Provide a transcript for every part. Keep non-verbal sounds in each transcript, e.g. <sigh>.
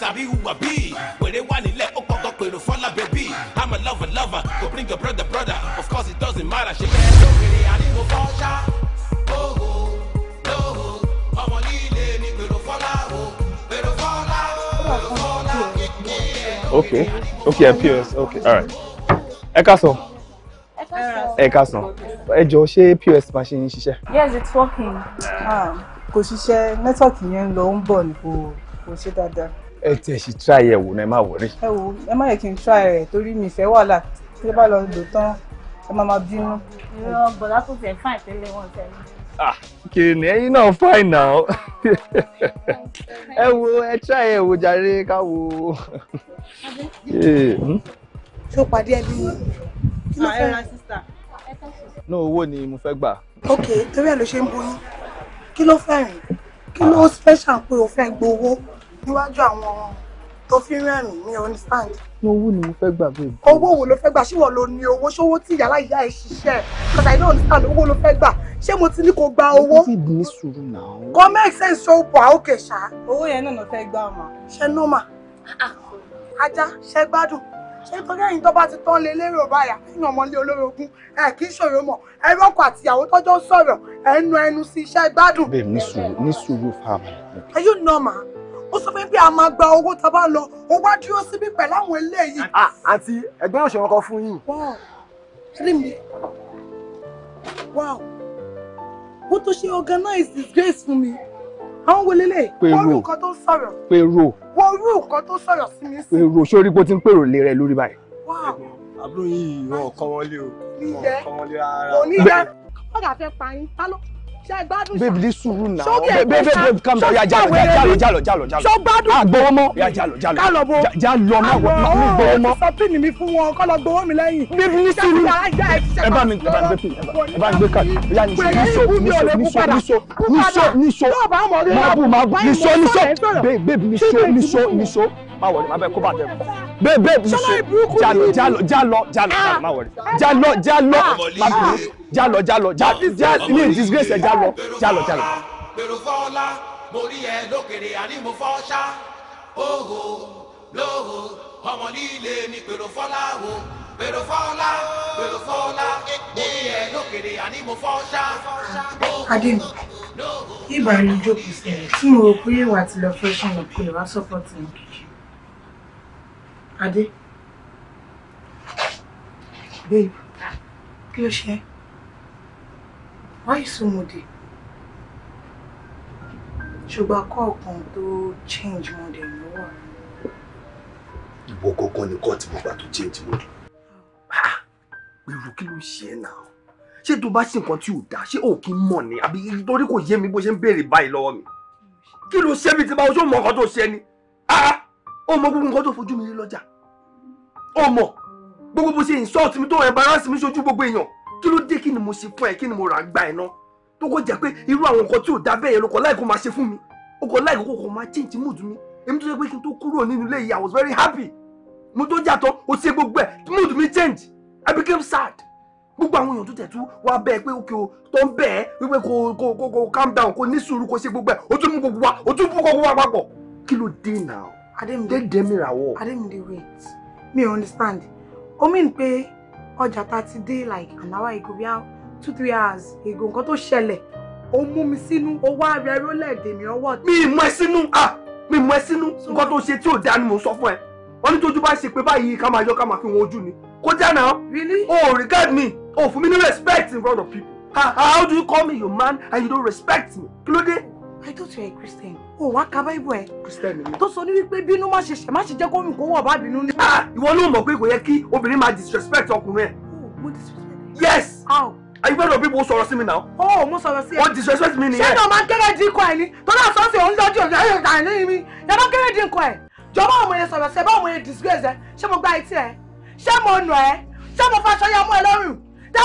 sabi who I be. Where one let Okoko Kwero Fola baby. I'm a lover, lover. Go bring your brother, brother. Of course it doesn't matter. She go so it, I need no fall Oh, oh, oh. I'm a lile ni Kwero Fola oh. Okay. Okay, appears. Okay. All right. Ẹ káàsán. Ẹ káàsán. Ẹ jọ̀ọ́ ṣé POS máa ṣe ń ṣiṣẹ́? Yes, it's working. Ah, kò ṣiṣẹ́ nẹ́tíwọ̀kì yẹn ń lọ ń bọ̀ ní kò that ẹ tiẹ̀ sì try ẹ̀ wò náà ẹ má wọrí. ẹ wo ẹ má yẹ kí n try rẹ̀ torí mi ìfẹ́ wàhálà tí ẹ bá lọ lò tán ẹ má máa bínú. ìrọ̀ bọ̀dá kò tẹ̀ fáìn tẹ́lẹ̀ wọn tẹ́lẹ̀. ah kìnìún ẹ̀yin náà fáìn náà ẹ wo ẹ try ẹ wò jàre ká wo. Eh, hmm? ṣó pàdé ẹbí mi. kí ló ah, fẹ́ ra sísà. náà owó ni mo fẹ́ gbà. ok torí ẹ ló ṣe ń bóyún kí ló fẹ́ rìn kí ló special pé o fẹ́ gbowó níwájú àwọn tó fi rẹ́rìn mi understand. owó ni mo fẹ́ gbà bẹ́ẹ̀. owó wo ló fẹ́ gbà ṣé wọ́n lo ni owó ṣówó tí ìyá láyà ẹ̀ ṣiṣẹ́ because I don't understand owó ló fẹ́ gbà ṣé mo ti ní kó gba owó. mo ti ní sùúrù náà. kò make sense so bọ̀ àókè ṣá. owó yẹn náà ló fẹ́ gbà ọmọ. ṣe nọ́mà ajá ṣe gbádùn ṣe nítorí ẹ̀yin tó bá ti tán lé lérò báyà nínú ọmọlé olórogún ẹ kì í ṣòro mọ ẹrọ ọkọ àti ìyàwó tọjọ sọ̀rọ̀ ẹnu ẹnu sí iṣẹ́ gbádùn. bẹ́ẹ̀ ní sùúrù ní sùúrù fáwọn. are you normal? ó sọ fún mi pé a máa gba owó tá a bá lọ ó wá dúró síbí pẹ̀lú àwọn eléyìí. Ah, àǹtí ẹ̀gbọ́n òṣèwọ́n kan fún yín. wọ́n rí mi wow bó tó ṣe organize disgrace fún mi àwọn wo lélẹ̀ wọ́n rú nǹkan tó ń sọ̀rọ̀ pèrò wọ́n rú nǹkan tó ń sọ̀rọ̀ sí mi sí. pèrò sórí bó ti ń pèrò lé rẹ lórí báyìí. wow àbúrò yìí wọn ò kọ́ wọn lé o wọn ò kọ́ wọn lé rárá. oníyá wọn ṣe gbádùn ṣá. bébí sùúrù náà sókè bébí bébí kàmú ya jalo jalo jalo jalo jalo. sọ gbádùn a gbowó mọ jalo jalo bo jalo ma wọ mi gbowó mọ. sọ pin mi fún wọn kọlọ gbowó mi lẹ́yìn. bébí sùúrù ẹ bá mi ẹ bá mi gbé pin ẹ bá mi gbé kàn ya ní so ní so ní so ní so ní so ní so má bù má bù ní so ní so bébí ní so ní so ní so má wọlé má bẹ kó bàtẹ kù bẹẹ bẹẹ ti ṣe jalọ jalọ jalọ jalọ jalọ má wọlé jalọ jalọ má bẹ jalọ jalọ jalọ ní disgrace ẹ jalọ jalọ jalọ. gbèrò fọlá mo rí ẹ lókèrè àní mo fọ ṣá òhò lóhò ọmọ líle ni gbèrò fọlá o gbèrò fọlá gbèrò fọlá mo ẹ lókèrè àní mo fọ ṣá òhò lóhò. ìbànújò kò sẹ́yìn tí mo rò pé wà á sọ̀rọ̀ kó lè wá sọ́pọ̀ Adé. Babe. Kí ló ṣe? Why you so moody? Ṣùgbọ́n kọ̀ọ̀kan tó change moody lọ́wọ́ rẹ̀. Ìwọ gangan ni kọ́ tí mo gbà tó change moody. Èrò ah, kí ló ṣe é náà? Ṣé tó bá ṣe nǹkan tí ò dáa? Ṣé ò kí mọ̀ ni? Àbí torí kò yé mi bó ṣe ń béèrè báyìí lọ́wọ́ mi? Kí ló ṣe mí tí báwo ṣó mọ nǹkan tó ṣe ni? Ah! ó mọ gbogbo nǹkan tó fojú mi rí lọ́jà ó mọ gbogbo bó ṣe insult mi tó embarrass mi ṣojú gbogbo èèyàn kí ló dé kí ni mo ṣe fún ẹ kí ni mo rà gba ẹ náà tó kọ jẹ́ pé irú àwọn nǹkan tí ò dá bẹ́ẹ̀ yẹn ló kọ láì kó máa ṣe fún mi ó kọ láì kó kó máa change mood mi èmi tó ṣe pé kí n tó kúrò nínú ilé yìí I was very happy mo tó jà tán ó ṣe gbogbo ẹ mood mi change I became sad gbogbo àwọn èèyàn tó tẹ̀ tú wá bẹ́ẹ̀ pé òkè o tó ń bẹ̀ ẹ́ wípé kò kò kò calm down kò ní sùúrù kò ṣe gbogbo ẹ̀ ó tún mú gbogbo wa ó tún mú gbogbo wa papọ̀ kí ló dé náà. Adémídé Adémírawọ̀ Adémídé wait me understand o mean pé ọjà ta ti dé like an hour ago bí i two three hours ago nǹkan tó ṣẹlẹ̀ ó mú mi sínú ó wá rẹ rólẹ̀dè mi ọwọ́. mi ì mọ ẹ sínú ah mi ì mọ ẹ sínú nǹkan tó ṣe tí ò dáa ni mò ń sọ fún ẹ wọn ní tójú bá ṣe pé báyìí fi wọn ojú ni kó dáná o ò regard me Oh, for me no respect in front of people ah how do you call me your man and you don't respect me kí I thought you were a Christian. Oh, what ka Bible ẹ. Christian Those only people sọ ní wípé bínú má ṣe ṣe má ṣe jẹ́ kó mi kó wọ̀ bá bínú ní. Ah, ìwọ ló mọ̀ pé kò disrespect ọkùnrin ẹ̀. Oh, mo disrespect. Yes. How? Are you better people who sọ̀rọ̀ sí mi now? Oh, most sọ̀rọ̀ sí ẹ. disrespect mi nìyẹn. no ìdánwò máa ń kéré dín kọ ẹ̀ ni? Tọ́lá sọ́ọ̀sì òun you're not getting Yàrá kéré dín kọ ẹ̀. Jọba ọmọ yẹn sọ̀rọ̀ sí ẹ, bá ọmọ yẹn disgrace ẹ. Ṣé mo gba etí ẹ? Ṣé mo nù ẹ? Ṣé mo faṣọ ya mọ́ ẹ lọ́rùn? Dá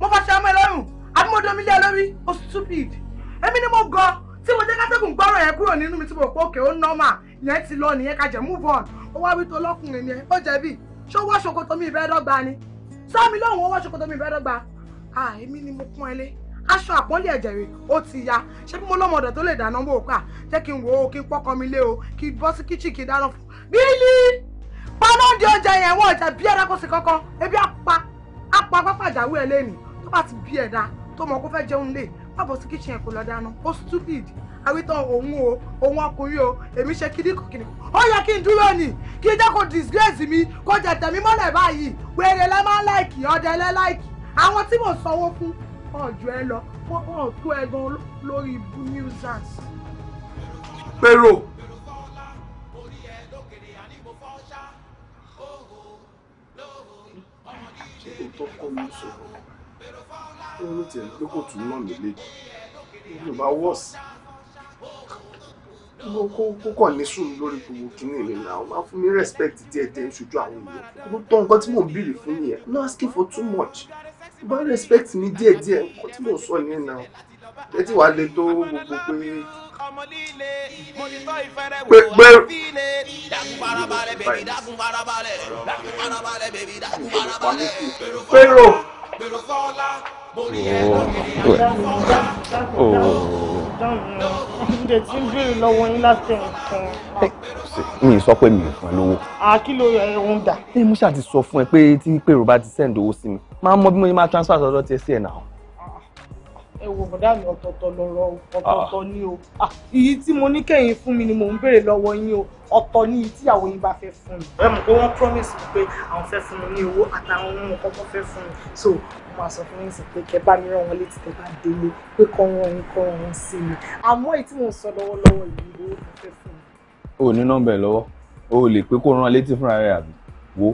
mo faṣọ ya mọ́ ẹ lọ́rùn. Àbí mo domi lé stupid èmi ni mo gọ tí mo jẹ́ kátẹ́gùn gbọ́rọ̀ yẹn kúrò nínú mi tí mo pọ̀ òkè ó nọ́mà yẹn ti lọ nìyẹn ká jẹ́ move on ó wá wí tó lọ́kùnrin ni ó jẹ̀bi ṣó wọ́ ṣòkòtò mi ìfẹ́ dọ́gba ni sọ mi lóhùn ó wọ́ ṣòkòtò mi ìfẹ́ dọ́gba à èmi ni mo pọ́n ẹ lé aṣọ àpọ́nlé ẹ̀jẹ̀ rẹ̀ ó ti ya ṣé bí mo lọ́mọdọ̀ tó lè dáná bò pa jẹ́ kí n wò ó kí n pọ́kọ mi lé o kí n bọ́ sí kíchìn kí n dáná fún bílí paná di oúnjẹ yẹn wọ́n ìjà bí ẹ̀dá kò sí kankan ebi apá apá pápá ìjàwé ẹ lẹ́nu tó bá ti bí ẹ̀dá tó mọ̀ kó fẹ́ jẹun lé má bọ̀ sí kíchìn ẹ̀ kó lọ dáná ó stupid àwítọ́ òun o òun ọkùnrin o èmi ṣe kíníkù kíníkù ó yẹ kí n dúró ni kí jẹ́ kó disgrace mi kó jẹ tẹ̀mí mọ́lẹ̀ báyìí wèrè lẹ́ máa ń láìkì ọdẹ lẹ́ láìkì àwọn tí mò ń sanwó fún ọ̀jọ̀ ẹ lọ wọ́n tó ẹ lórí ibu nuisance. tó kọ́ mi sọ̀rọ̀ ó ló tiẹ̀ pé kò tún náà nílé ló bá wọ́ọ̀sì kó kàn ní sùúrù lórí gbogbo kínní mi náà máa fún mi respect díẹ̀ ṣojú àwọn èèyàn kó tó nǹkan tí mò ń bìrì fún yẹn no asking for too much bá respect mi díẹ̀ díẹ̀ nǹkan tí mò ń sọ nìyẹn náà ẹ ti lè tó gbogbo pé gbẹgbẹ. pérò gbèrò fọ́lá mo oh. oh. mi sọ pé mi ò fún ẹ lówó. àkìlò ẹ̀rọ ń ṣé mo ṣáà sọ fún ẹ pé tí pèrò bá ti sẹ́ǹdì owó sí mi máa mọ bí mo ṣe máa transfer sọ́dọ̀ tiẹ̀ sí ẹ̀ náà ẹ wo mi ọ̀tọ̀ọ̀tọ̀ lọ̀rọ̀ ọ̀tọ̀ọ̀tọ̀ ni o iyì ah. ah, tí mo ní kẹ́yìn fún mi ni mò ń béèrè lọ́wọ́ yín o ọ̀tọ̀ ni iyì tíyàwó yín bá fẹ́ fún mi. ẹ mọ̀ pé promise mi pé àwọn fẹ́ fún mi ní owó àtàwọn ohun kọ́kọ́ fẹ́ fún mi so mo máa sọ fún yín sí pé kẹ́ bá mi rán wọn létí tẹ́ bá délé pé kọ́ wọn yín kọ́ wọn sí mi àmọ́ èyí tí mo sọ lọ́wọ́lọ́wọ́ yìí owó kan fẹ́ fún mi. o ní nọ́mbà ẹ lọ́wọ́ o lè pé kó rán létí fúnra rẹ àbí wo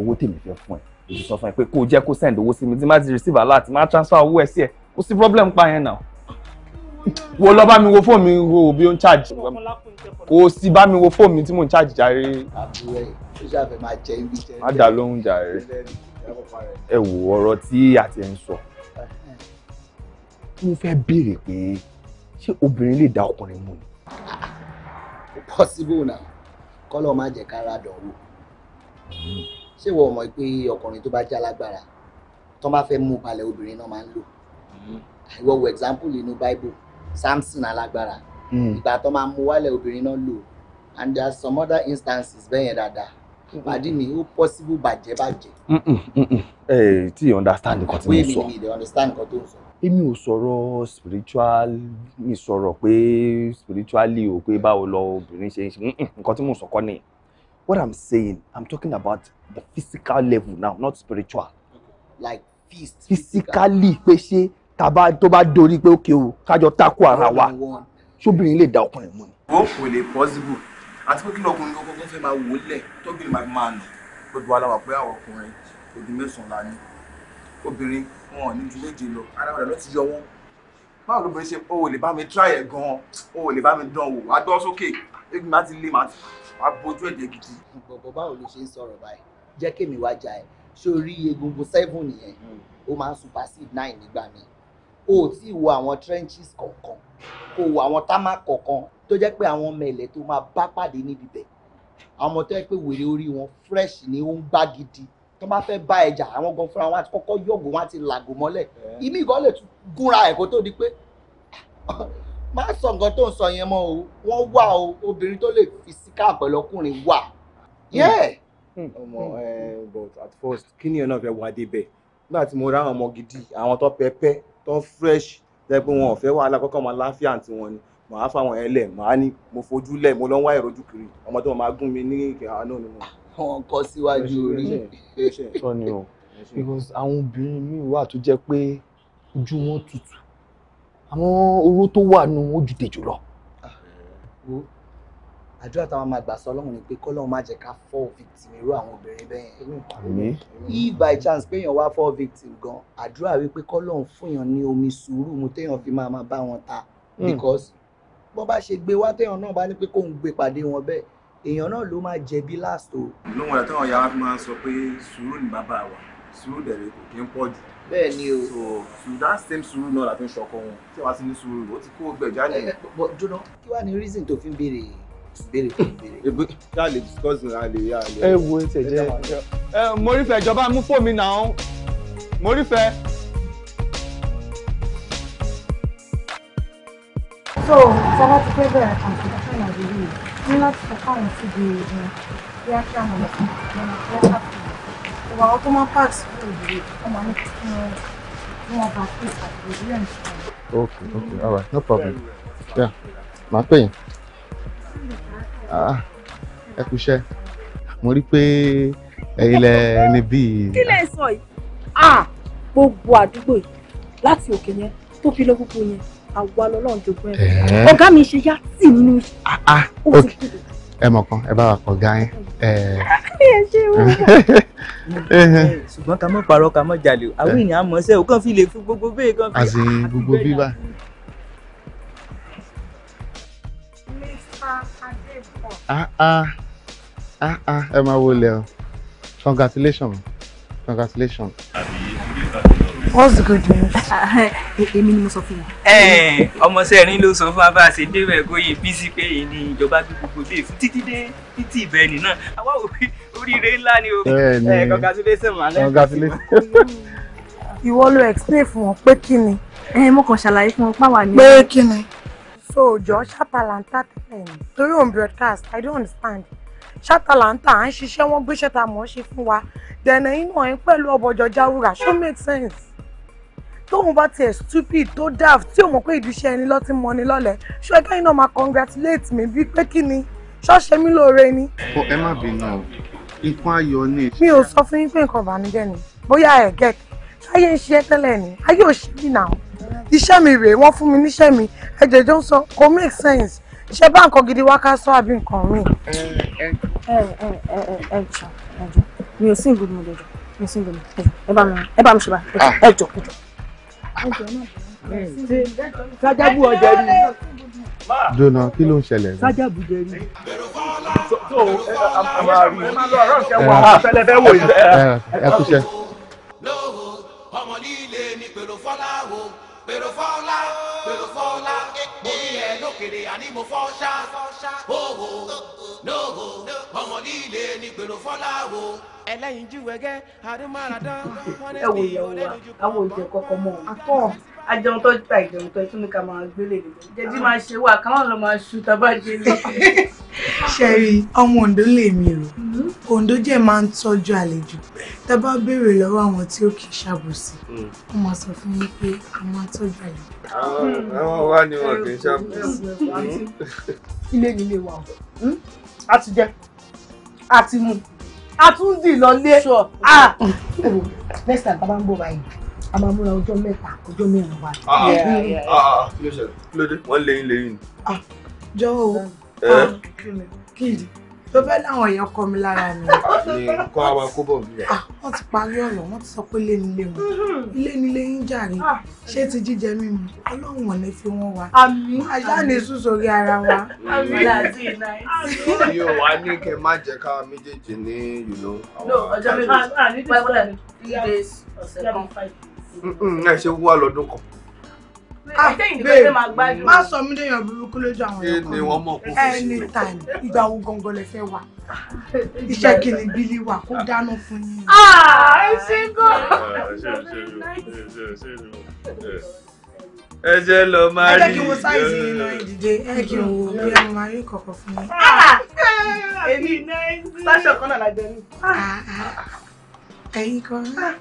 owó tèmi fẹ́ fún ẹ èyí sọ fún ẹ pé kó o jẹ́ kó send owó sí mi tí má ti receive alert má transfer owó ẹ sí ẹ kò sí problem pa yẹn náà wo lọ bá mi wo fóònù mi wo bí ó ń charge kò sí bá mi wo fóònù mi tí mò ń charge jàre. má dà lóhùn jàre ẹ wo ọ̀rọ̀ tí àti ẹ̀ ń sọ mo fẹ́ béèrè pé ṣé obìnrin lè da ọkùnrin mú ni. possible na kọ́lọ́ máa jẹ́ kára dánwò ṣé wọ́n mọ̀ pé ọkùnrin tó bá já lágbára tó bá fẹ́ mú balẹ̀ obìnrin náà máa ń lò ìwọ wo example inú bible samson alagbara. Hmm. ìgbà tó máa mú wálẹ̀ obìnrin náà lò and there are some other instances bẹ́ẹ̀ yẹn dáadáa hmm. pàdé mi ó possible bàjẹ́ bàjẹ́. ẹ ẹ tí you understand nǹkan tí mo sọ. wíìmì mi dey understand nǹkan tó ń sọ. èmi ò sọ̀rọ̀ spiritual mi sọ̀rọ̀ pé spiritually o pé báwo lọ obìnrin ṣe ń ṣe nǹkan tí mo sọ kọ́ nìyẹn what i'm saying i'm talking about the physical level now not spiritual. like feast. physically pé ṣé tàbá tó bá dorí pé ókè o kájọ tako ara wa sóbìnrin lè da ọkùnrin mú ni. wọn kò lè possible àti pé kí lọkùnrin kankan kan fẹ́ máa wò ó lẹ̀ tóbìnrin máa fi máa nà gbogbo aláwọ̀ pé àwọn ọkùnrin òdì mẹ́sàn-án la ní obìnrin wọn ò ní ju méje lọ ara rẹ̀ ló ti yọ wọn báwo lóbìnrin ṣe o ò lè mi try ẹ̀ gan o ò lè bá mi dán wò wá gbọ́ sókè ebi máa ti lé máa ti wá bójú ẹ̀jẹ̀ gidi. bọ̀bọ̀ báwo ló ṣe ń sọ̀rọ̀ báyìí jẹ́ kémi wá ja ẹ̀ sórí egungun seven yẹn hmm. ó máa ń supersede nine nígbà míì o ò tí ì wo àwọn trenches kọ̀ọ̀kan kò wo àwọn támà kọ̀ọ̀kan tó jẹ́ pé àwọn ọmọ ẹ̀lẹ́ tó máa bá pàdé níbi bẹ̀ àwọn ọmọ tó jẹ́ pé wèrè orí wọn fresh ni ó ń gbá gidi tó bá fẹ́ bá ẹja àwọn gan fúnra wọn àti kọ́kọ́ yọ̀gò wọn àti làgò mọ́lẹ̀ ìmí ìgbọ́ lè gúnra ẹ̀ kó tó di pé <laughs> má sọ nǹkan tó ń sọ yẹn mọ́ o wọ́n wà o obìnrin tó lè fi síkà pẹ̀lú ọkùnrin wà. Hmm. Hmm. ọmọ hmm. Eh, but at first kí ni ẹ náà fẹ́ wá débẹ̀ nígbà tí mo rá àwọn ọmọ gidi àwọn tó pẹ́ pẹ́ tó fresh jẹ́ pé wọn ò fẹ́ wàhálà kọ́kọ́ máa láfíà àǹtí wọn ni màá fáwọn ẹ lẹ̀ màá ní mo fojú lẹ̀ mo lọ ń wá ìrojú kiri ọmọ tó máa gún mi ní ìkẹyà náà ni wọn. àwọn kan síwájú orí. sọ ni o because àwọn obìnrin míì wà tó jẹ́ pé ojú wọn tutù àwọn oró tó wà nù ojú tèjò lọ. Ah àdúrà táwọn máa gbà sọ ọlọ́run ni pé kọ́lọ́run má jẹ́ ká fọ́ victim irú àwọn obìnrin bẹ́ẹ̀ yẹn. if by chance péyàn wá fọ́ victim gan àdúrà wípé kọ́lọ́run fúnyàn ní omi sùúrù mu téèyàn fi máa máa bá wọn ta hmm. because bọ́n bá ṣe gbé wá téèyàn náà bá ní pé kóun gbé pàdé wọn bẹ́ẹ̀ èèyàn náà ló máa jẹ̀bi last o. inú wọn táwọn yàrá fi máa ń sọ pé sùúrù ni bàbá wa sùúrù dẹ̀rẹ̀ kò kí ń pọ̀ jù. bẹ́ẹ̀ ni o. so so that same sùúrù náà la fi ń ṣọkọ wọn tí wàá sí ní sùúrù ó ti kó gbẹ̀jáde. ẹ ẹ bọ jóná kí wàá ní reason tó fi ń béèrè yìí béèrè fún <laughs> béèrè. ṣá lè discuss ní alẹ́ alẹ́. ẹ wo ìjọba mú fóònù mi náà morífẹ́. so sábà ti pẹ́ bẹ̀rẹ̀ consultation na the way ní láti sọ fáwọn sí di reaction ọ̀nà lẹ́tà ìwà ọkọ̀ máa pass through the way ọmọ ní kí wọ́n bá fún ìpàdé ìdílé nìkan. okay okay all right no problem yeah màá pè yín. Ah, ẹ kú iṣẹ́ mo rí pé ẹ̀yin lẹ ní bíi. kí lẹ sọ yìí ah, gbogbo àdúgbò yìí láti òkè yẹn tó fi lọ́gbọ́gbọ́ yẹn àwa lọ́lọ́run jogún ẹ̀ ọ̀gá mi ṣe yá tì nínú iṣẹ́ ah, ẹ mọ̀ kan ẹ bá wa kọ̀ gan yín. <laughs> <laughs> ṣùgbọ́n ká mọ̀ parọ́ ká mọ̀ jalè o àwọn èèyàn á mọ̀ ṣe o kàn fi lè fi gbogbo bẹ́ẹ̀ kàn fi. àti gbogbo bíbá Ah, ah ah ah ẹ máa wọlé o congratulations congratulations. what's the good news. Ah, ah, eh, èmi ni mo sọ fún wọn. ọmọ sẹ́rin ló sọ fún abá ṣe débẹ̀ góyè bísí pé èyí ni ìjọba gbé gbogbo dé fún títí dé títí ìbẹ̀ni náà àwa ò fi oríire ńlá ni o. congratulations ma congratulations. ìwọ ló explain fún wọn pé kí ni. Eh, mo kàn ṣàlàyé fún wọn pàwọn àná. pé kí ni so jọ ṣàtàlántà tẹ́lẹ̀ ni torí òun broadcast i don't understand ṣàtàlántà à ń ṣiṣẹ́ wọ́n gbé ṣẹ́ta mọ́ ṣe fún wa dẹ̀nà inú ọ̀hún pẹ̀lú ọbọ̀jọ jáwúrà ṣó make sense tóun bá tiẹ̀ stupid tó daft tí òun mọ̀ pé ìdíṣẹ́ ẹni lọ́tí mọ́ ni lọ́lẹ̀ ṣó ẹgbẹ́ iná máa congratulate mi bíi pé kí ni ṣọ́ọ̀ṣẹ́ mi lóore ni. ọ ẹ má bínú o nǹkan ayọ̀ ni. mi ò sọ fún yín pé nǹkan ìbànújẹ́ ni bóyá ẹ̀ gẹ̀ẹ́kì ṣáyé ń ṣe tẹ́lẹ̀ ni ayé ò ṣe mí náà iṣẹ́ mi rèé wọ́n fún mi níṣẹ́ mi ẹ̀jẹ̀ jọ ń sọ kò make sense ṣe bá nǹkan gidi wá ká sọ àbí nǹkan mi. mi ò sí ìgbòdì mo lòdì mi ò sí ìgbòdì ẹ bá mi ẹ bá mi ṣe bá ẹ jọ ah. ẹ jọ. sájábù ọjà rí jona kí ló ń ṣẹlẹ̀. sájábù jẹ rí. ẹ kúṣẹ́. ọmọ líle ni pèrò fọlá o pèrò fọ́lá pèrò fọ́lá mo rí ẹ lókèrè àní mo fọ́ ṣá òwò lówó ọmọ líle ni pèrò fọ́lá ah, wo. ẹlẹ́yinjú wẹ́gẹ́ àdúmọ̀ràn dán. ẹ wò ìyàwó wa àwọn òjò kọ̀ọ̀kan mọ́ ajẹun tó ta ìjẹun tó tún ní ká máa gbélé nìkan jẹjí máa ṣe wà káwọn lọ máa ṣu tá a bá dé lọ. ṣẹ́rí ọmọ Ondo lè mi rò mm-hmm. Ondo jẹ́ máa ń tọ́jú àlejò tá a bá béèrè lọ́wọ́ àwọn tí ó kì í ṣàbòsí mm. wọ́n máa sọ fún yín pé a máa tọ́jú àlejò. Ah, àwọn wa ni wọn kì í mm-hmm. ṣàbòsí. ilé mi lè wà o mm-hmm. a ti jẹ a ti mu a tún dì lọ lé. Ah. <laughs> next time bàbá ń bọ̀ báyìí a máa múra ọjọ́ mẹ́ta ọjọ́ mẹ́rin wa. Ah, ah. ah, kí ló ṣẹlẹ̀ kí ló dé wọ́n léyìn léyìn. jọ̀wọ́ eh? kí ni tó fẹ́ láwọn èèyàn kọ́ mi lára mi. ní kọ́ àwa kó bọ̀ bí. wọ́n ti parí ọ̀rọ̀ wọ́n ti sọ pé ilé nílé wọn mm-hmm. ilé nílé yín jàre ṣé ti jíjẹ mímu ọlọ́run ò ní fi wọ́n wá. àmín ajá ní sùn sórí ara wa. àmín láti ìlà yìí. yóò wá ní kẹ má jẹ ká méjèèjì ní ìlú. no ọjọ́ méjì pẹ́pẹ́ three days ọ̀sẹ̀ kan five ẹ ṣe wá lọ́dún kan. Ah, bẹ́ẹ̀ má sọ mí déyàn burúkú lójú àwọn ọkọ mi ẹni tàn ìgbà wo gangan lè fẹ́ wà <laughs> iṣẹ́ kìnìún bílí wà kó dáná fún yín. Ah, ẹ ṣe gan. ẹ jẹ́ lọ máa rí ìjọ. ẹ jẹ́ kí n sáìsì yìí náà ìdíje ẹ kí n wo mm-hmm. bí ẹ máa rí kọ̀ọ̀kan fún yín. Ah, èmi sáṣọ kan náà lájọ ní ẹ̀yin kan náà ah,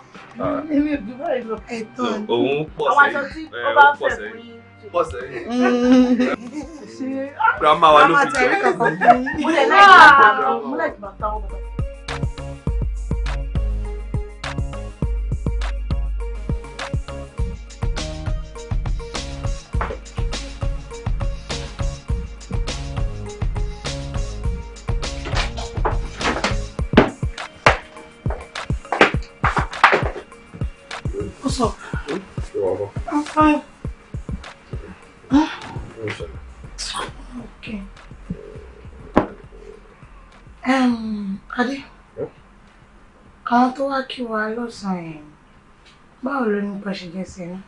ah. èmi ò bí báyìí lọ. ẹ̀tàn òun pọ̀ sẹ́yìn àwọn aṣọ tí ó bá fẹ́ fún yín pọ̀ sẹ́yìn. <laughs> ṣé grandma wa ló fi jẹ́. grandma tẹ̀lé fún yín. mo lè láì bàtà ọmọ. fine. Okay. Um, Adi, Adé, àwọn you wá kí wa lọ́sàn-án yẹn, báwo ló ní pẹ́ ṣe jẹ́ sí iná?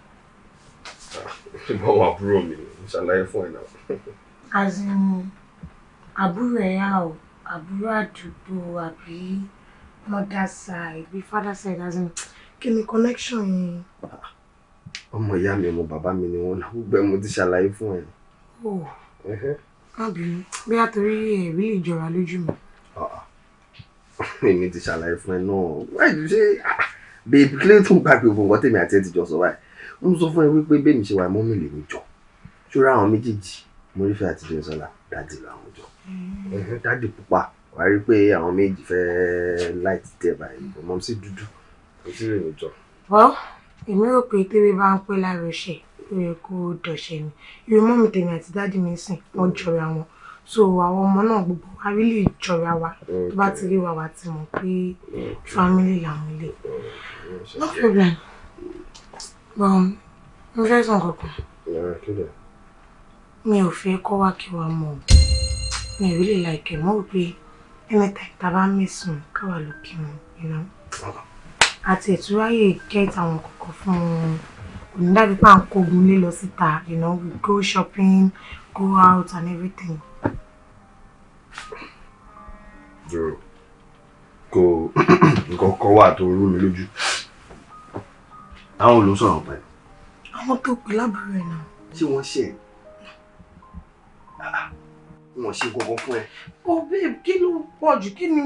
Ìbọn wà àbúrò mi, ìṣàlàyé fún ẹ̀ náà. Àzìn àbúrò ẹ̀yà o, àbúrò àdúgbò àbí mother side, be father side, àzìn kí ni connection yẹn? ọmọ ìyá mi ọmọ bàbá mi ni wọn náà gbogbo ẹ mo ti ṣàlàyé fún ẹ. o oh. má bínú bóyá torí ẹ̀rí ìjọra lójú mi. Ah, ah. <laughs> èmi ti ṣàlàyé fún ẹ náà wáyé ṣe bèbí clayton gbàgbé òfin nǹkan tèmi àti ẹ ti jọ sọ báyìí mo sọ fún ẹ wípé bẹ́ẹ̀mi ṣe wà mọ́mì lèmi jọ ṣúra àwọn méjèèjì morífẹ́ àti jẹ́sọ́lá dáàdì làwọn jọ mm. dáàdì pupa wàá rí pé àwọn méjì fẹ́ láì tẹ̀ báyìí mọ̀ sí dúdú kò sí rèé jọ èmi rò pé tẹ́wé bá ń pẹ́ lára ọ̀ṣẹ̀ ó yẹ kó dọ̀ṣẹ̀ ni irú mọ́mì tèmi àti dáàdì mi sìn wọ́n jọra wọn so àwọn ọmọ náà gbogbo wa rí lè jọra wa tó bá ti rí wa wa ti mọ̀ pé family làwọn lè no problem but mo fẹ́ sọ nǹkan kan mi ò fẹ́ kọ́ wá kí wa mọ̀ mi ò rí lè láìkẹ́ mọ́ wípé anytime tá a bá mẹ́sàn-án káwa ló kí wọn ah àti ìtúráyè get àwọn kọ̀ọ̀kan fún un kò ní dàbí pà ń kógun lé lọ síta you know we go shopping go out and everything. dúró kò nǹkan kan wà tó rú mi lójú àwọn ló sọ̀rọ̀ pẹ̀lú. àwọn tó pè lábúrò ẹ̀ náà. tí wọ́n ṣe wọ́n ṣe gbọ̀ngàn fún ẹ. oh babe kí ló pọ̀ jù kí ni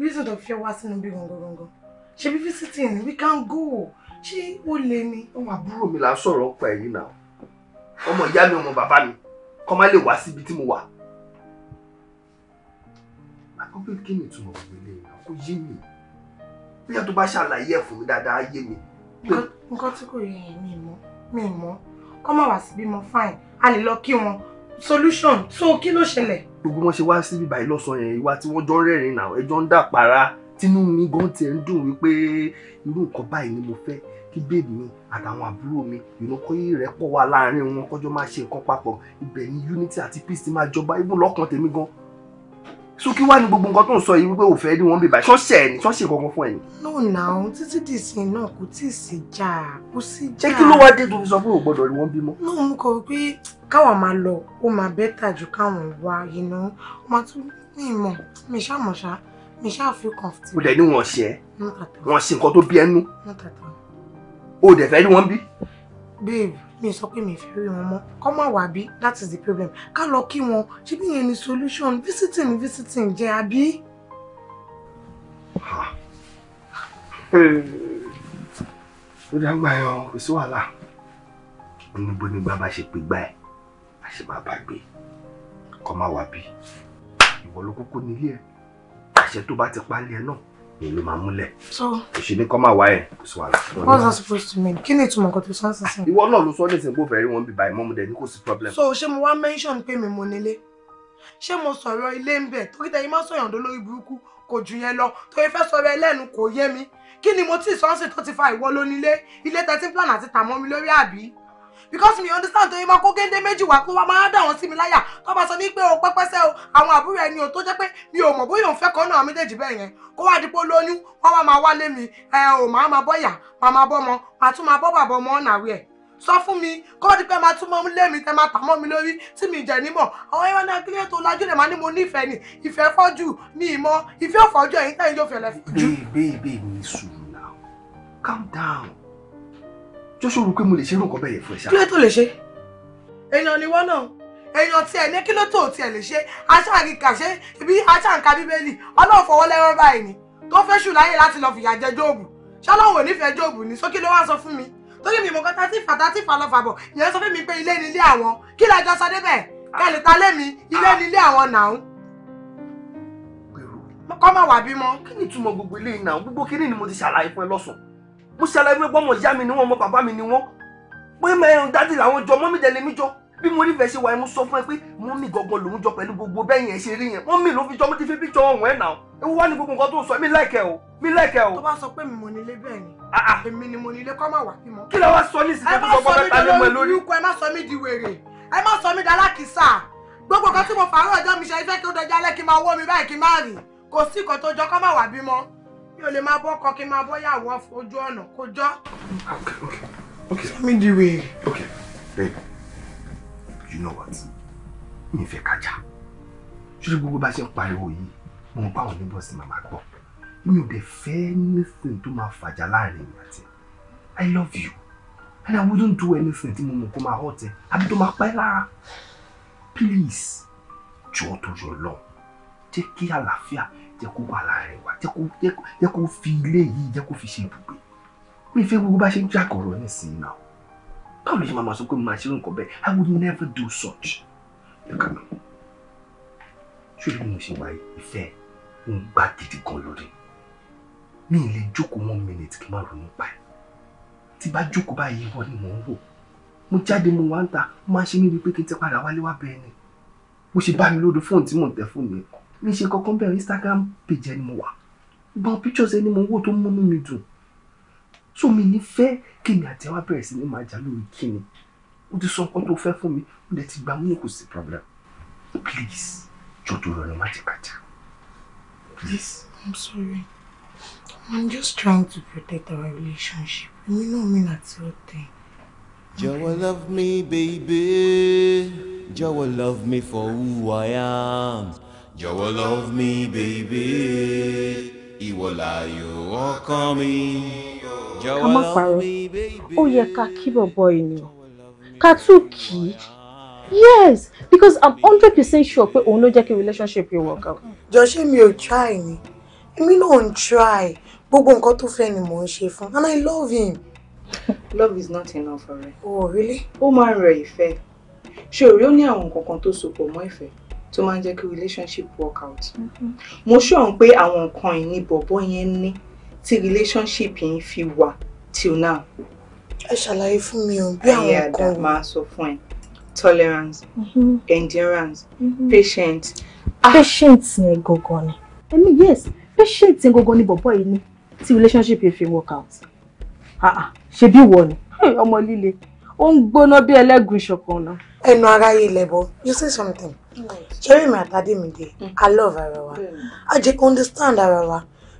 reason tó fi wá sínú bí gbọ̀ngàn gbọ̀ngàn ṣe bí visiting we can go ṣé ó lè ní. ọmọ àbúrò mi là ń sọ̀rọ̀ ọ̀pọ̀ ẹ̀yìn náà ọmọ ìyá mi ọmọ bàbá mi kọ́ má lè wá síbi tí mo wà. àkọ́kọ́ kí ni ìtumọ̀ òwe lè nà kó yé mi bóyá tó bá ṣàlàyé ẹ̀ fún mi dáadáa yé mi. nǹkan tí kò yé yẹn mi mọ́ mi mọ́ kọ́ má wá síbí mọ́ fine a lè lọ kí wọn solution So kí ló ṣẹlẹ̀. gbogbo wọn ṣe wá síbí báyìí lọ́sàn-án yẹn ìwà tí wọ́n jọ ń rẹ́rìn-ín náà ẹjọ́ ń dà para tínú mi gan tiẹ̀ ń dùn wípé irú nǹkan báyìí ni mo fẹ́ kí bèbí mi àtàwọn àbúrò mi ìrànkọ́ ìrẹ́pọ̀ wà láàárín wọn kọjọ́ máa ṣe nǹkan papọ̀ ibẹ̀ ni unity àti peace ti máa jọba ibùn lọ́kàn tèmi gan so kí wá ní gbogbo nǹkan tó ń sọ yìí wípé ò fẹ́ rí wọn bèbà ṣọ́ọ̀ṣì ẹ̀ ní ṣọ́ọ̀ṣì kankan fún ẹ̀ no na òun títí dì sí náà kò tí ì sí jà kò sí jà. ṣé kí ló wá dé tó fi sọ pé ò gbọdọ̀ rí bímọ. no mo kọ pé káwọn máa lọ ó máa bẹ́tà ju káwọn wá yìí ó máa tún ní ìmọ̀ mi ṣàmọ̀ṣá mi ṣáà fi comfortable. o dẹ̀ ní wọ́n ṣe ẹ́ wọ́n ṣe nǹkan tó bí ẹnu o dẹ̀ fẹ́ rí wọn bí. babe mi sọ pé mi fẹ́ rí wọn mọ́ kọ́ má wà bí that is the problem ká lọ kí wọn ṣé bí yẹn ni solution visiting visiting jẹ́ àbí. ó dágbà yan kò sí wàhálà níbo ni bàbá ṣe pè gbá ẹ àṣẹ bàbá gbé kọ́ má wà bí ìwọ ló kúkú nílé ẹ àṣẹ tó bá ti palẹ̀ náà ni ló máa múlẹ̀. òṣì ní kọ́ máa wá ẹ̀ sọ àlọ́. what's that supposed to mean kí ni ìtumọ̀ nǹkan tó sáǹsì sìn. Ah, ìwọ náà ló sọ ní ìsìnkú fẹ́ẹ́ rí wọn bíbá ìmọ̀ ọmọdé ní kò sí problem. so ṣé mo wá mention pé mi mo nílé ṣé mo sọ̀rọ̀ ilé ń bẹ̀ torí tẹ̀yìn máa sọ̀yàn dó lórí burúkú kò jù yẹn lọ torí fẹ́ sọ̀rọ̀ ẹlẹ́nu kò yé mi kí ni mo tí ì tó ti fa ìwọ lónílé ilé tẹ́tí plan àti tàmọ́ lórí àbí because mi understand torí máa kó géńdé méjì wá kó wá máa dà wọ́n sí mi láyà to bá sọ mí pé o pẹ́pẹ́sẹ́ o àwọn àbúrò ẹni o tó jẹ́ pé mi ò mọ̀ bóyá òun fẹ́ kan náà méjèèjì bẹ́ẹ̀ yẹn kó wá dípò lóyún wá wá máa wálé mi ẹ ò máa máa bọ́yà máa máa bọ́mọ máa tún máa bọ́ bàbá ọmọ ọ̀nà àwẹ̀ sọ fún mi kọ́ di pé máa tún mọ́ lé mi tẹ́ máa tà mọ́ mi lórí tí mi jẹ̀ nímọ̀ àwọn ẹran náà kílẹ̀ tó lájú lè máa ní mo nífẹ̀ẹ́ ni ìfẹ́ fọ́jú mi ìmọ̀ ìfẹ́ òfọ́jú ẹ̀yìn tẹ́yìn yóò fẹ́lẹ́ fọ́jú. bẹ́ẹ̀ bẹ́ẹ̀ mi sùúrù now calm down jọ́sọ̀ rò pé mo lè ṣe irú nǹkan bẹ́ẹ̀ fún ẹ ṣá. kí ló tó lè ṣe èèyàn ni wọ́n náà èèyàn tí ẹ̀ ní kí ló tó tiẹ̀ lè ṣe aṣáàkì kàṣe ibi aṣáǹkà bíbélì ọlọ́run fọwọ́ lẹ́rán báyìí ni tó fẹ́ ṣù láyè láti lọ fìyà jẹ jóòbù ṣọlọ́run ò nífẹ̀ẹ́ jóòbù ni sókè ló wá sọ fún mi torí mi mọ̀ kọ́ tá tí fà tá tí fà lọ fàbọ̀ ìyẹn sọ fún mi pé ilé ni ilé àwọn kí lájọ sọ débẹ̀ kẹ́lẹ̀ ta lémi ilé ni ilé àwọn nàún kọ́ má wà bímọ. kí ni ìtumọ̀ gbogbo eléyìí náà gbogbo kíní ni mo ti ṣàlàyé fún ẹ lọ́sàn mo ṣàlàyé pé ọmọ ìyá mi ni wọn ọmọ bàbá mi ni wọn pé mẹ́rin dádì làwọn jọ mọ́mí dẹ̀ lèmi jọ bí mo rí fẹsẹ̀ wa ẹ mo sọ fún ẹ pé mọ́mí gangan lòún jọ pẹ̀lú gbogbo bẹ́ẹ̀ yẹn ṣe rí yẹn mọ́mí ló fi jọ mo ti fi píjọ ọ̀hún ẹ̀ náà ewu wá ní gbogbo nǹkan tó sọ mi láìkẹ́ o mi láìkẹ́ o. tó bá sọ pé mi mo nílé bẹ́ẹ̀ ni ah, ah. èmi ni mo nílé kọ́ máa wà bí mo. kí ló wá sọ ní ìsìnkú tó gbọ́ mẹ́ta lé mọ́ ẹ lórí. ẹ má sọ mi di wèrè ẹ má sọ mi mo fàárọ̀ ọjọ́ mi ṣe iṣẹ́ kí ó dọjá lẹ́ kí n máa wọ́ mi báyìí kí n má rìn kò mi ò lè máa bọ́ kọ máa bọ́ yàwó ojú ọ̀nà kó jọ́. okay okay okay sami di wèrè. okay babe you know what mi fẹ́ kájà ṣíṣe gbogbo bá ṣe ń pariwo yìí mo bá òun níbọ̀ sí màmá gbọ́ mi ò dẹ̀ fẹ́ anything tó máa fàjà láàrin mi àti i love you and i wouldn't do anything tí mo mọ̀ kó máa hurt ẹ àbí tó máa pẹ́ lára please jọ̀ọ́ tó yọ lọ jẹ́ kí àlàáfíà jẹ́ kó wà láàrin wa jẹ́ kó fi ilé yìí jẹ́ kó fi ṣe ibùgbé mi fẹ́ gbogbo bá ṣe ń jàkọ̀rọ̀ nísìnyí náà báwo ló ṣe máa ma sọ pé mo máa ṣe nǹkan bẹ́ẹ̀ I would never do such. lẹ́kànnà ṣé ibi mo ṣe wáyé ìfẹ́ ń gbá gidi gan lórí mi ì lè jókòó one minute kí n má ronú pa ẹ̀ tí bá jókòó báyìí wọ́n ni mò ń wò mo jáde mo wá ń ta mo máa ṣe mí bíi pé kí n ti padà wálé wá bẹ́ẹ̀ ni mo ṣe bá mi lóde fóònù tí mò ń tẹ fóònù yẹn kọ́ mi ṣe kankan bẹ́ẹ̀ instagram page ẹni mo wà gbọ́n pictures ẹni mo wò tó múnú mi dùn tó mi ní fẹ́ kí mi àti ẹ wá bẹ̀rẹ̀ sí ní máa jà lórí kíni o ti sọ nǹkan tó fẹ́ fún mi o lè ti gbà mú ní kò sí problem please jọ tó rọrùn má ti kàjà please. i'm sorry i'm just trying to protect our relationship èmi náà mi láti ọ̀tẹ̀. Jọ̀wọ́ love me baby, jọ̀wọ́ love me for who I am jọ̀wọ́ love me baby ìwọ láàyò ọkàn mi jọ̀wọ́ love me baby. ó yẹ ká kí bọ̀bọ̀ ènìyàn ká tún kì í yes because i'm hundred percent sure pé òun ló jẹ́ kí relationship yìí work out. jọ ṣé mi ò try ni èmi náà ń try gbogbo nǹkan tó fẹ́ ni mò ń ṣe fún and i love him. <laughs> love is not enough for me. oh really. ó máa ń rẹ ìfẹ́ ṣé òrí ó ní àwọn nǹkan kan tó so pọ̀ mọ́ ìfẹ́ tó máa ń jẹ́ kí relationship work out. Mm-hmm. mo ṣọ̀n pé àwọn nǹkan ìní bọ̀bọ̀ yẹn ní tí relationship yẹn fi wà till now. ẹ ṣàlàyé fún mi o bí àwọn nǹkan. ayé àdá máa sọ fún ẹ tolerance mm-hmm. endurance mm-hmm. patience. Ah! patience yẹn gangan ni. mean, yes patience yẹn gangan ni bọ̀bọ̀ yìí ní tí relationship yẹn fi work out. Ah, ah, ṣe bí ìwọ ni <laughs> ọmọ líle ó ń gbóná bí ẹlẹ́gùn ìṣọ̀kan náà. ẹnu ara yìí lẹ́bọ̀ you say something ṣẹ́rí mi àtàdé mi de. i love ara wa a jẹ́ kí understand ara wa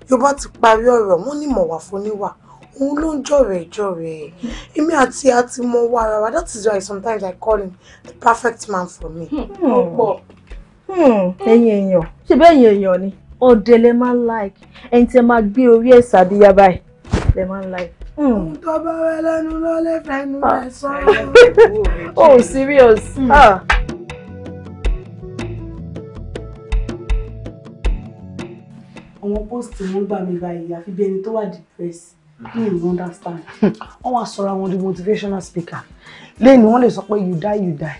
yorùbá ti parí ọ̀rọ̀ wọ́n ní mọ̀wá foníwà òun ló ń jọ̀rẹ̀ jọ̀rẹ̀ èmi àti àti mọ wá ara that is why sometimes i call him the perfect man for me. Hmm, hmm, ẹ̀yin èèyàn ṣe bẹ́ẹ̀ ẹ̀yin èèyàn ni ọ̀dẹ̀ lẹ máa ń like ẹni tí ẹ máa gbé orí ẹ̀ sàdíyà báyìí lẹ máa ń like. Hmm. Ohun tó bá wẹ́ lẹ́nu ló lè fẹ́nu rẹ̀ sọ́rọ̀. Ah. <laughs> Oh, serious. Mm. Ah. àwọn post wọn gbà mí báyìí àfi bí ẹni tó wà depressed mhm. mi ò understand. wọ́n wá sọra wọn di motivational speaker lẹ́nu wọ́n lè sọ pé you die you die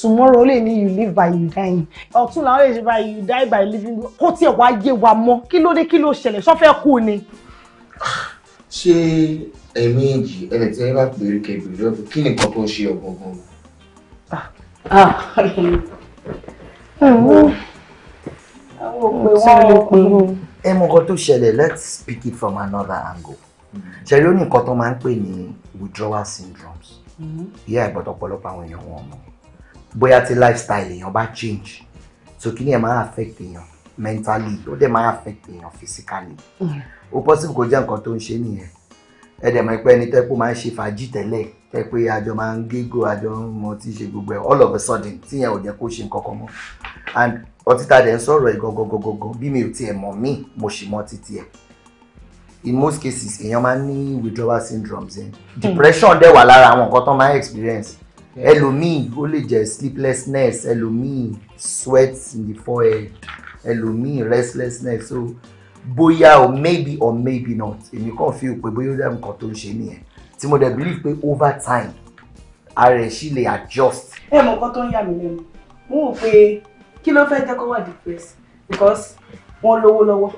tomorrow lè ní you live by you dying ọ̀tún làwọn lè ṣe by you die by living kó tiẹ̀ wá yé wa mọ́ kí ló dé kí ló ṣẹlẹ̀ sọ́fẹ́ kú ni. ṣé ẹ̀mí èjì ẹ̀rẹ̀ tí ẹ bá pèrè kẹ̀bìrì ọ̀fọ̀ kí nìkan tó ń ṣe ọ̀gbọ̀ngàn. Ah. Ah. Hmm. Hmm. àwọn òpè wọn ò pè wọn ẹ mọ nǹkan tó ṣẹlẹ̀ let's speak it from another angle mm-hmm. ṣẹlẹ̀ ó ní nǹkan tó máa ń pè ní withdrawal syndromes mm-hmm. ìyá ìbọ̀dọ̀ ọ̀pọ̀lọpọ̀ àwọn èèyàn wọn mọ̀ bóyá tí lifestyle èèyàn bá change so kí ni ẹ máa affect èèyàn mentally ó dẹ̀ máa affect èèyàn physically mm-hmm. ó possible kó jẹ́ nǹkan tó ń ṣe nìyẹn ẹ dẹ̀ mọ̀ pé ẹni tẹ́ pé máa ń ṣe fàájì tẹ́lẹ̀ tẹ́ pé àjọ máa ń gégó àjọ mọ tí ń ṣe gbogbo ẹ̀ all of a sudden tíyẹn ò jẹ́ kó ṣe nǹkan kan mọ́ and ọtí tá a dẹ̀ ń sọ̀rọ̀ ẹ̀ gangan bí mi ò tiẹ̀ mọ̀ mí mo sì mọ̀ títí ẹ̀ in most cases èèyàn máa ń ní withdrawal syndromes ẹ̀ hmm. depression dẹ̀ wà lára àwọn nǹkan tó máa ń experience ẹlòmíì ó lè jẹ́ sleeplessness ẹlòmíì sweat in the forehead ẹlòmíì restlessness so bóyá o maybe or maybe not èmi kàn fi pé bóyá ó dá nǹkan tó ń ṣe nìyẹn tí mo dẹ̀ believe pé over time ara ẹ̀ sì lè adjust. ẹ mọ̀ nǹkan tó ń yà mí lẹ́nu mo rò pé kí ló fẹ́ jẹ́ kó wà depressed because wọ́n lówó lọ́wọ́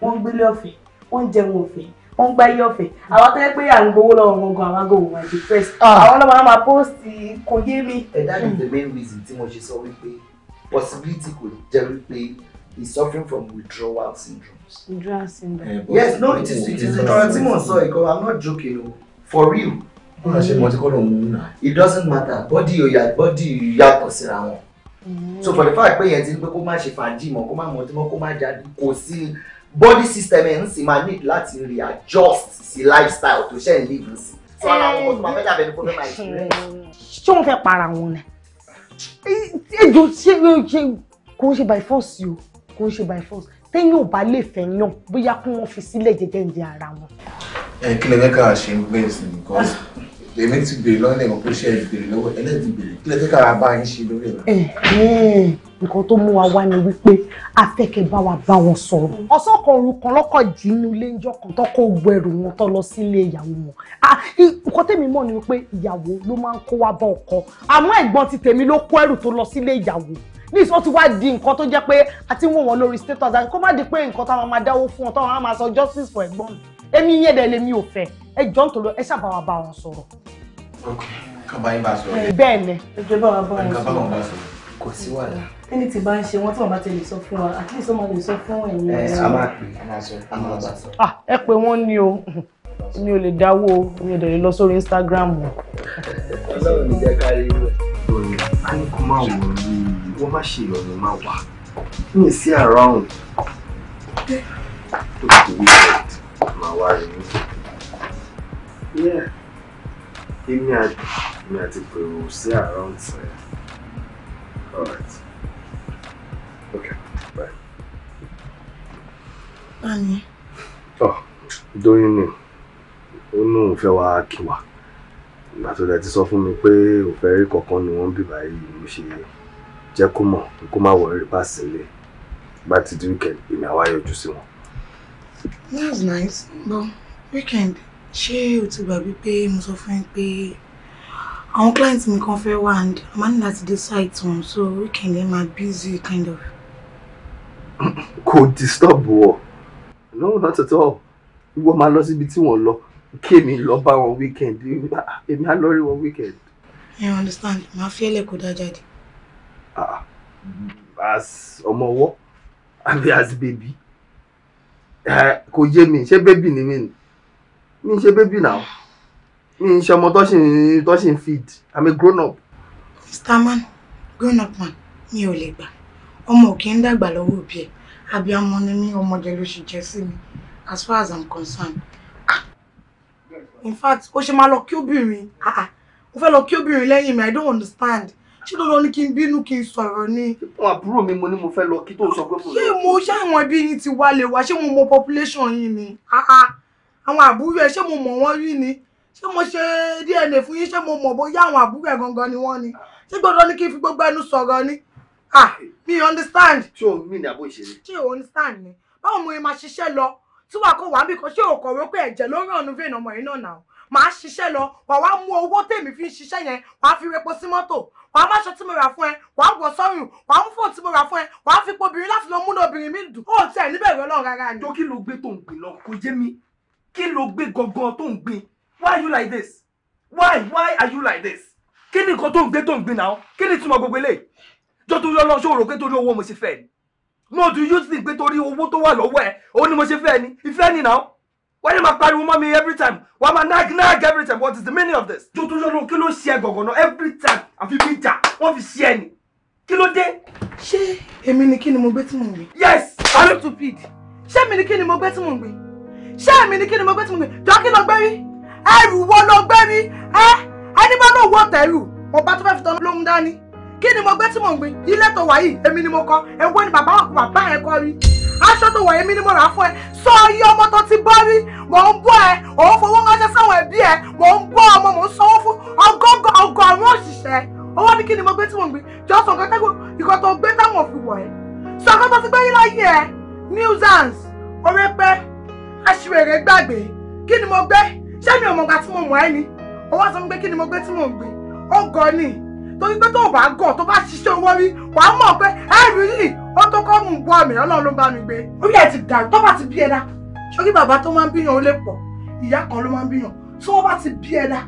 wọ́n ń gbélé ọ̀fẹ́ wọ́n ń jẹun ọ̀fẹ́ wọ́n ń gbá ọ̀fẹ́ àwọn tó pé à ń gbowó lọ́wọ́ wọn gan ah. àwọn ago wọn depressed àwọn náà máa post kò yé mi. ẹ dájú the main reason tí mo ṣe sọ wípé possibility kò jẹ́ wípé he is suffering from withdrawal syndromes. withdrawal syndrome. Eh, yes no it is it is ọ̀rọ̀ tí mo sọ ìkọ́ i'm not joking o for real. wọ́n ṣe mọtíkọ́lọ̀ mú náà. it doesn't matter body yóò yàtọ̀ síra wọn so for the fact pé yẹn ti ń pé kó má ṣe fàájì mọ́ kó má mọtí mọ́ kó má jáde kò sí body system ẹ̀ ń sì máa need láti adjust, sí lifestyle tó ṣe ń live sí so ara wọn kò tó máa fẹ́ dàbẹ́ ní kó fẹ́ máa ṣe. ṣé wọn fẹ́ para wọn ni ejò ṣe kò ń ṣe by force o kò ń ṣe by force téèyàn ò bá lè fẹ́ yàn bóyá kí wọ́n fi sílẹ̀ jẹ́jẹ́ ń jẹ ara wọn. ẹ kí lè fẹ́ ká ṣe ń gbé ìsìn nìkan sí èmi ti béèrè lọ́nà ẹ̀wọ̀n pé ṣe béèrè lọ́wọ́ ẹlẹ́dìí béèrè kí lẹ fẹ́ kára bá yín ṣe lórí ẹ̀rọ. Eh, eh, nǹkan tó mú wa wá ni wípé a fẹ́ kẹ́ bá wa bá wọn sọ̀rọ̀ ọ̀sán kan òru kan lọ́kọ̀ jìnnú léńjọ́ kan tó kó gbọ́ ẹrù wọn tó lọ sílé ìyàwó wọn nǹkan tèmi mọ̀ ni wípé ìyàwó ló máa ń kó wa bá ọkọ àmọ́ ẹ̀gbọ́n ti tèmi ló kó ẹrù tó lọ sílé ìyàwó nísì ó ti wá di nǹkan tó jẹ́ pé a ti ń wò wọ́n lórí status àti kó má di pé nǹkan táwọn máa dáwó fún wọn táwọn máa sọ justice for ẹ̀gbọ́n mi èmi yẹn dẹ̀ lèmi ò fẹ́ ẹ jọ́ ń tòló ẹ ṣàbáwá bá wọn sọ̀rọ̀ Eh, bẹ́ẹ̀ ni ìjọba wa bá wọn sọ kò sí wàhálà ẹni tí bá ń ṣe wọn tí wọn bá ti lè sọ fún wa àti ìsọmọ lè sọ fún ẹ̀yin ẹ eh, a máa pè a máa bá sọ. Ah, ẹ pé wọ́n ní o mi ò lè dáwó mi ò dẹ̀ lè lọ sórí Instagram o. ọlọ́run ní jẹ́ ká rí rẹ̀. lórí a ní kó máa wò ó ní wọ́n má ṣe ìrọ̀lù máa wà kí ni sí tó kò wí pẹ̀lú máa wá rí mi èmi àti èmi àti pèrò sí around ten all okay bye. báyìí. ọ dóyún ni ó ní òun fẹ́ wá kí wa ìgbà tó dẹ̀ ti sọ fún mi pé òfẹ́ rí kọ̀ọ̀kan ni wọ́n bì báyìí mo ṣe jẹ́ kó mọ̀ kó má wọ̀ rí pàṣẹ lé bá ti di weekend èmi àwa yọjú sí wọn. that's nice but weekend ṣé o ti gbàgbé pé mo sọ fún ẹ pé àwọn client mi kan fẹ́ wá and a máa ní láti dé site wọn so weekend ẹ máa busy kind of. kò disturb wọ no not at all ìwọ máa lọ síbi tí wọ́n lọ kémi lọ bá wọn weekend èmi á lọ rí wọn weekend. I understand màá fi ẹlẹ́kọ̀ọ́ dá jáde. Ah, as ọmọ ọwọ́ àbí as baby eh, kò yé mi ṣé bébì ni mí ni mi ń ṣe baby now mi ń ṣe ọmọ tó ṣì ń tó ṣì ń feed i'm a grown up. mr man grown up man mi ò lè gbà ọmọ ò kì í dàgbà lọ́wọ́ òbí ẹ̀ abiyamọ ni mí ọmọdé ló ṣe jẹ́ sí mi as far as i'm concerned ah! in fact ó ṣe máa lọ kí obìnrin ó ah, ah. fẹ́ lọ kí obìnrin lẹ́yìn mi i don't understand ṣé lọ́lọ́ ní kí n bínú kí n sọ̀rọ̀ ni. wọn àbúrò mi mo ní mo fẹ́ lọ kí tó sọ pé mo lọ. ṣé mo ṣáà àwọn ẹbí yín ti wálé wá ṣé mo mọ population yín ni àwọn àbúrò ẹ ṣé mo mọ̀ wọ́n rí ni ṣé mo ṣe DNA fún yín ṣé mo mọ̀ bóyá àwọn àbúrò ẹ gangan ni wọ́n ni ṣé gbọ́dọ̀ ní kí n fi gbogbo ẹnu sọ̀rọ̀ ni ah mi understand. ṣé o mi ní àbó ìṣeré. ṣé o understand ni báwo mo máa ṣiṣẹ́ lọ tí wàá kó wàá bí kan ṣé o kọ̀ wípé ẹ̀jẹ̀ ló ràn nínú vein ọmọ yìí náà náà màá ṣiṣẹ́ lọ wàá wá mú owó tèmi fi ń ṣiṣẹ́ yẹn wàá fi repo sí mọ́tò wàá máṣọ tí mo rà fún ẹ wàá wọ sọ́rùn wàá mú fóònù tí mo rà fún ẹ wàá fi pobìnrin láti lọ múnú obìnrin mi dùn ó tiẹ̀ níbẹ̀rẹ̀ ọlọ́run rárá ni. dókì ló gbé tó ń gbìn lọ kò jẹ́ mi kí ló gbé gangan tó ń gbin why are you like this why why are you like this kí ni nǹkan tó ń gbé tó ń gbin náà kí ni ìtumọ̀ gbogbo eléyìí jọ torí ọlọ́run ṣòro pé torí owó mo ṣe fẹ́ ni no do you think pé torí owó tó wà lọ́wọ́ ẹ̀ òun ni mo ṣe fẹ́ ni ìfẹ́ ni náà wọ́n ní máa pariwo mọ́ mi every time wọ́n máa nag nag every time what is the meaning of this. jọ torí ọlọ́run kí ló ṣe ẹ gọ̀gàn náà every time àfi bí ìjà wọ́n fi ṣe ẹ ni kí ló dé. ṣé èmi ni kí ni mo gbé tí mò ń gbé. yes. i'm stupid. ṣé èmi ni kí ni mo gbé tí mò ń gbé ṣé èmi ni kí ni mo gbé tí mo gbé jọ kí lọ gbé rí ẹrù wo lọ gbé rí ẹ ẹni bá náà wọ tẹrù ọba tó fẹ́ fi tọ́ lóhun dání kí ni mo gbé tí mo gbé ilé tó wà yìí èmi ni mo kọ́ ewé ni bàbá òkú bàbá ẹ kọ́ rí aṣọ tó wà èmi ni mo rà á fún ẹ sọ iye ọmọ tó ti bọ́ rí mò ń bọ́ ẹ òun fowó ránṣẹ́ sáwọn ẹbí ẹ mò ń bọ́ ọmọ mò ń sanwó fún ọgọ́gọ́ òṣìṣẹ́ owó ni kí ni mo gbé tí mo gbé jọ sọ nǹkan tẹ́gbọ̀n ìkan tó gbé táwọn fi wọ̀ ẹ́ sọ tó ti gbé yín láyé ẹ nuisance orí pẹ́ aṣiwèrè gbàgbé kí ni mo gbé ṣé mi ò mọ̀ gbà tí mo mọ̀ ẹ́ ni ó wá sọ pé kí ni mo gbé tí mo gbé ó gọ̀ ni torí pé tó o bá gọ̀ tó bá ṣiṣẹ́ owó rí wà á mọ̀ pé ẹrù yìí ó tó kọ́ mú bọ́ àmì ọlọ́run ló bá mi gbé orí ẹ̀ ti dàrú tó bá ti bí ẹ dá sórí bàbá tó máa ń bíyàn ó lè pọ̀ ìyá kan ló máa ń bíyàn tí wọ́n bá ti bí ẹ dá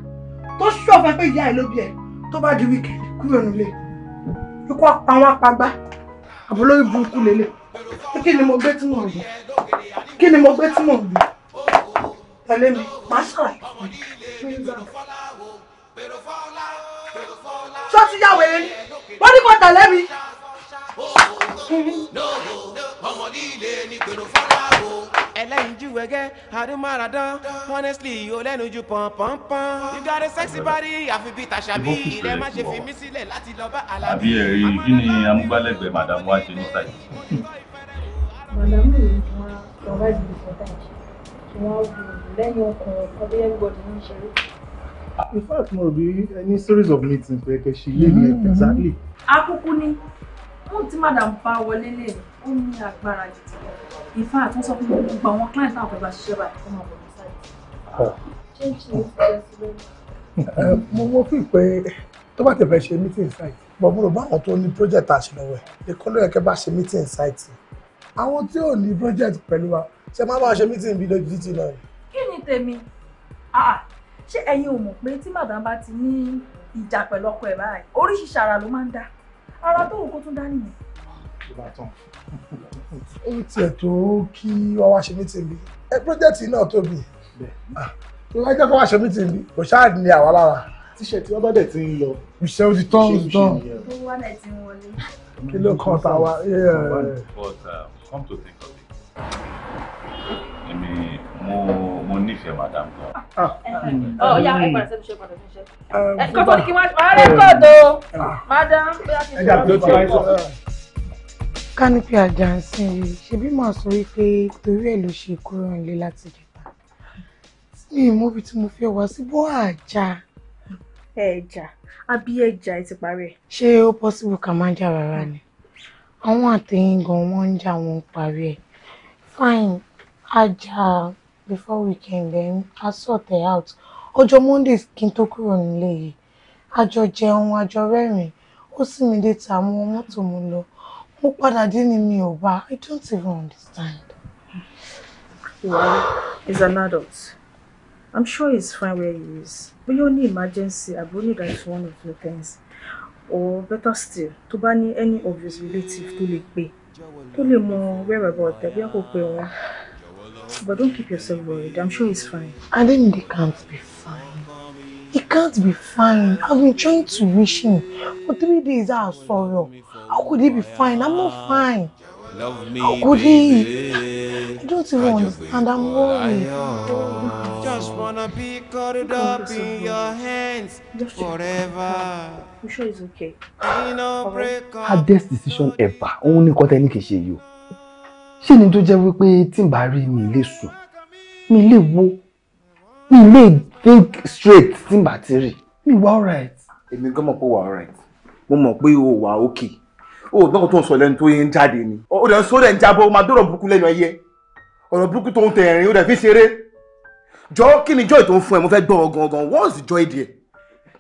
tó ṣọ̀fẹ́ pé ìyá ẹ ló bí ẹ tó bá di wíkẹ̀ndì kúrò nílé ikú apá wọn apagbá àbúlórí burúkú lélẹ̀ kí ni mo gbé tí mò ń lò kí ni mo gbé tí mò ń lò tẹ̀lé mi màá sọ̀rọ̀ ṣọ́ ti yá wèrè ni wọ́n ní kò tẹ̀lé mi. ẹlẹ́yinjú wẹ́gẹ́ adúmáradán honestly o lẹ́nu ju pọ̀npọ̀npọ̀n you got a sexy body àfi bíi tàṣàbí ilẹ̀ má ṣe fi mí sílẹ̀ láti lọ bá alábí. àbí ẹ̀rí kí ni amúgbálẹ́gbẹ̀ẹ́ màdàmú wa ṣe ní sáyé madam mi máa provide me for that kí wọ́n wò lẹ́yìn ọkàn ọkàn bí everybody ń ṣe rí. in fact mo rò bí any series of meetings pé kẹ́ ṣe lé ní mm-hmm. exactly. akúkú ni wọn ti madam bá wọlé lè ó ní agbára jù tí wọn in fact wọn sọ fún mi gbogbo àwọn client náà fẹẹ bá ṣiṣẹ́ báyìí fún ọmọ mi sáyé. change ní ìfẹ́ sílẹ̀. mo mo fi pé tó bá tẹ̀ fẹ́ ṣe meeting site but mo rò báwọn tó ní project àṣìlọ́wọ́ ẹ̀ ìkọlù yẹn kẹ́ bá ṣe meeting site àwọn tí ò ní project pẹ̀lú wa ṣe máa bá ṣe meeting bí lójú títí náà. kí ni tèmi ah, ah, ṣé ẹ̀yin ò mọ̀ pé tí madam bá ti ní ìjà pẹ̀lú ọkọ ẹ̀ báyìí oríṣiríṣi ara ló máa ń dá ara tó wù kó tún dá nìyẹn. ó tiẹ̀ tó kí wọ́n wá ṣe meeting bí ẹ project náà tóbi tó ah, wá jẹ́ kó wá ṣe meeting bí kò ṣáà ní àwa lára tíṣẹ̀ tí wọ́n bá dẹ̀ ti ń lọ. iṣẹ́ ó ti tán o ti tán. owó wà náà ti ń wọlé. kí ló kàn tá a come to think of it èmi mo mo nífẹ̀ẹ́ madame. Ah, ọ mm. oh, ya um, eh, ah. ẹ padà sẹ́nu ṣe padà sẹ́nu ṣe. kọ́tọ́ ni kí wọ́n máa rẹ́kọ̀dù madam bí a ti ṣe ọ̀rọ̀ ká ní pé àjà ń sìn yìí ṣebí màá sọ wípé torí ẹ̀ ló ṣe kúrò nílé láti jẹta sí ìmúbi tí mo fẹ́ wá sí bó àjà. ẹ̀jà àbí ẹ̀jà ẹ ti parí. ṣé ó possible ká máa jà rárá ni àwọn àtẹ̀yìn gan wọ́n ń jà wọ́n parí ẹ̀ fine ajá before weekend then a sort it out ọjọ́ monday kí n tó kúrò nílé yìí a jọ jẹun a jọ rẹ́rìn-ín ó sì mí létà mú mọ́tò mú lọ mo padà dé ni mi ò bá i don't even understand. well he's an adult i'm sure he's fine where he is bóyá ó ní emergency àbí ó ní one of the things or better still tó bá ní any obvious relative tó lè pè tó lè mọ whereabout tàbí àkó pé wọn but don't keep yourself worried i'm sure he's fine. Ademide can't be fine he can't be fine i've been trying to reach him for three days ah sọ̀rọ̀ how could he be fine i'm not fine. How could he? I don't even understand. I'm worried. Just wanna be cuddled up in your hands forever. I'm sure it's okay. Hardest decision ever. Òun ni kọ́tẹ́ ní You í ṣe yìí o. Ṣé ni tó jẹ́ wípé tí n bá rí mi lè sùn, think straight tí n bá ti rí, mi Me come up gan right? pé wà alright. Mo mọ̀ okay o oh, gbọ́dọ̀ tó ń sọ lẹ́nu tó yẹn ń jáde ni o lẹ́nu sódẹ̀ ń jábọ̀ o máa dọ̀rọ̀ burúkú lẹ́nu ẹyẹ ọ̀rọ̀ burúkú tó ń tẹ̀ ẹ̀rín o dẹ̀ fi ṣeré jọ kí ni joy tó ń fún ẹ mo fẹ́ gbọ́ ọ gangan what's the joy there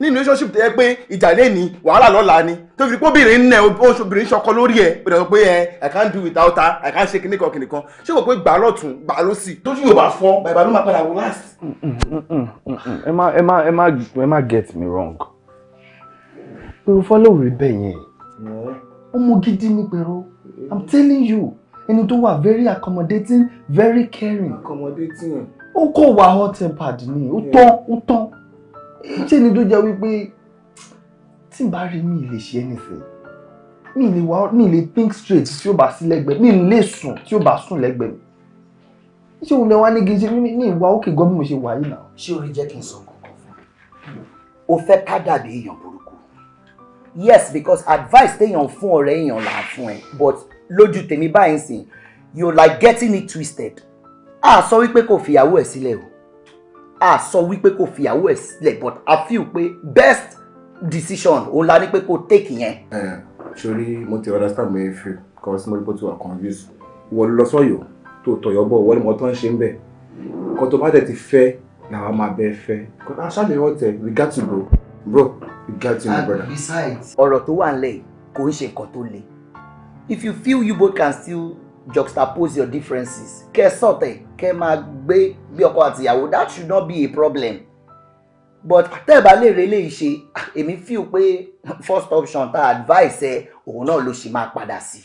ní relationship tẹ pé ìjà lé ní wàhálà lọ́la ni tó fi kóbìnrin nẹ oṣùbìnrin ṣọkọ lórí ẹ pẹ̀lú pé ẹ eh, i can't do without her i can't ṣe kìnìkan kìnìkan ṣé kò pé gbà lọ́tún gbà lọ́sì tójú yóò bá fọ́ bàbá ló máa padà wò láàsì. Mm, mm, mm, ẹ má ẹ má ẹ me wrong irúfọ́ ló rí ọmọ gidi ni pẹ̀rọ eh. i'm telling you ẹni tó wà very accommodating very caring. accommodating. ó kò wá hot tempered ni ó tán ó tán ṣé ni tó jẹ́ wípé tí n bá rí mi lè ṣe anything mi lè wá mi lè think straight tí ó bá sí lẹ́gbẹ̀ẹ́ mi lè sùn tí ó bá sùn lẹ́gbẹ̀ẹ́ mi ṣé òun lè wá ní gidi mi ní ìwà òkè gan bí mo ṣe wà yìí náà. ṣé orí jẹ́ kí n sọ kọ̀ọ̀kan fún ọ o fẹ́ ká dàbí èèyàn burú yes because advice téèyàn fún ọ̀rẹ́ èèyàn là á fún ẹ but lójú tèmi báyìí sìn you like getting it twisted a sọ wípé kò fìyàwó ẹ̀ sílẹ̀ o a sọ wípé kò fìyàwó ẹ̀ sílẹ̀ but i feel pé best decision òun la ní pé kò take yẹn. sori mo ti understand my feel cause mo rí pé tí wà confused wọ́n lọ sọ́yọ̀ tó tọ̀yọ̀ bọ̀ wọ́n ní mo tán ṣe ń bẹ̀ kó tó bá tẹ̀ ti fẹ́ làwọn máa bẹ fẹ́ kó tó aṣáájú ìwọ́n tẹ̀ we got to go bro you get you brother. and besides. ọ̀rọ̀ tó wà nílẹ̀ kò ń ṣe nǹkan tó le if you feel you both can still juxtapose your differences kẹ́ sọ̀tẹ̀ kẹ́ máa gbé bí ọkọ àti ìyàwó that should not be a problem but tẹ́ẹ̀bá lè rè lè ṣe èmi feel pé first option ta advice ẹ òun náà ló ṣe máa padà sí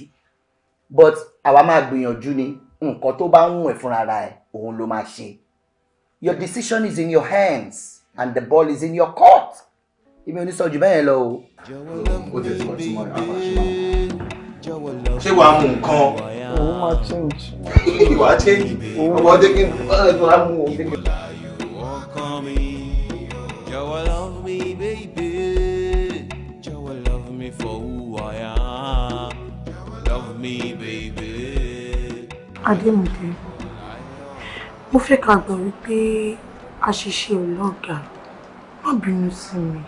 but àwa máa gbìyànjú ni nǹkan tó bá ń wù fúnra ẹ òun ló máa ṣe your decision is in your hands and the ball is in your court ibi onísọ jù bẹ́ẹ̀ lọ o. ó ti sọ tí mo rà wá ṣé wàá mú nǹkan. òun máa change. wàá change ọmọ ọdẹ kí n mú òun dé. Jọ̀wọ́ love me baby, love me for who I am, love me baby. Adémọdé, mo fẹ́ ká gbọ́ wípé àṣìṣe ò lọ́gàá, má bínú sí mi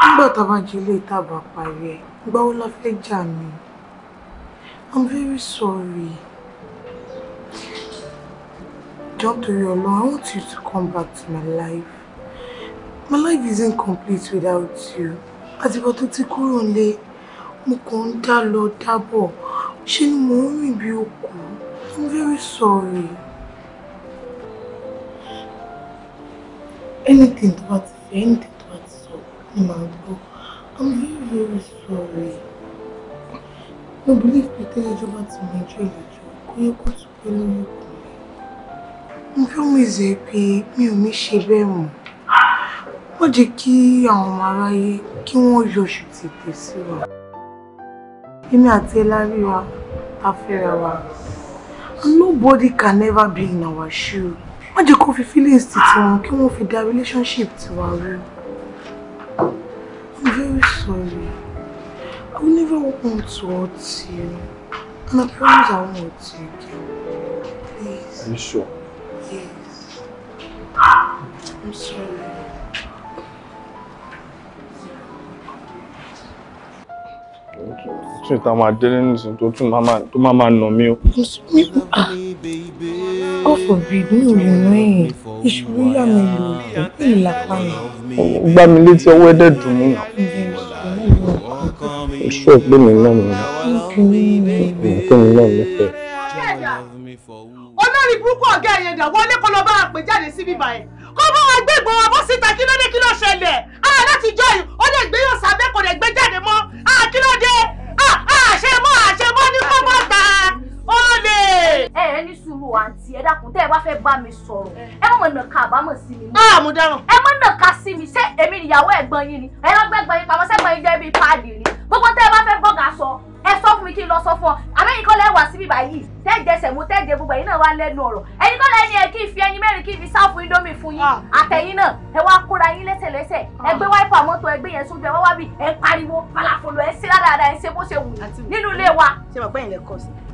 nígbà tá a bá jẹ ilé ìta bá parí ẹ ìgbà wo la fẹ́ jà mí i'm very sorry jọ torí Ọlọ́run i want you to come back to my life my life isn't complete without you àtìgbà tó ti kúrò nílé mo kàn ń dá lọ dábọ̀ ṣe ni mò ń rìn bí òkú i'm very sorry. anything to about the end My Mago, I'm very, very sorry. No believe Peter Ejoba ti mi ju ìlàjọ kó yẹ kó tún pé lórí ikùn mi. Mo promise ẹ pé mi ò ní ṣe bẹ́ẹ̀ mọ́. Wọ́n jẹ́ kí àwọn ọmọ aráyé are. wọ́n yọṣù tètè sí wa. Èmi àti Ẹlárí wa, a fẹ́ra wa. And nobody can never be in our shoe. Wọ́n jẹ́ kó fi feelings titi wọn kí wọ́n fi da relationship tiwa rú. I'm very sorry. I will never want to hurt you. And I promise I won't hurt you again. Please. Are you sure? Yes. I'm sorry. tún ìta máa délé nísìnyí tó tún máa máa nà mí o. ọ̀fọ̀ bíi mi ò lè ná ìṣòro yà mí lò ó ní ìlàpá rẹ̀. gbá mi létí ọwọ́ ẹ̀dẹ̀ dùn mí nà. iṣu ẹ̀gbẹ́ mi náà mi nà. ẹ̀gbẹ́ mi náà mi fẹ́. olórí burúkú ọ̀gá ẹ̀yẹn dà wọlé kọ́ lọ bá a jáde síbí báyìí kó bá wa gbé ìgbọ̀n bọ́ síta kí ló dé kí ló ṣẹlẹ̀ á àkílódé ah, ah, àṣemọ́ àṣemọ́ ní kọ́kọ́ta ó lè. ẹ ẹ ní sùúrù àǹtí ẹ dákun tẹ ẹ bá fẹ́ bá mi sọ̀rọ̀ ẹ mọ nà ká àbámọ̀ sí mi. a ah, mo dáràn. ẹ mọ nà ká sí mi ṣé èmi nìyàwó ẹ̀gbọ́n yín ni ẹ lọ gbẹgbọn yín pamọ́ sẹgbọn yín jẹ bíi páàdì ni gbogbo tẹ ẹ bá fẹ́ gbọgà sọ ẹ sọ fún mi kí n lọ sọ fún ọ àbẹ́yìn kọ́ lẹ́ wà síbí báyìí tẹ́ẹ̀dẹsẹ̀ mo tẹ́ẹ̀dẹ gbogbo ẹ̀yin náà wá lẹ́nu ọ̀rọ̀ ẹ̀yin kọ́ lẹ́ni ẹ̀ kí n fi ẹyin mẹ́rin kí n fi sáàfù indomie fún yín ah. àtẹ̀yìn náà ẹ wá kóra yín lẹ́sẹ̀lẹ́sẹ̀ ah. ẹ gbé wáìpà mọ́tò ẹ gbé yẹn sójú ẹ wá wá bí ẹ pariwo falafolo ẹ sí ládàáda ẹ ṣe bó ṣe wù nínú ilé wa. ṣé mo gbẹ́yìn lẹ́kọ̀ọ́ sí i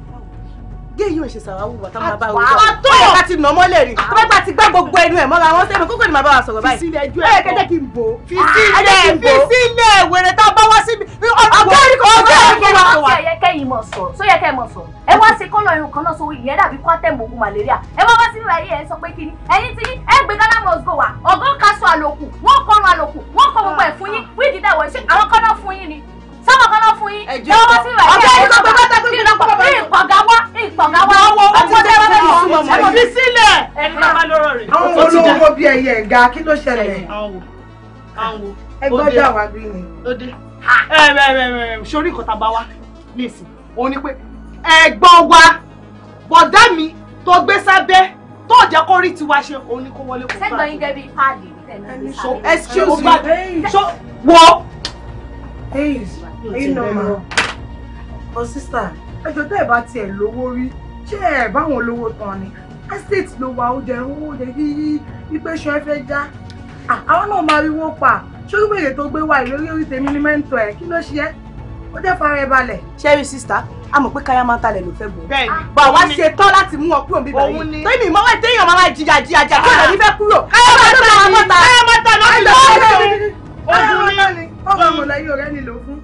gé yóò ṣe sàwáwù wà táwọn bá wùjọ àtọ ẹ ká ti nà mọ́lẹ̀ rí tó bá gbà ti gbá gbogbo ẹnu ẹ mọ́ra wọn sẹ́mi kókò ní màá bá wa sọ̀rọ̀ báyìí fi sílẹ̀ ẹjọ́ ẹ kẹjẹ kí n bò fi sílẹ̀ fi sílẹ̀ wèrè tá a bá wá síbi ọgá ẹni kò ọgá ẹni kò wá wá. sóyẹ kẹ yìí mọ sọ sóyẹ kẹ mọ sọ ẹ wá sí kọlọ irun kan náà sọ ìyẹn dàbí kwátẹmù ogun malaria ẹ wá wá síbi ayé ẹ sọ pé kíní ẹyin tí ẹ gbé Ghana must go wa ọgọ́ kaṣọ àlòkù wọ́n kọrun àlòkù wọ́n kọ gbogbo ẹ̀ fún yín wíìdì dà wọ́n ṣe àwọn kọ́nà fún yín ni sábà kan lọ fún yín ẹjọ ọmọ sí ìwà yẹn ọjọ ìgbà pẹpẹ tẹkùn ìgbà pẹpẹ ìpọgàwá ìpọgàwá ọwọ ọwọ tí wọn fẹẹ fi sùn mọmọ yìí fi sílẹ̀ ẹni bàbá lọ́rọ̀ rẹ̀. àwọn olówó bíi ẹyẹ ẹga kí ló ṣẹlẹ̀. ẹgbọ́n dà wá bí ni. sori nǹkan tá a bá wá nísìn òun ni pé ẹ̀gbọ́n wa bọ̀dá mi tó gbé sábẹ́ tó jẹ́ kó rí tiwa ṣe òun ni kó wọlé kó fà á. sẹ́gbọ̀n yín gẹ́bí páàdì. excuse me so wo. Hey ẹ̀yin náà mà ọ sísà ẹjọ́ tẹ́ ẹ̀ bá tiẹ̀ lówó rí ṣé ẹ̀ báwọn olówó tán ni estate ló wà ó jẹ owó jẹ yíyí ìpèsè ẹ fẹ́ já àwọn náà máa rí wọn pa ṣórí wèrè tó gbé wá ìlórí orí tèmi ní mẹ́ńtọ̀ ẹ̀ kí ló ṣe é ó jẹ́ fara ẹ balẹ̀. ṣẹ́rí sísá a mọ̀ pé káyà máa ń talẹ̀ ló fẹ́ gbọ́. bẹ́ẹ̀ni ah, bá wa ṣe tán láti mú ọ bíbá yìí. tó ìmọ̀ wẹ́ téèyàn máa jìyà jìyà jà kí ọ̀rọ̀ nífẹ̀ẹ́ kúrò. káyà máa ta ni káyà máa ta ni ọ̀sùn lọ́wọ́ òun ni. ọgbà mọ̀lẹ́yìn ọ̀rẹ́ ni lò fún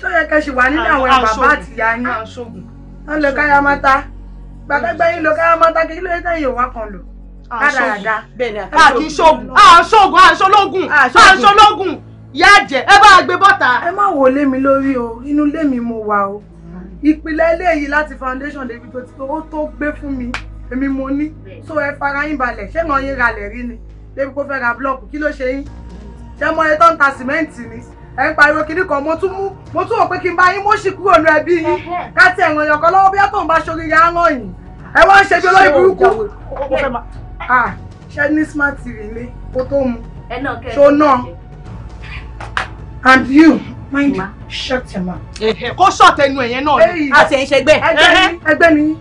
ṣó yẹ kẹ́ ṣì wà nínú àwọn ah, ah, bàbá àti ìyá yín ah, wọ́n lọ káyámátá gbàgbẹ́gbẹ́ yín lọ káyámátá kí ló dé tẹ̀yìn òwá kan lò kádàràdà káàkì ṣoògùn àṣoògùn àṣológùn àṣológùn yá jẹ ẹ bá gbé bọ́ta. ẹ má wo lé mi lórí o inú lé mi mo wà o ìpìlẹ̀ eléyìí láti foundation débi tó ti tó ó tó gbé fún mi èmi mo ní so ẹ fara yín balẹ̀ ṣé ìwọ̀n yín ralẹ̀ rí ni débi kó fẹ́ ra búlọ̀kù kí ló ṣe yín ṣé mo yẹ tó ń ta sìmẹ́ǹtì ni ẹ ń pariwo kinní kan mo tún mú mo tún wò pé kí n bá yín mo ṣì kúrò ní ẹbí yín ká tí ẹ̀ràn lọ́wọ́ bí yàtọ̀ ń bá ṣorí ya ń ràn ẹ wá ń ṣe bí olóyìn burúkú. ṣé ní smart tv ilé kó tó mu ṣó náà and you mind shut your mouth. kó ṣọ̀tẹ̀ ẹnu ẹ̀yẹn náà ni àti ẹ̀ ń ṣẹgbẹ́. ẹgbẹ́ ni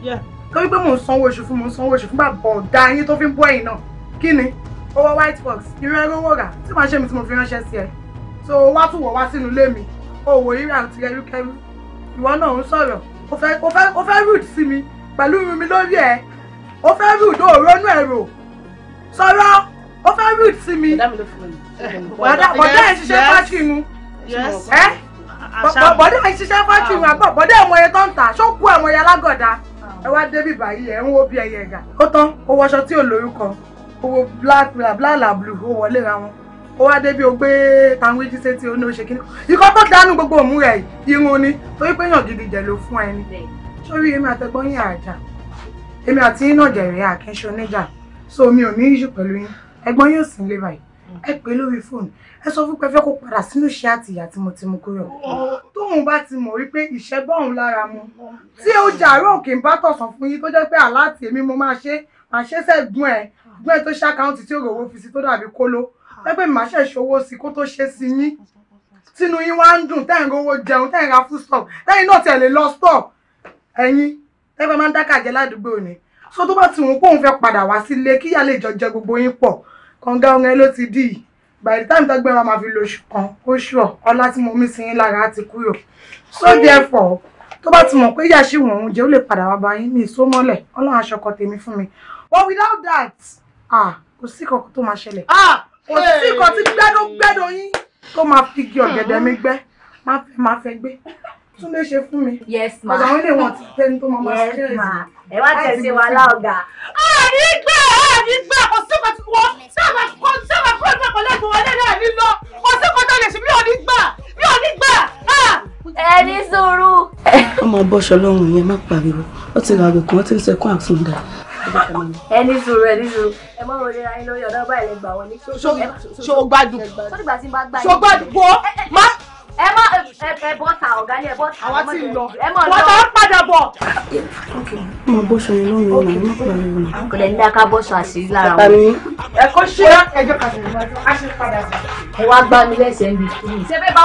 torí pé mò ń sanwó oṣù fún mò ń sanwó oṣù fún bàbá ọ̀dà yín tó fi ń bọ́ ẹ̀yìn náà kí ni owó white box ìrìn ẹ̀rọ wò rà tí màá ṣe mi tí mo fi ránṣẹ́ sí ẹ so wá tún wọ̀ wá sínú ilé mi owó rírà àti ẹrúkẹrú ìwọ náà ń sọ̀rọ̀ ó fẹ́ ó fẹ́ ó fẹ́ rude sí mi pẹ̀lú irun mi lórí ẹ̀ ó fẹ́ rude ó ronú ẹ̀rọ sọ̀rọ̀ ó fẹ́ rude sí mi bọ̀dá ẹ̀ ṣiṣẹ́ fákìrun ẹ́ bọ̀dá ẹ̀ ṣiṣẹ́ fákìrun ah. àgbọ̀ bọ̀dá ẹ̀ mọ̀ye tó ń tà ṣókú ẹ̀ mọ̀ye alágọ̀dá ẹ wá débi báyìí ẹ̀ ń wo bí ẹyẹ ẹ̀gà ó tán ó wọṣọ tí ò lórúkọ owó black bla bla bla blue ó wọlé ra wọn ó wá débi ó gbé tanwéjì sétí ó ní ó ṣe kíní ikọ́ tó dánú gbogbo òmù rẹ̀ irun ni torí pé yàn gidi jẹ̀ ló fún ẹni sórí èmi àtẹgbọ́n yín àjà èmi àti yín náà jẹ̀rẹ̀ àkẹ́ṣọ níjà so mi ò ní ìṣù pẹ̀lú yín ẹgbọ́n yóò sì ń lé báyìí ẹ pè lórí fóònù ẹ sọ fún pẹfẹ kó padà sínú iṣẹ́ àtìyà tí mo ti mú kúrò tóun bá ti mọ̀ wípé ìṣẹ́ bọ́ọ̀hún lára mu tí ó jà àárọ̀ òkè ń bá tọ̀sán fún yín tó jẹ́ pé àláàtì èmi mo máa ṣe máa ṣe sẹ́gun ẹ̀ gún ẹ̀ tó ṣàkáǹtì tí ó rò owó fi sí tó dàbí kóló ẹgbẹ́ mi ṣe ìṣòwò sí kó tó ṣe sí yín tínú yín wá ń dùn tẹ́ ń jẹun tẹ́ ra full stop náà tẹ̀ lè lọ stop ẹ̀yin ẹgbẹ́ máa ń dákà jẹ́ ládùúgbò ni so tó bá ti wù pé òun fẹ́ padà wá sílé kí yà lè jọ jẹ gbogbo yín pọ̀ kànga ọ̀rẹ́ ló ti dì í by the time tọ́gbẹ́ wa máa fi lo kan ó ṣùọ̀ ọlá tí mo mí sí yín lára ti kúrò so therefore tó bá ti mọ̀ pé yà ṣì wọ̀n oúnjẹ ó lè padà wá bá yín mi ìsó mọ́lẹ̀ ọlọ́run aṣọkọ tèmi fún mi but without that ah kò sí kankan tó máa ṣẹlẹ̀ ah kò sí nǹkan tí gbẹ́dọ̀gbẹ́dọ̀ yín tó máa fi igi ọ̀gẹ̀dẹ̀ mi gbẹ́ máa fẹ́ máa fẹ́ gbé tún lè ṣe fún mi. yes ma ọ̀dọ̀ àwọn ilé wọn ti tẹ́ni tó máa máa ṣe é. ẹ wá tẹ̀sí wa láọ̀gá. àní gbẹ́ àní gbẹ́ kò sí nǹkan tí wọ́n sábà kọ́ sábà kọ́ ìgbà pẹ̀lú ẹ̀dùn wọlé náà nílọ kò sí nǹkan tó lè ṣe mí ò ní gbà mí ò ní gbà. ẹni sùúrù. ọmọ bọ́ṣọ lọ́rùn yẹn má pariwo ó ti ràgò kan ó ti ń ṣe kún àtúndà ẹni sùúrù ẹni sùúrù ẹ mọ wọlé ra yín lórí ọ̀dọ́ báyìí lè gbà wọlé. ṣó o gbádùn ṣó o gbádùn wo má. ẹ mọ ẹ bọ ta ọ̀gá ni ẹ bọ ta. àwa ti lọ wọn tó ń padà bọ̀. mo bọ́sọ̀ yìí lọ́rùn mi ní ìgbà mi. kò lè ní aka bọ́sọ̀ àṣírí lára wọn. ẹ kó ṣe ẹjọ́ kàṣẹ ẹ wá gbá mi lẹ́sẹ̀ ń bì. ṣé bẹ́ẹ̀ bá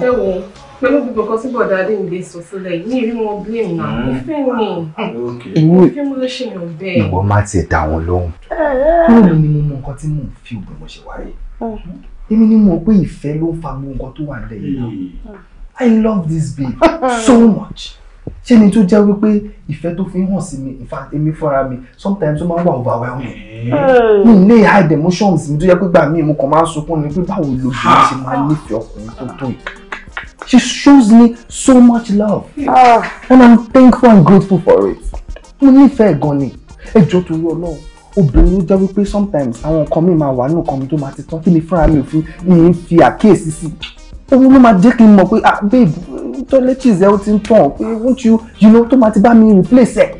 ẹ wò ó pẹ̀lú gbogbo nǹkan tí bọ̀dá adéǹde sọ sílẹ̀ yìí ní ìrí wọn blame náà ìfẹ́ ni ìfẹ́ mo ló ṣe yàn bẹ́ẹ̀. ìwọ má tiẹ̀ dá wọn lóhùn. báwo ni mo mọ nǹkan tí mò ń fi ògbìn mo ṣe wáyé mm. èmi ni mo pé ìfẹ́ ló ń fa gbogbo nǹkan tó wà nílẹ̀ yìí mm. I love this babe mm. so much ṣé ni tó jẹ́ wípé ìfẹ́ tó fi hàn sí mi in fact èmi fúnra mi sometimes ó máa ń wà overwhelming mi ì lè hide emotions mi tó yẹ pé gbà mí mo kàn máa ń sunkún ni pé báwo ló ṣe máa ah. nífẹ̀ẹ́ ọkùnrin tó tó yìí. She shows me so much love. Ah, and I'm thankful and grateful for it. Mo nífẹ̀ẹ́ gan ni. Ẹ jọ̀ọ́ torí Ọlọ́run. Obìnrin ló jẹ́ wípé sometimes àwọn nǹkan mi máa wà nínú nǹkan mi tó máa ti tán tí mi fúnra mi ò fi mi ń fi àkíyèsí sí. Òun ló máa jẹ́ kí n mọ̀ pé ah babe toiletries ẹ ó ti ń tàn pé won't you you know tó máa ti bá mi replace ẹ̀.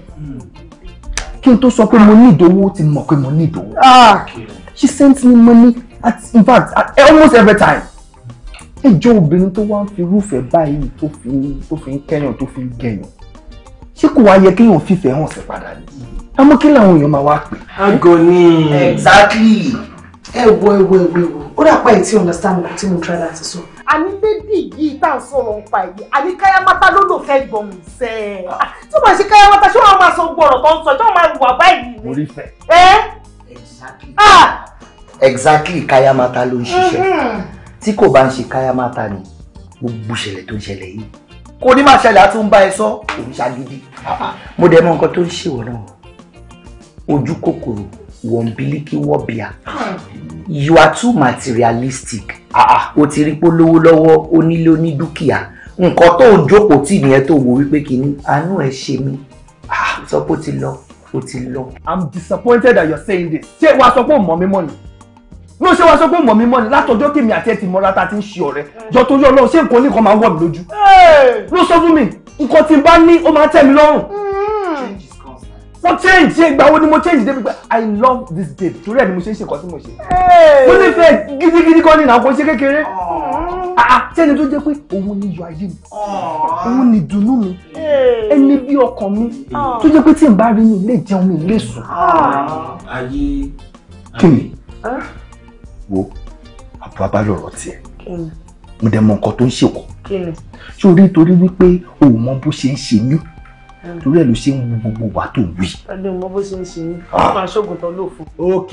Kí n tó sọ pé mo ní ìdòwò ó ti mọ̀ pé mo ní ìdòwò. Ah. She sent me money at in fact at, almost every time ẹ obìnrin tó wá ń fi irúfẹ́ báyìí tó fi tó fi ń kẹ́yàn tó fi ń gẹ̀yàn ṣé kò wá yẹ kéèyàn fífẹ́ hàn sí padà ni àmọ́ kí làwọn èèyàn máa wá pè. ago ni. exactly ẹ wo ẹ wo ẹ wo ó dà pa ẹ understand nǹkan tí mo try láti sọ. àní bébì yìí tá à ń sọ̀rọ̀ ń pa yìí àní káyámátá ló lò fẹ́ gbọ̀n sẹ́ ẹ̀ ah, tí wọ́n ṣe káyámátá ṣé wọ́n máa sọ gbọ̀rọ̀ tó ń sọ ṣé wọ́n máa wà báyìí. mo rí fẹ́. ẹ. exactly ah! tí kò bá ń ṣe káyà máa ta ni gbogbo ìṣẹ̀lẹ̀ tó ń ṣẹlẹ̀ yìí kò ní máa ṣẹlẹ̀ àti ń bá ẹ sọ òun ṣàgídí mo dẹ̀ mọ nǹkan tó ń ṣèwọ náà ojú kòkòrò wọ̀n bílíkì you are too materialistic o ti rí polówó lọ́wọ́ onílé onídúkìá nǹkan tó ń jókòó tì nìyẹn tó wò wípé kìíní àánú ẹ ṣe mí sọ pé ó ti lọ ó ti lọ. I'm disappointed that you're saying this ṣé wàá sọ pé ò mọ̀ mí mọ̀ ni ní o ṣe wá sọ pé mọ̀ mi mọ́ ni látọjọ́ tèmi àti ẹ ti mọ́ra ta ti ń ṣe ọ̀rẹ́ jọ torí ọlọ́run ṣé nǹkan oníkan máa ń wọ̀ mí lójú. ló sọ fún mi nǹkan tí n bá ní ó máa ń tẹ̀ mí lọ́rùn. Hmm. mo change ṣe ìgbà wo ni mo change débi pé i love this day torí ẹ ni mo ṣe ń ṣe nǹkan tí mo ṣe. mo nífẹ̀ẹ́ gidigidi kan ní ìnáwó ṣe kékeré. sẹ́ni ah, ah, tó jẹ́ pé òun ni yọ ayé mi òun ni dùnnú mi ẹni bí ọkàn mi tó jẹ́ pé tí n bá rí mi ilé ìjẹun mi ilé sùn. ayé ayé wo àbúrò bá lọ̀rọ̀ tiẹ̀ mo dẹ̀ mọ nǹkan tó ń ṣèwọ ṣé orí torí wípé o mọ bó ṣe ń ṣe mí hmm. torí ẹ ló ṣe ń wu gbogbo wa tó wí. ẹni mọ bó ṣe ń ṣe mí fún aṣọ́gun ah. tán ló fún. ok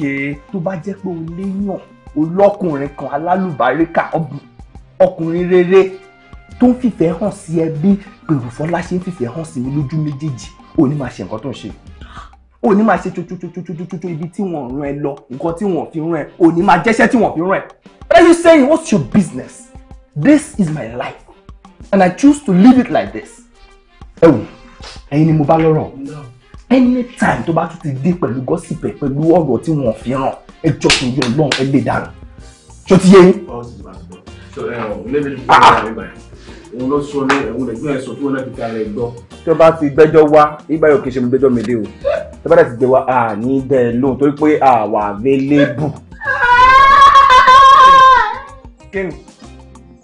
tó bá jẹ́ pé o léyàn olọ́kùnrin kan alálùbáríkà ọkùnrin rere tó ń fìfẹ́ hàn sí ẹbí pèrò fọlá ṣe ń fìfẹ́ hàn sí mi lójú méjèèjì ò ní máa ṣe nǹkan tó ń ṣe o ní máa ṣe tututututututu ibi tí wọ́n rán ẹ lọ nǹkan tí wọ́n fi rán ẹ o ní máa jẹ́ṣẹ́ tí wọ́n fi rán ẹ. what are you saying what's your business this is my life and I choose to live it like this. ẹ wò ẹ̀yin ni mo bá lọ́rọ̀ anytime tó bá tún ti dé pẹ̀lú gọ́sìpẹ̀ pẹ̀lú ọ̀rọ̀ tí wọ́n fi rán ẹ jọ kò yọ lọ́n ẹ lè dànù ṣó ti yé yín. tó ah. bá ti gbẹ́jọ́ wá ìgbà yóò kí n ṣe mo gbẹ́jọ́ mi dé o tó bá dẹ̀ ti dé wa à ní dẹ́ ẹ lóhùn torí pé àwa available. kíni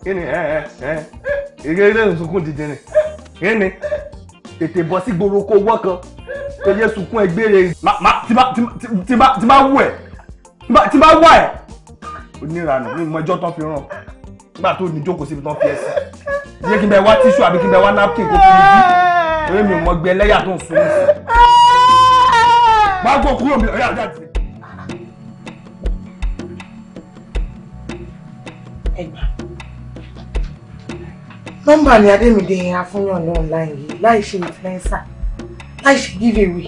kíni ẹ ẹ ẹ ìrẹ́lẹ̀ ìsunkún dìde ni kíni tètè bọ́ sí gbòòrò kó wọ́ kan tó yẹ sunkún ẹgbẹ́ rẹ̀ tí bá wù ẹ̀ tí bá wà ẹ̀ oníranù ní ìmọ̀jọ́ tán fi ràn nígbà tó ní jókòó síbi tán fi ẹ sí yé kí n bẹ wá tíṣù àbí kí n bẹ wá napkin kó fi mi bí orí mi ò mọ gbé ẹlẹ́yà tó ń sun mí sí wá gbọ́ kúrò mi ọ̀yà ọ̀yà ti. ẹgbà nọ́mbà ni Adémídé yẹn afúnyàn ní online yìí láì ṣe influencer láì ṣe giveaway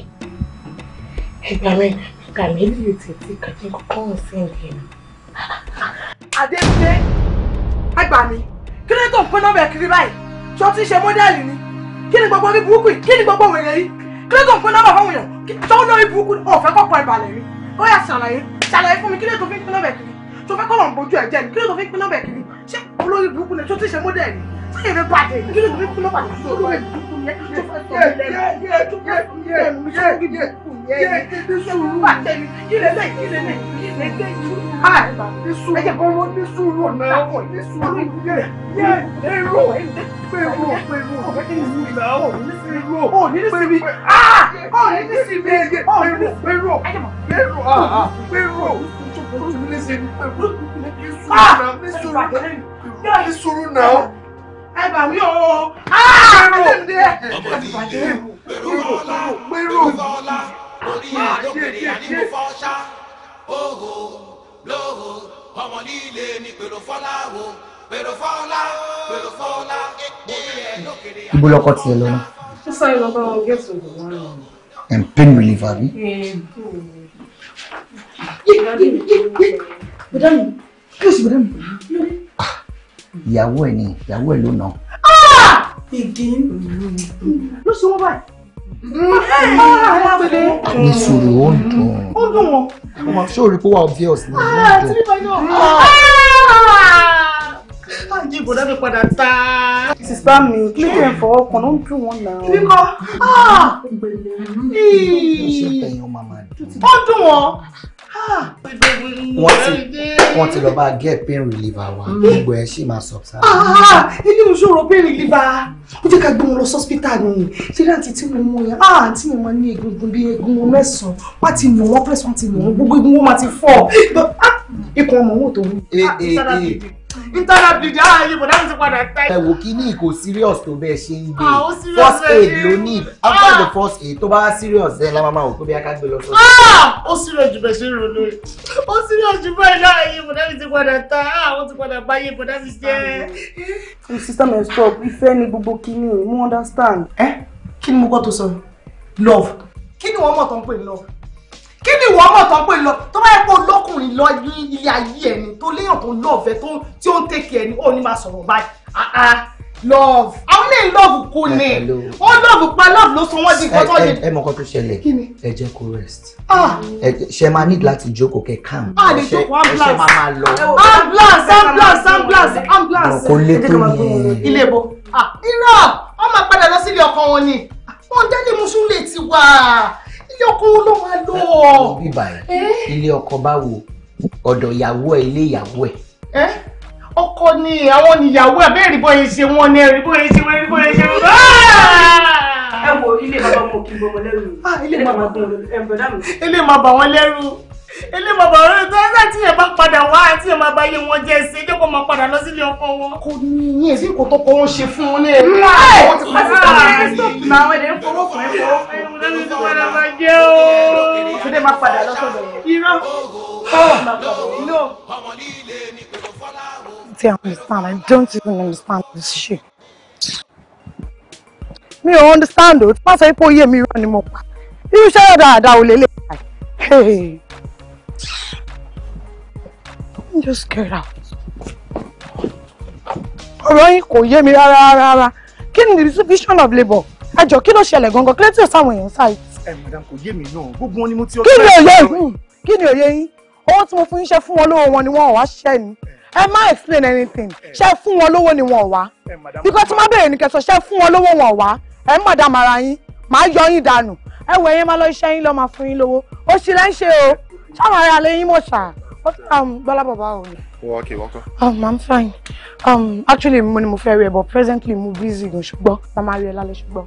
ẹgbà mi ẹgbà mi lè tètè kàdé kọ́kọ́ hàn sí ẹ̀dẹ̀ mi. Adémídé ẹgbà mi kí ló tó ń pín nọ́mbà ẹ̀ kiri báyìí tí ó ti ṣe mọ́dẹ́lì ni kí ni gbogbo orí burúkú yìí kí gbogbo wèrè yìí kílẹ̀ tó ń pín nọ́mbà fáwọn èèyàn tó lórí burúkú ọ̀fẹ́ kọ́kọ́ ẹ̀ balẹ̀ rí ó yá ṣàlàyé ṣàlàyé fún mi kílẹ̀ tó fi ń pín nọ́mbà kiri tó fẹ́ kọ́wọ̀n bójú ẹ̀ jẹ́ ni kílẹ̀ tó fi ń pín nọ́mbà kiri ṣé olórí burúkú ni tó ti ṣe mọ́dẹ̀ ni tí yẹn fẹ́ bàjẹ́ ni kílẹ̀ tó fi ń pín nọ́mbà kiri tó lórí burúkú yẹn tó fẹ́ tó lẹ́nu lẹ́nu Ẹ jẹ́ kó wọ́n ní sùúrù ọ̀nà ọ̀hún ní sùúrù yẹ yẹ èrò pèrò pèrò pèrò pèrò òní ní síbi òní ní síbi òní ní pèrò pèrò pèrò òní ní síbi pèrò ní sùúrù náà ní sùúrù náà ẹ bà mí o pèrò pèrò pèrò pèrò. Orí ẹ̀ ló pèrè àní mo fọ́ ṣá lóhùn ọmọ líle ní pèrò fọlá o pèrò fọlá pèrò fọlá orí ẹ lókèrè àná. bólọ́kọ tiẹ̀ lọ náà. ó sáré lọ bá wọn gẹ̀ẹ́sì òdò wọn lọ. ẹ̀ ń pè mí lè fàbí. bùdá mi kíyèsí bùdá mi. ìyàwó ẹ̀ ni ìyàwó ẹ̀ ló nà. igi ló ṣe wọ́n báyìí ní sùúrù ó ń dùn ó ń dùn wọn. ọmọ ṣé orí pé wà obvious ni ó ń dùn. Ajé ìbòdá mi padà ta. Sìsá mi, kí ló ń fọwọ́ ló ń dùn wọn náà. Kí kọ́? Ó dùn wọn wọ́n ti lọ bá get pain reliever wa mm. gbogbo ẹ̀ ṣì máa subside. Ah, ah, ah. ilé ìṣòro pain reliever ó jẹ́ ká gbé wọn lọ sọ́spítà ni ṣílẹ̀ àti tí mo mú yẹn àǹtí mi máa ní egungun bíi egungun mẹ́sàn-án wọ́n ti nù wọ́n pẹ̀sán ti nù wọ́n gbogbo egungun wọn máa ti fọ́ ikùn ọmọ wọn ò tó wú. Eh, eh, Internet, bleeding ah iye bọ̀dá mi ti padà ta. ẹ wò kí ni kò serious to bẹ́ẹ̀ ṣe ń gbé ah, ah! first aid ló ní after the first aid To bá serious ẹ la máa wò pé bí a ká gbé lọ sọ. Ah! ó serious jù bẹ́ẹ̀ ṣe ń ronú ẹ̀ ó serious jù bẹ́ẹ̀ náà iye bọ̀dá mi ti padà ta àwọn ti padà bá iye bọ̀dá mi jẹ́. sista mi stop ìfẹ́ ni gbogbo kíní mo understand. ẹ eh? kí ni mo gbọ́ tó sọ love kí ni wọ́n mọ̀ tó ń pè love kí ni ìwọ ọmọ tán pé tó bá yẹ kó lọkùnrin lọ ilé ayé ẹni tó léèyàn tó lọ́ọ̀fẹ́ tí ó ń tẹ̀kẹ́ ẹni ó ní máa sọ̀rọ̀ báyìí ah, ah, love àwọn ilé love kú ni ah, ó love pa love ló sọ wọn di gbọdọ yìí. ẹ mọ nǹkan tó ṣẹlẹ̀ ẹ jẹ́ kó rest ṣe máa need láti jókòó kẹ calm ṣe ṣe máa máa lọ. ambulance ambulance ambulance ambulance. kò lè tó yẹn. ilé ibo irọ́ wọ́n máa padà lọ sílé ọkọ wọn ni wọ́n jáde mú sùn ti wá ilé ọkọ ló máa lọ. bí báyìí eh? ilé ọkọ báwo ọ̀dọ̀ ìyàwó ẹ̀ ilé ìyàwó ẹ̀. Eh? ọkọ ni àwọn níyàwó abẹ́rẹ́ ìbọn yẹn ṣe wọ́n ní ẹ̀rí bóyá ṣe wọ́n ẹ̀rí bóyá ṣe wọ́n. Ah! ẹ wo ilé bàbá mọ̀ ah, kí gbogbo lẹ́rù. ilé màbà wọn lẹ́rù ilé bàbá rẹ tó ń láti ẹ̀ bá padà wá àti ẹ̀ máa bá yé wọn jẹ́ ẹsẹ̀ jẹ́ kó máa padà lọ sílé ọkọ wọn. kò ní ìyẹn sí kò tó kọ́ wọn ṣe fún wọn ní ẹ̀rú àwọn ti pàṣẹ tàbí ẹ̀sìn. àwọn èdè ń fọwọ́ fún ẹ̀ fọwọ́ fún ẹ̀ wọ́n lọ́dún tó padà máa jẹ́ o. ìṣúdẹ̀ máa padà lọ́sọ̀dọ̀ yẹn. irọ́ ah! ti understand I don't even understand this shit. mi ò understand o tí wọ́n sọ pé ó yé mi rán ni mo pa irú iṣẹ́ dáadáa ò lè lè pa. Just get out. Ọ̀rọ̀ yín kò yé mi rárá rárá. Kí ni the distribution of labour? Ẹ jọ̀ọ́ kí ló ṣẹlẹ̀ gangan? Kílẹ̀ tí ò sáwọn èèyàn sáì. Ẹ madam kò yé mi náà. Gbogbo wọn ni mo ti ọjọ́ ìṣẹ́ wọn. Kí ni òye yín? Owó tí mo fi ń ṣe fún wọn lówó wọn ni wọn wá ṣiṣẹ́ ni. Ẹ má explain anything. Ṣé fún wọn lówó ni wọn ò wá? Bíkọ́ tí máa bèèrè ní kẹsàn-án, ṣé fún wọn lówó wọn wá? Ẹ madam ara yín. Màá yọ yín dànù. Ẹ wọ ẹyẹ máa lọ iṣẹ́ yín lọ́ máa fún ṣáwọn ará lẹ́yìn mọ̀ ṣá um, bọ́lá bàbá ò ní. wọ́n ok wọ́n kọ́. um i'm fine um actually mo ni mo fẹ́ but presently mo busy gan ṣùgbọ́n màmá rí ẹ lálẹ́ ṣùgbọ́n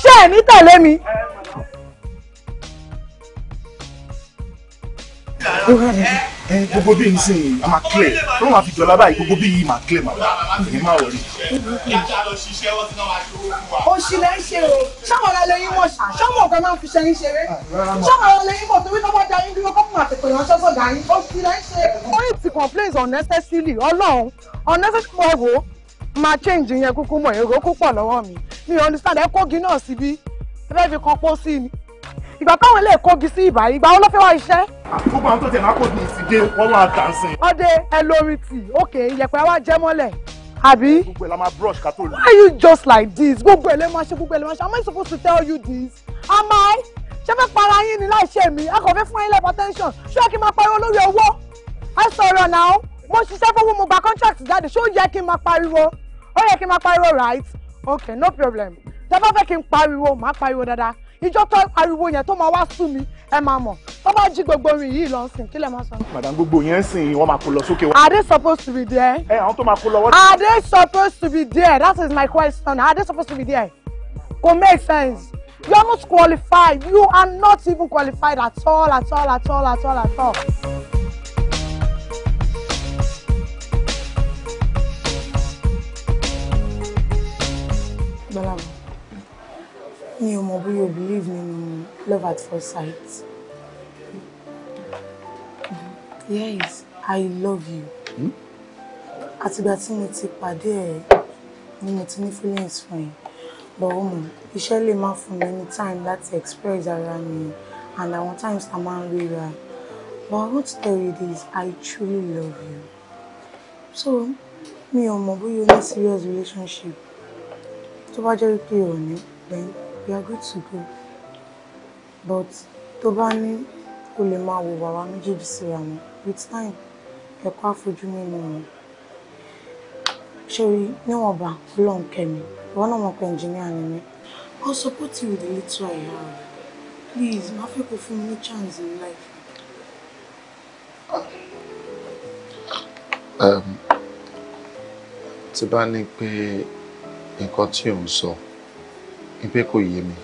ṣé ẹ ní tẹ̀lé mi. gbogbo bí n ṣe yìí máa clear wọn máa fi jọlá báyìí gbogbo bí yìí máa clear màmá èyí máa wọlé. oṣù lẹ ń ṣe o ṣáwọn ọ̀rẹ́ lẹ́yìn mọ̀ ṣá ṣáwọn ọ̀gá máa ń fi ṣe ń ṣeré ṣáwọn ọ̀rẹ́ lẹ́yìn mọ̀ torí lọ́wọ́ da yín dúró kọ́kùn àtẹ̀kọ ìránṣẹ́ sọ̀dà yín oṣù lẹ ń ṣe. going to complain unnecessarily ọlọ́run unnecessary wo máa change yẹn kúkú mọ̀ èrò kúpọ̀ lọ́wọ́ mi mi understand ẹ kógi náà síbí ẹ fẹ́ fi kan pọ́ sí ni ìgbà táwọn ilé ìkógi sí ìbàyí ìgbà wọn ló fẹ́ wá iṣẹ́. àkóbá tó tẹ̀ lápò ní ìsìndé wọ́n wá dànsìn. ọdẹ ẹ lórí tì òkè ìyẹ̀pẹ̀ wa jẹ́ mọ́lẹ̀ àbí. gbogbo ẹ̀ la máa brush ká tó lò. you just like this gbogbo ẹ̀ lè máa ṣe gbogbo ẹ̀ lè máa ṣe am I supposed to tell you this am I ṣé fẹ́ para yín ni láì ṣe mí a kò fẹ́ fún yín lẹ́pọ̀ tension ṣé kí n máa pariwo lórí owó ẹ sọ̀rọ̀ náà mo ṣiṣẹ́ fún mo gba contract jáde ṣé ó yẹ kí n máa pariwo ó yẹ kí n máa pariwo right okay no problem tẹ bá fẹ́ kí n pariwo màá pariwo dáadáa ìjọ tó ariwo yẹn tó máa wá sú mi ẹ máa mọ̀ tó bá jí gbogbo orin yìí lọ sìn kí lè má sọ. madam gbogbo yẹn sìn wọn máa kó lọ sókè. are they supposed to be there. ẹ àwọn tó máa kó lọ. are they supposed to be there that is my question are they supposed to be there go make sense you are not qualified you are not even qualified at all at all at all at all at all. Balaam mi ò mọ̀ bóyá believe nínú love at first sight. Yes, I love you. Hmm? Àtìgbà tí mo ti pàdé ẹ̀ ni mo ti ní feelings fún ẹ. But ó mọ̀, iṣẹ́ lè má fún mi ní time láti express ara mi and àwọn times ta máa ń ríra. But I want to tell you this, I truly love you. So, mi ò mọ̀ bóyá o ní serious relationship. Tó bá jẹ́ wípé o ò ní, then we are good to go but tó bá will o lè máa wò wàwá méjèèjì síra wọn with time ẹ̀kọ́ àfojú nínú wọn ṣorí níwọ̀nba ọlọ́run kẹ́mi ìwọ náà mọ̀ pé ẹnjìníà ni mí I'll support you with the little I have please má fẹ́ kó fún mi chance in life. Um, tí bá ní pé nǹkan tí So pé kò yé mi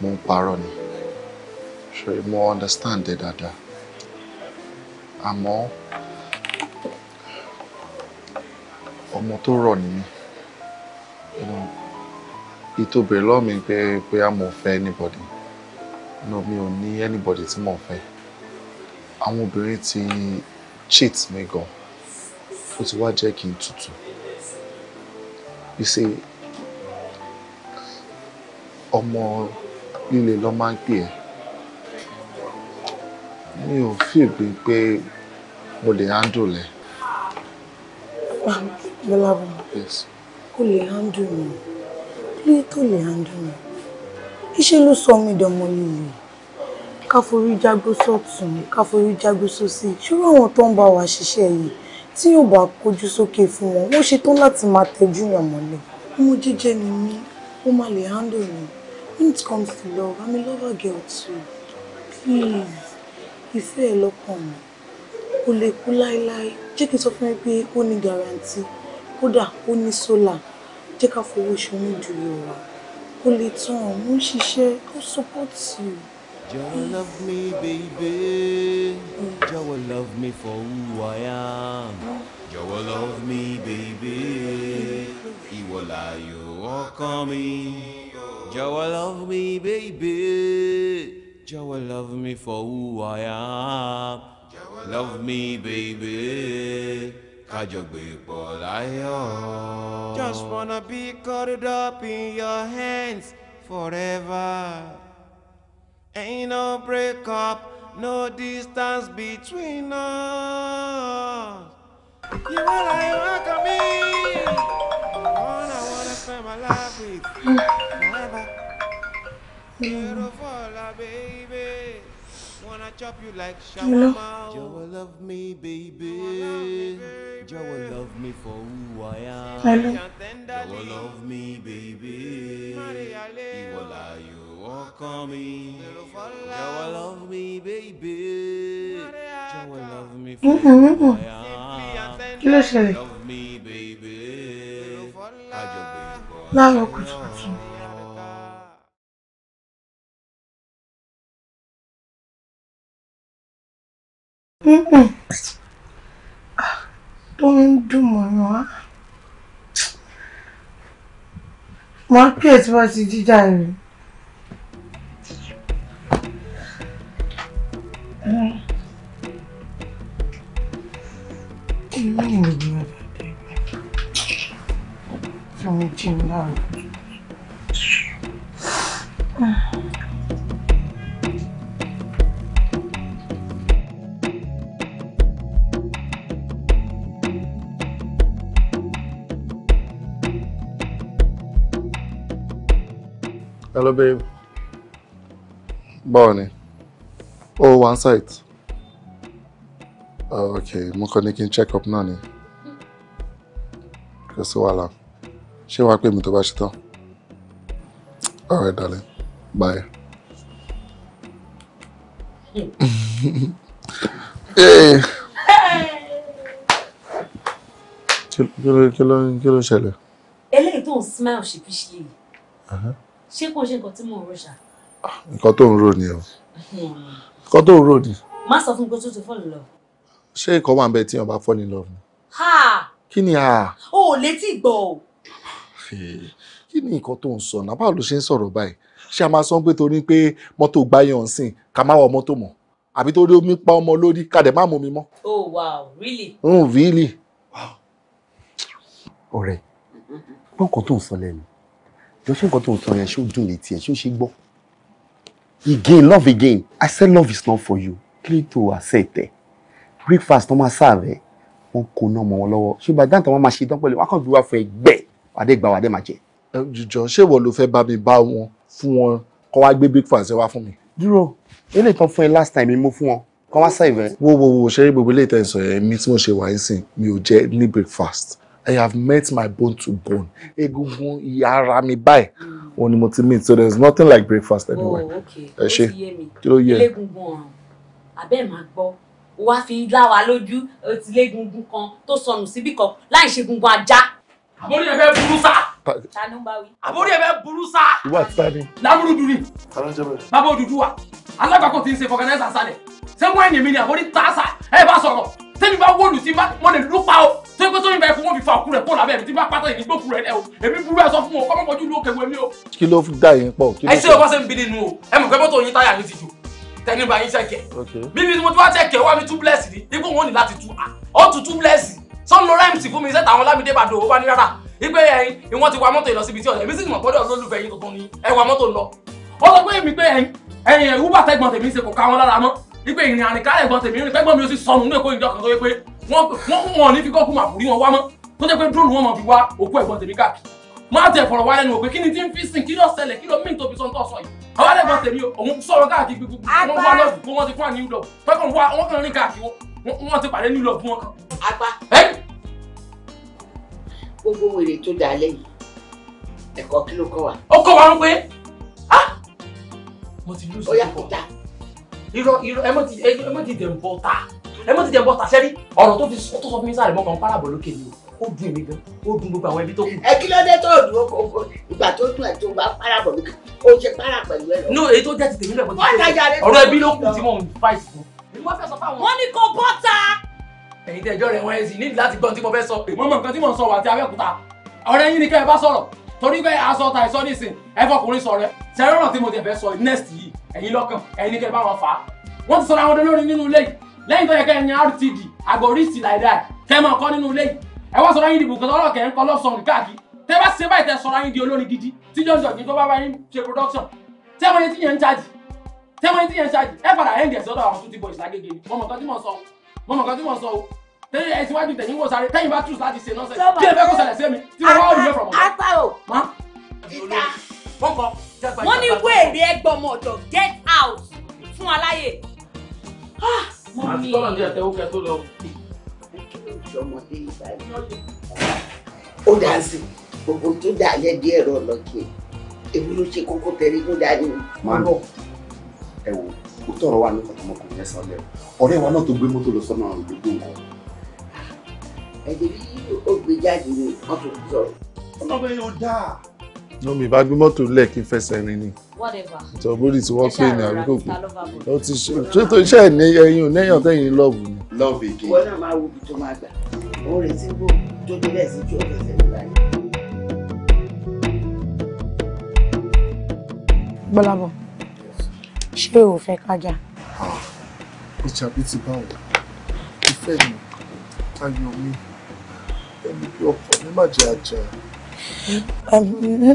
mo ń parọ́ ni ṣe mo understand ẹ dáadáa àmọ́ ọmọ tó rọ̀ ni mí ìtòbẹ̀ lọ́mí pé bóyá mo fẹ́ anybody no mi ò ní anybody tí mo fẹ́ àwọn obìnrin ti cheat mi gan ó ti wá jẹ́ kí n tutù you see ọmọ líle lọ máa ń pè ẹ́ mi ò fìgbé pé mo lè handle ẹ. Bọ́lábọ̀ o lè handle mi lè tó lè handle mi iṣẹ́ ló sọ mí dọmọ líle ká forí jágbó sọ́tún ká forí jágbó sósì ṣúrò àwọn tó ń bá wa ṣiṣẹ́ yìí tí yóò bá kojú sókè fún wọn wọ́n ṣetán láti máa tẹjú yàn mọ́lẹ̀ ọmọ jíjẹ́ ni mí ó má lè handle mi. When it comes to love, I'm a lover girl too. Please, if ẹ lọ́kàn mi. Kò lie, kú láíláí. Jẹ́ kí n sọ fún yín pé ó ní guarantee. Kódà ó ní sólà. Jẹ́ ká fowó ṣonú ju ìrora. Kò lè tán, mo ń ṣiṣẹ́, ó support you. Jọ̀wọ́ love me baby. will love me for who I am. will love me baby. will Ìwọ láyọ̀ ọkàn me. Joe love me, baby. Joe love me for who I am. love me, baby. Just wanna be caught up in your hands forever. Ain't no breakup, no distance between us. You are like welcome me. One I wanna spend my life with. Carofola, mm. baby. Wanna chop you like Kí ló ṣẹlẹ̀? Láàárọ̀ kùtùkùtù. tó ń dùn mọ̀yàn á máa pè tí wọ́n ti jíjà rẹ̀. Èmi ni mo gbìyànjú àti ẹgbẹ́ tí mo jí ń láàrú. Hello, babe. Báwo Oh, one site. Oh, okay, mo kàn ní kí n check up náà ni. Kò sí wàhálà. Ṣé wàá pè mí tó bá All right, darling. Bye. <laughs> Hey! Kí ló kí ló kí ló ṣẹlẹ̀? Eléyìí tó ń smile ṣe fi ṣe yìí ṣé kò ṣe nǹkan tí mò ń rò ṣá. Ah, nǹkan tó ń rò ni o hmm. nǹkan tó ń rò ni. má sọ fún mi pé tó ti fall in love. ṣé nǹkan wà ń bẹ tí wọn bá fall in love Ha? kí ni a. o ò létí gbọ́ o. kí ni nǹkan tó ń sọ náà báwo ló ṣe ń sọ̀rọ̀ báyìí ṣé a máa sọ pé torí pé mọ́tò gbáyàn sìn ká má wọ mọ́tò mọ́ àbí torí omi pa ọmọ lórí ká dẹ̀ má mú mi mọ́. oh wow really. Mm, really. ọ̀rẹ́ gbọ́n kan tó ń sọ lẹ́nu jọ ṣé nǹkan tó ń sọ yẹn ṣé ó dùn létí ẹ again love again i said love is not for you Clean to tó accept ẹ breakfast wọn máa serve ẹ wọn more ná She wọn lọ́wọ́ ṣé bàdá àtàwọn máa ṣe dánpẹ́lẹ̀ wọn kàn fi wá fún ẹgbẹ́ wàdẹ́gbà wàdẹ́ máa jẹ. jùjọ ṣé ìwọ ló fẹ́ bá mi bá wọn fún wọn kó wá gbé breakfast wá fún mi. dúró eléyìí tán fún ẹ last time You move wọn Come wá serve ẹ. whoa. wo wo ṣe é gbogbo eléyìí tẹ̀sán ẹ̀ mi tí mo ṣe wà ń sìn breakfast I have met my bone to bone. Egungun yara ara mi báyìí. Hmm. Òun ni mo ti meet so there's nothing like breakfast anyway. Oh, okay. kí ló yẹ? Egungun, ọ̀ràn, àbẹ́ máa gbọ́. O wá fi lá wa lójú elégungun kan tó sọnù síbì kan láì ṣe gungun ajá. Àbórí ẹ fẹ́ burú sá. Tani ń bá wí? Àbórí ẹ fẹ́ burú sá. Ìwà àti tani. Lámúrú dùn ní. Tani ń jẹ bẹ́ẹ̀. Bàbá Odùduwà, alágbàkọ̀ ti ń ṣe fọkànlẹ́sà sálẹ̀. Ṣé wọ́n mi ni àbórí tàṣà ẹ bá sọ̀rọ̀? Tẹ́mi bá wọ́ọ̀lù sí mo lè lù pa o tó yẹ pé sóyún bẹ́ẹ̀ fún wọn fi fa òkú rẹ̀ kó làbẹ́ mi tí bá pátá yìí gbókù rẹ̀ dẹ́ o èmi burú ẹ̀ sọ fún wọn kọ́mọ́ pọ̀jú ló kẹwé mi o. kí ló dà yín pọ̀ kí ló. ẹ ṣe ọba ṣe ń bi nínú o ẹ mọ̀ pé mọ́tò yín táyà mi ti jò tẹ́ni bá yín ṣẹ̀kẹ̀. bíbí ni mo ti wá ṣẹ̀kẹ̀ wá mi túbúlẹ̀sì ni ipò wọn ni láti tu ọ́ tu túbúlẹ̀sì sọ́nù rẹ́ǹsì fún mi iṣẹ́ tàwọn lámìdé bàdó ó bá ní rárá ipe ẹyin ìwọ́n ti wa mọ́tò lọ síbi tí ọ̀sẹ̀ mi sì mọ̀ gbọ́dọ̀ lólùfẹ́ yín tuntun ni ẹ wa mọ́tò lọ. ó sọ pé èmi pé ẹyin ẹyin ẹ̀rú bàtẹ́gbọ̀n tèmi ṣe kò ká wọn lára mọ́ wípé ìrìn àrìnkálẹ̀ gan tèmi rìn pẹ́gbọ́n mi ó sì sọnù nínú èkó ìjọ kan tó yẹ pé wọ́n wọ́n ní fi kọ́kù màpù rí wọn wá mọ́ tó jẹ́ pé dúró wọn mọ̀ fi wá òkú ẹ̀gbọ́n tèmi káàkiri máa tẹ̀ fọ̀rọ̀ wá lẹ́nu òpé kí ni tí ń fi sìn kí ló ṣẹlẹ̀ kí ló mí tóbi sọ́ńtọ̀ sọ yìí àwọn ẹ̀gbọ́n tèmi òun sọ̀rọ̀ káàkiri gbogbo wọn wá lọ́ọ̀dù kó wọ́n ti fún àníyàn lọ pẹ́kọ̀ wọn kàn rìn káàkiri wọn ti pàdé nílò fún wọn. apá gbogbo wèrè tó dà lẹ́yìn ẹ̀kọ́ kí ló kọ́ wa. ó kọ́ wa ń pé. ó yà kó dáa irọ́ irọ́ ẹ mọ̀ ti ẹ mọ̀ ti dẹ̀ ń bọ̀ ta ẹ mọ̀ ti dẹ̀ ń bọ̀ ta sẹ́rí ọ̀rọ̀ tó fi tó sọ fún mi sáré mọ́ kàn párabọ̀ lókè ni o ó dùn èmi gan ó dùn gbogbo àwọn ẹbí tó kù. ẹ kí ló dé tó dùn ó kò ìgbà tó dùn ẹ tó bá párabọ̀ lókè ó ṣe para pẹ̀lú ẹ lọ. no èyí tó jẹ́ ti tèmi lẹ́kọ̀ọ́ ti tó ọ̀rọ̀ ẹbí ló kù tí mò ń fà ìsìn. wọ́n ní kò bọ́ta. ẹ̀yin tẹ́jọ́ rẹ̀ wọ́n ẹ̀ sì nílùú láti gbọ́n tí mo fẹ́ sọ. mo mọ nǹkan tí mo ń sọ ẹ torí bẹ́ẹ̀ aṣọ ta ìsọ nísìn ẹ fọkùnrin sọ rẹ ṣẹ́rọ̀ràn tí mo tẹ̀ fẹ́ sọ next yìí ẹ̀yin lọ́kàn ẹ̀yin ní kẹ́ bá wọn fà á wọ́n ti sọ̀rọ̀ àwọn ọdún lórí nínú ilé yìí lẹ́yìn tó yẹ kẹ́ ẹ̀yin rtd agorist laidai kẹ́ máa kọ́ nínú ilé yìí ẹ wá sọ̀rọ̀ yín dìbò kọ́tọ́ ọlọ́kẹ́ ń kọ́ lọ́sàn-án káàkiri tẹ́ bá ṣe báyìí tẹ́ sọ̀rọ̀ yín di olórin gidi tí jọ́jọ́ kí tó bá bá yín ṣe production tẹ́ wọ́n yẹn tí yẹn ń ṣáàjì tẹ́ wọ́n yẹn tí yẹn ń ṣáàjì ẹ padà ẹ̀ ń gẹ̀ sọ́dọ̀ àwọn tó ti bọ̀ ìṣàgége ni mọ̀mọ̀kan tí mò ń sọ o mọ̀mọ̀kan tí mò ń sọ o tẹ́yìn ẹ ti wájú tẹ̀yìn wò sáré tẹ́yìn bá tù láti ṣe nọ́ọ̀sẹ̀ kí ẹ fẹ́ kó ṣẹlẹ̀ sí tí mo wá òrìyẹ fọ̀mọ́. àtàrò wọ́n ní ikú èrè ẹgbọ̀mọ̀ ọ̀dọ̀ get out fún aláyè. àti ah, tọ́lọ̀ ní ẹ̀tẹ́wó kẹ tó lọ. ó dà sí gbogbo tó dà yẹ díẹ̀ rọ tó dà ẹ wo ó tọrọ wa ní kọtọmọkùnrin ẹ sọ lẹ ọ̀rẹ́ wa náà tó gbé mọ́tò lọ sọ́nà àrùn gbogbo ẹ̀jẹ̀ bí ó gbé jáde ni wọ́n fi sọ̀rọ̀. dáa. náà mi bá fẹsẹ̀ rìn ni ìtọ́ bóri tí wọ́n pè ní àbíkò pé ó ti ṣètò iṣẹ́ ní ẹyin oníyàn tẹ̀yìn lọ́ọ̀bù ni. lọ́ọ̀bù èké. ìwọ náà máa wo ibi tó máa gbà ó retí bò tó dé bẹ́ẹ̀ sí ju ọ̀fẹ́ fẹ́ mi láyé. ṣé o fẹ́ kájà. ìjà bíi ti báwo ìfẹ́ mi ayọ̀ mi ẹni bí ọkọ ní má jẹ ajá. ní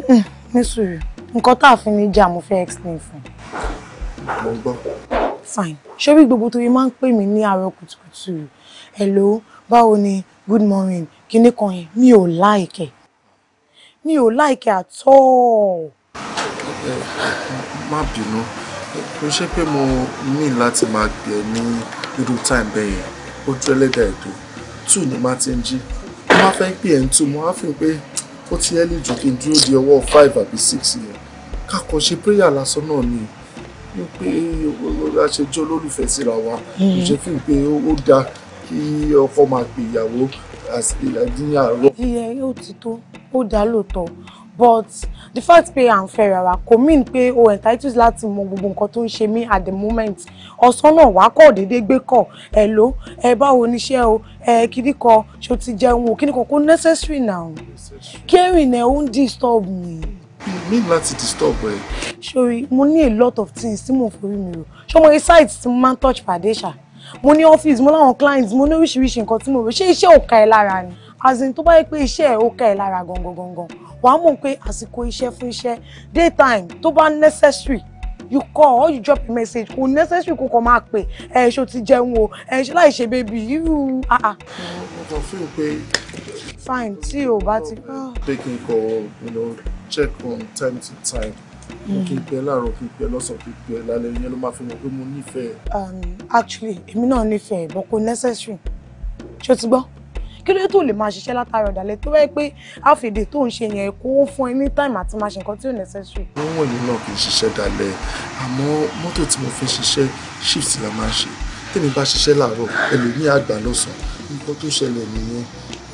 nǹkan tá a fi ní jà mo fẹ́ explain fún. mo ń gbọ́. fine ṣórí gbogbo tó yẹ máa ń pè mí ní àárọ̀ kùtùkùtù hello báwo ni good morning kíní kan yẹn mi ò láìkẹ́ mi ò láìkẹ́ at all. má bínú kò ṣe pé mo ní láti máa gbẹ ní irú time bẹ́ẹ̀ yẹn ó dúró lẹ́dàá ètò tù ní má ti ń jí máa fẹ́ pè ẹ̀ ń tu mo á fi pé ó ti ẹ́ lè jù kí n dúró di ọwọ́ five àbí six yẹn kákan ṣe prayer lásán náà ni ni pé a ṣe jẹ́ olólùfẹ́ síra wa kò hmm. ṣe fi pé ó dáa kí ọkọ máa pè ìyàwó àti ìyàwó. ìyẹn yóò ti tó ó dáa lóòótọ́ but the fact pé à ń fẹ́ra wa kò mean pé o entitled láti mọ gbogbo nǹkan tó ń ṣe at the moment ọ̀sán náà wàá kọ̀ déédéé gbé kọ̀ ẹ ló ẹ báwo níṣẹ́ o ẹ kíní kan ṣo ti jẹun o kíní kan kò necessary now kẹrin ẹ ó ń disturb me. you need láti disturb ẹ. sori mo ní a lot of things tí mo forí mi rò ṣọmọ yìí site tí mo máa touch pàdé ṣá mo ní office mo láwọn clients mo ní oríṣiríṣi nǹkan tí mo rò ṣé iṣẹ́ ò ká ẹ ni azin tó bá yẹ pé iṣẹ́ ẹ̀ ó ká ẹ lára gangan gangan wàá mọ̀ pé àsìkò iṣẹ́ fún iṣẹ́ daytime tó bá necessary you call or you drop a message kò necessary kò kàn máa pè ẹ ṣo ti jẹun o ẹ ṣe láì ṣe bébì irú àà. mo kàn fún un pé. fine tí o bá ti. pé kí n kọ check on time to time kí n hmm. pẹ láàárọ̀ kí n pẹ lọ́sàn kí n pẹ lálẹ́ yẹn ló máa fi mọ pé mo nífẹ̀ẹ́. Um, actually èmi náà nífẹ̀ẹ́ but kò necessary ṣó ti gbọ́ kí ló tó lè máa ṣiṣẹ́ látara ọ̀dàlẹ̀ tó wáyé pé àfèdè tó ń ṣe yẹn kó ń fún ẹ ní táìmù àti máa ṣe nǹkan tí ò necessary. wọ́n wọ̀nyí náà kì í ṣiṣẹ́ dalẹ̀ àmọ́ mọ́tò tí mo fi ṣiṣẹ́ shift la máa ń ṣe tèmi bá ṣiṣẹ́ láàárọ̀ ẹlòmí àgbà lọ́sàn-án nǹkan tó ṣẹlẹ̀ nìyẹn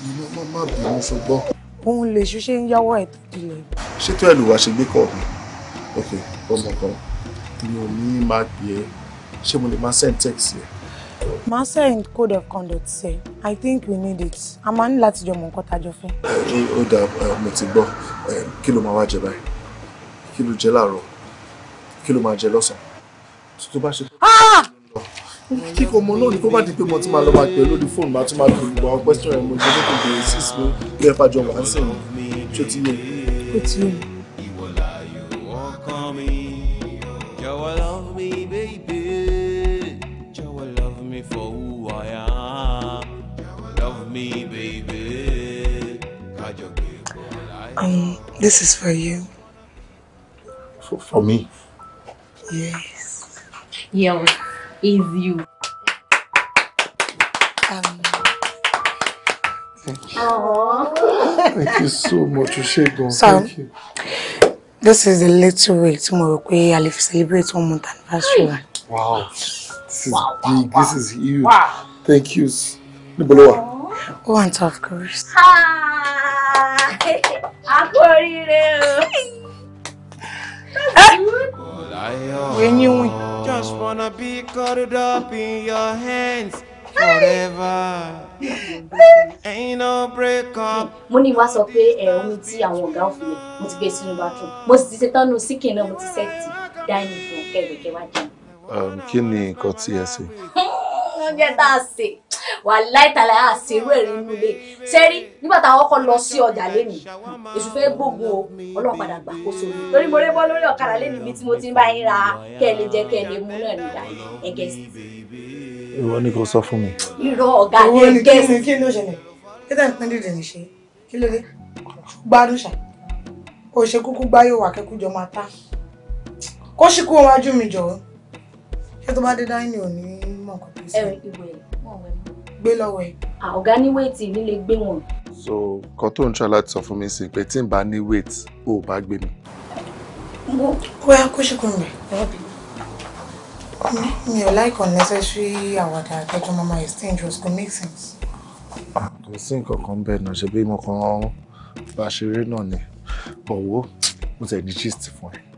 ìyẹn má má bínú ṣùgbọ́n. òun lè ṣiṣẹ́ ń yáwọ́ ẹ̀ tó dilẹ̀. ṣètò ẹ̀lú wa ṣe máa send code of conduct sẹ i think we need it a máa ní láti jọ mọ nǹkan tá a jọ fẹ́. ó dáa mo ti gbọ́ kí ló máa wá jẹ báyìí kí ló jẹ láàárọ̀ kí ló máa jẹ lọ́sàn-án tó bá ṣe. Ah! kíkọ ọmọ náà ni kó má di pé mo ti máa lọ máa pè lórí fóònù máa tún máa dùn gbọ àwọn question mo jẹ lókè bèrè six mi bí ẹ fàjọ wà á sìn mi tó ti yẹ. ó ti yẹ This is for you. For, for me? Yes. Yo, is you. Um. Thank you. Thank you so much, Oshegun. So, Thank you. This is the little way tomorrow we I'll celebrate one month anniversary. Wow. This is wow, wow, big. Wow. This is huge. Wow. Thank you. Nibolowa. Oh, and of course. Hi a kú oríire Just wanna be caught up in your hands forever. Ain't no break up. Mo ní wá sọ pé ẹ̀hún tí àwọn ọ̀gá òfìlẹ̀ mo ti gbé e sínú bathroom. Mo sì ti ṣetán nu síkìn náà mo ti sẹ́ẹ̀tì dáìnì fún kẹ̀wẹ̀kẹ̀ wá um, Kí ni nǹkan tí ẹ ṣe? <laughs> oúnjẹ tá a sè wà láìtàlẹ́ àṣírò ẹ̀rí nulẹ̀ sẹ́rí nígbà táwọn ọkọ̀ lọ sí ọjà lẹ́nu èṣù fẹ́ gbógun o ọlọ́run padà gbà kó sórí torí mo rí bọ́ lórí ọ̀kadà lẹ́nu mi tí mo ti ń bá yín ra kẹ́lẹ́ jẹ́ kẹ́lẹ́ mú náà nígbà ẹ̀gẹ́ sí. ìwọ ni kò sọ fún mi. irọ́ ọ̀gá ẹ̀gẹ́ sí. kí ló ṣẹlẹ̀ kí tẹ̀ ń pín dídì ní ṣe kí ló dé gbádùn ṣá o ṣe kúkú gbáyò wà kẹ́kújọ máa ta kó ṣíkú ẹ̀rìn ìwẹ̀ wọn wẹ̀ mọ́. gbé lọ́wọ́ ẹ̀. ọ̀gá ní wéètì mi lè gbé wọn. so kan tó ń try láti sọ fún mi sí pé tí n bá ní wéètì ò bá gbé mi. mo kó ẹ kó ṣe kó mi mi ò like unnecessary àwàdà àgbẹjọ mama exchange was go make sense. kò sí nǹkan kan bẹ́ẹ̀ náà ṣe bí mo kàn án bá ṣeré náà ni ọ̀wọ́ mo tẹ̀ ní gist fún ẹ.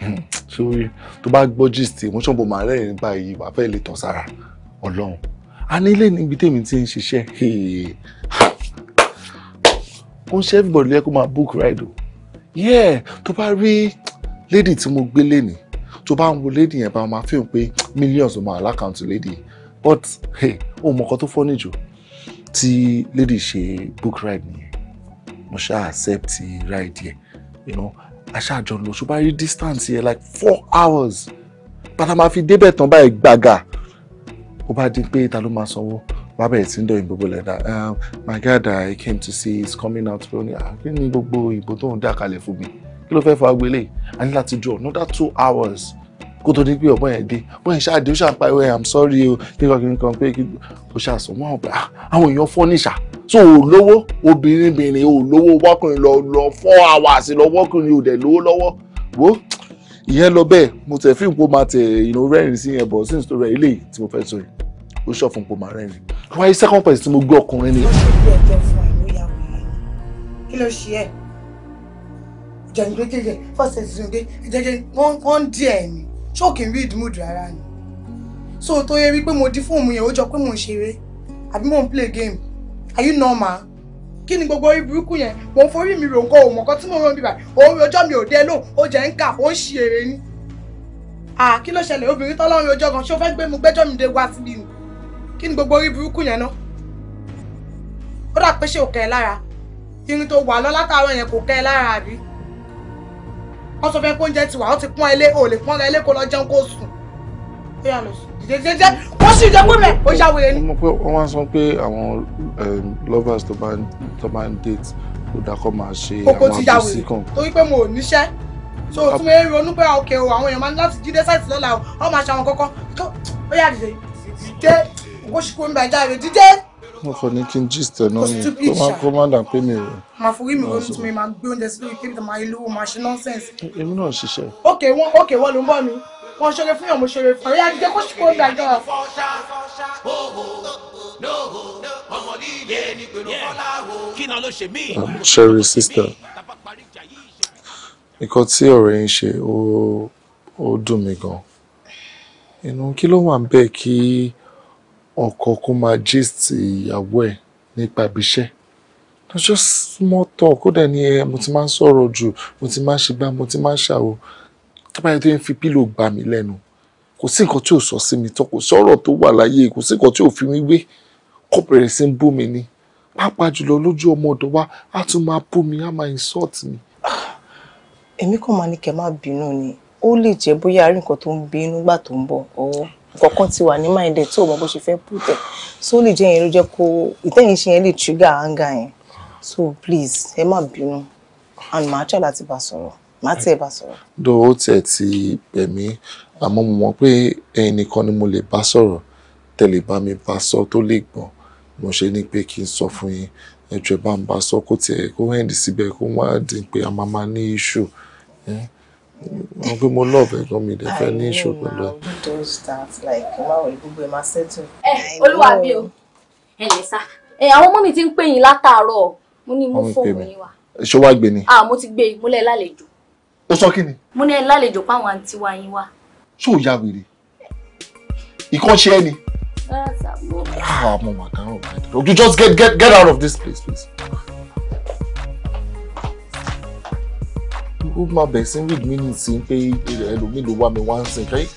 Hmm. sórí tó bá gbọ́ gist mo ṣàn bò máa rẹ́rìn nípa èyí wàá fẹ́ lè tàn sára ọlọ́run a ní ilé níbi tèmi ti ń ṣiṣẹ́ ó ń ṣe everybody lẹ́kọ́ máa book ride o yeah tó bá rí lady tí mo gbé lẹ́nìí tó bá ń wo lady yẹn bá máa fi hàn pé millions máa lákàntì lady but ó mọ ọkọ tó fọ́ níjò tí lady ṣe book ride nìyẹn mo ṣáà accept ride yẹn you know aṣáájọ lọ ṣùgbọ́n rí distance yẹn like four hours bàtà máa fi débẹ̀ tán báyìí gbàgà ó bá di pé ta ló máa sanwó wàá bẹ̀rẹ̀ sí ń dọ̀ ìbò bọ̀lẹ̀ my god i came to see is coming out for me ah, kí ni gbogbo ìbò tó ń dá kalẹ̀ fún mi kí ló fẹ́ fọ agbo eléyìí i need láti draw another two hours kó tó ní pé ọmọ yẹn dé ọmọ yẹn ṣáà dé ó ṣáà ń pariwo i'm sorry o kíkan kíkan pé kí o ṣáà sọ wọn ọgbà ah, àwọn èèyàn fọ́ níṣà so ò lówó obìnrin bìnrin ò wákùnrin lọ lọ four hours lọ wọ́kùnrin ò dẹ̀ lówó lọ́wọ́ wo ìyẹn lọ bẹ́ẹ̀ mo tẹ̀ fí nǹkó máa tẹ̀ ìnú rẹ́rìn sí yẹn bọ̀ sí ìsòtò rẹ̀ eléyìí tí mo fẹ́ sọ yìí ó ṣọ̀ fún nǹkó máa rẹ́rìn wáyé second person tí mo gbé ọkùnrin ni. kí ló ṣe ẹ jẹ̀ǹdé jẹ̀ǹdé fọ́sẹ̀ jẹ̀ǹdé jẹ̀ǹdé wọ́n ń di ṣó kì í read mood rárá ni so tó yẹ wípé mo di fóònù yẹn ó jọ pé mò ń ṣeré àbí mò ń play game are you normal kí ni gbogbo orí burúkú yẹn mò ń forí mi rò nǹkan ò mọ̀ọ́kọ́ tí mò ń rán bíbà òun rojọ́ mi ò dé lóhùn ó jẹ́ ń kà ó ń ṣe eré ni à kí ló ṣẹlẹ̀ obìnrin tọ́lọ́run rojọ́ gan ṣó fẹ́ gbé mu gbẹ́jọ́ mi dé wá síbi ni kí ni gbogbo orí burúkú yẹn ná ó dà pé ṣé ò kẹ́ ẹ lára irin tó wà lọ látàárọ̀ yẹn kò kẹ́ ẹ lára àbí wọ́n sọ fẹ́ pé oúnjẹ ti wà ó ti pọ́n ilé ò lè pọ́n ilé kó lọ jẹun kó sùn ó yà lọ sùn jẹjẹjẹ kó sì jẹ pé mẹ ó yà wèrè ni. wọ́n máa ń sọ pé àwọn lovers tó bá ń date kó dákọ́ máa ṣe àwọn àbòsí kan. torí pé mo ò níṣẹ́ so tún ẹ ronú pé òkè ah, o àwọn èèyàn máa ń láti jíde sáìtì lọ́la o ọ máa ṣe àwọn kọ́kọ́ ó yà dìde dìde kó sì kó ń bàjá rẹ̀ dìde mo kàn ní kí n gist ẹ̀ náà ni kó má kó má dà pé mi ò. màá forí mi ronú tún mi máa gbé oúnjẹ sí lórí kébìtì máa lówó máa ṣe nọ́nsẹ̀nsì. èmi náà ṣiṣẹ́. ókè wọn ókè wọn ló ń bọ̀ mi wọn ṣeré fún yàn mo ṣeré fún yàn jẹ́ kó ṣe kó dájọ́. Um, Sherry sister nǹkan tí ọ̀rẹ́ yín ṣe ó dùn mí gan-an inú kí ló wà ń bẹ́ẹ̀ kí ọkọ kó máa gist ìyàwó ẹ̀ nípa ibiṣẹ́ no just small talk ó dẹ̀ ní ẹ mo ti máa ń sọ̀rọ̀ jù mo ti máa ń ṣe bá mo ti máa ń ṣàwò tó bá yẹ tó ń fi pílò gbà mí lẹ́nu kò sí nǹkan tí ò sọ sí mi tán kò sọ̀rọ̀ tó wà láyé kò sí nǹkan tí ò fi mí wé kó bẹ̀rẹ̀ sí ń bú mi ni pàápàá jùlọ lójú ọmọ ọ̀dọ̀ wa á tún máa bú mi á máa insult mi. Ah, èmi kàn máa ní kẹ́ máa bínú ni ó lè jẹ́ bóyá a nǹkan tó ń bínú gbà tó ń bọ̀ ọwọ́ kọ̀ọ̀kan ti wà ní mind ẹ̀ tó o mọ bó ṣe fẹ́ put ẹ̀ so ó lè jẹ́ yẹn ló jẹ́ kó ìtẹ́yìn ṣe yẹn lè trigger anger yẹn so please ẹ má bínú and màá try láti bá sọ̀rọ̀ màá tiẹ̀ bá sọ̀rọ̀. do ó tiẹ̀ ti bẹ̀ mí àmọ́ mo mọ̀ pé ẹ̀yin nìkan ni mo lè bá sọ̀rọ̀ tẹ̀lé bá mi bá sọ tó lè gbọ́n mo ṣe ní pé kí n sọ fún yín ẹjọ́ bá ń bá sọ kó tiẹ̀ kó hẹ́ndì síbẹ̀ kó má dín pé a máa máa ní issue wọn pé like. lọ́ọ̀bẹ gan mi dẹ̀ fẹ́ ní ìṣó pẹ̀lú ẹ. Eh, olúwa mi o ẹ lè sá eh, àwọn ọmọ mi ti ń pè yín látàárọ̀ mo ní mo fóònù yín wá. ṣé wàá gbé ni. ah mo ti gbé e. mo lẹ lálejò. ó sọ kí mo ní ẹ lálejò páwọn àǹtí wa yín wá. ṣó o ya wèrè ìkànṣe ẹni. rárá sábò. ah mo mà kàn án ọ̀gá you just get get get out of this place please. ó máa bẹ̀ sí read mí nìsín pé ẹlòmíì mi wá ń sìn kẹ́yìn.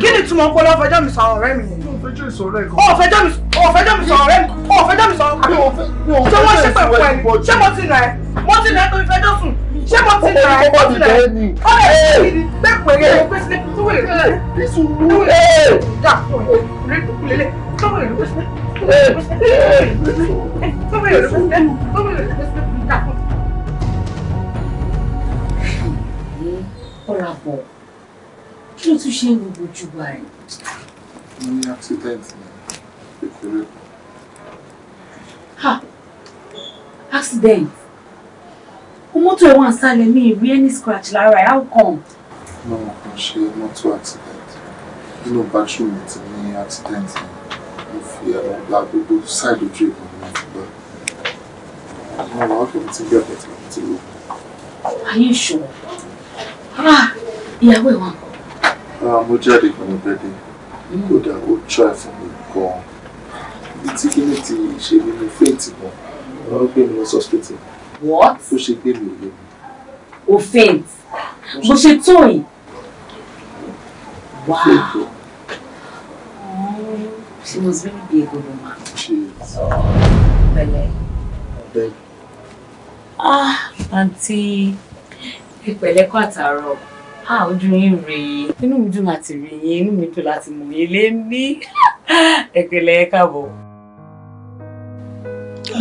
kí ni túmọ̀ kó lọ́ fẹjọ́ mi sọ ọ̀rẹ́ mi yẹn. o fẹjọ́ mi sọ ọ̀rẹ́ mi. o fẹjọ́ mi sọ ọ̀rẹ́ mi. o ṣé wọ́n ṣe pẹ̀lú ẹ̀ ṣé mo ti nà ẹ́ mo ti nà ẹ́ tó fẹjọ́ sùn ṣé mo ti lè rí bọ́ọ̀dù bẹ́ẹ̀ ni. ó lè ṣe ìdẹ́pẹ̀rẹ̀ ẹgbẹ́ sílẹ̀ tó wẹ̀ lẹ́sẹ̀ bí sùúrù ẹ̀ dà tó wẹ̀ lẹ́lẹ̀ tó wẹ̀ lẹ́sẹ̀ tó wẹ̀ lẹ́sẹ̀ tó wẹ̀ lẹ́sẹ̀ dà tó. ọ̀rọ̀ àbọ̀ kí ló tún ṣe ń gbogbo jù wá rẹ̀. mo ní accident kékeré. ha accident mọ́tò ẹ̀ wọ́n mi ìrí any scratch lára ẹ̀ how come. mo mọ̀ kàn ṣe mọ́tò accident nínú bathroom ti ní accident mo fi ẹ̀rọ gba gbogbo side ojú ìbọn mi gbà mo wà ókè mo ti gbé ọ̀bẹ tí mo ti lò. ayé ìṣòro ah, ìyàwó ẹ̀ wọn. Ah, mo jáde kan ní bẹ́ẹ̀ ni hmm. kódà ó try fún mi gan-an bí tí kí ni ti ṣe nínú fẹ́ǹtì gan-an gbé mi lọ sọ́spítì. What? Ó ṣe gbé mi lé. O faint. Mo ṣe tó yìí. Wow. she must really be a good woman. She is. Oh, bẹ̀lẹ̀. Bẹ́ẹ̀. Ah, àǹtí ìpẹ̀lẹ́kọ̀ àtàrọ̀. À ah, ojú yín rèé. Inú mi dùn láti rí yín, inú mi dùn láti mọ̀ yín lé ní. <laughs> Ẹ̀pẹ̀lẹ́ káàbọ̀.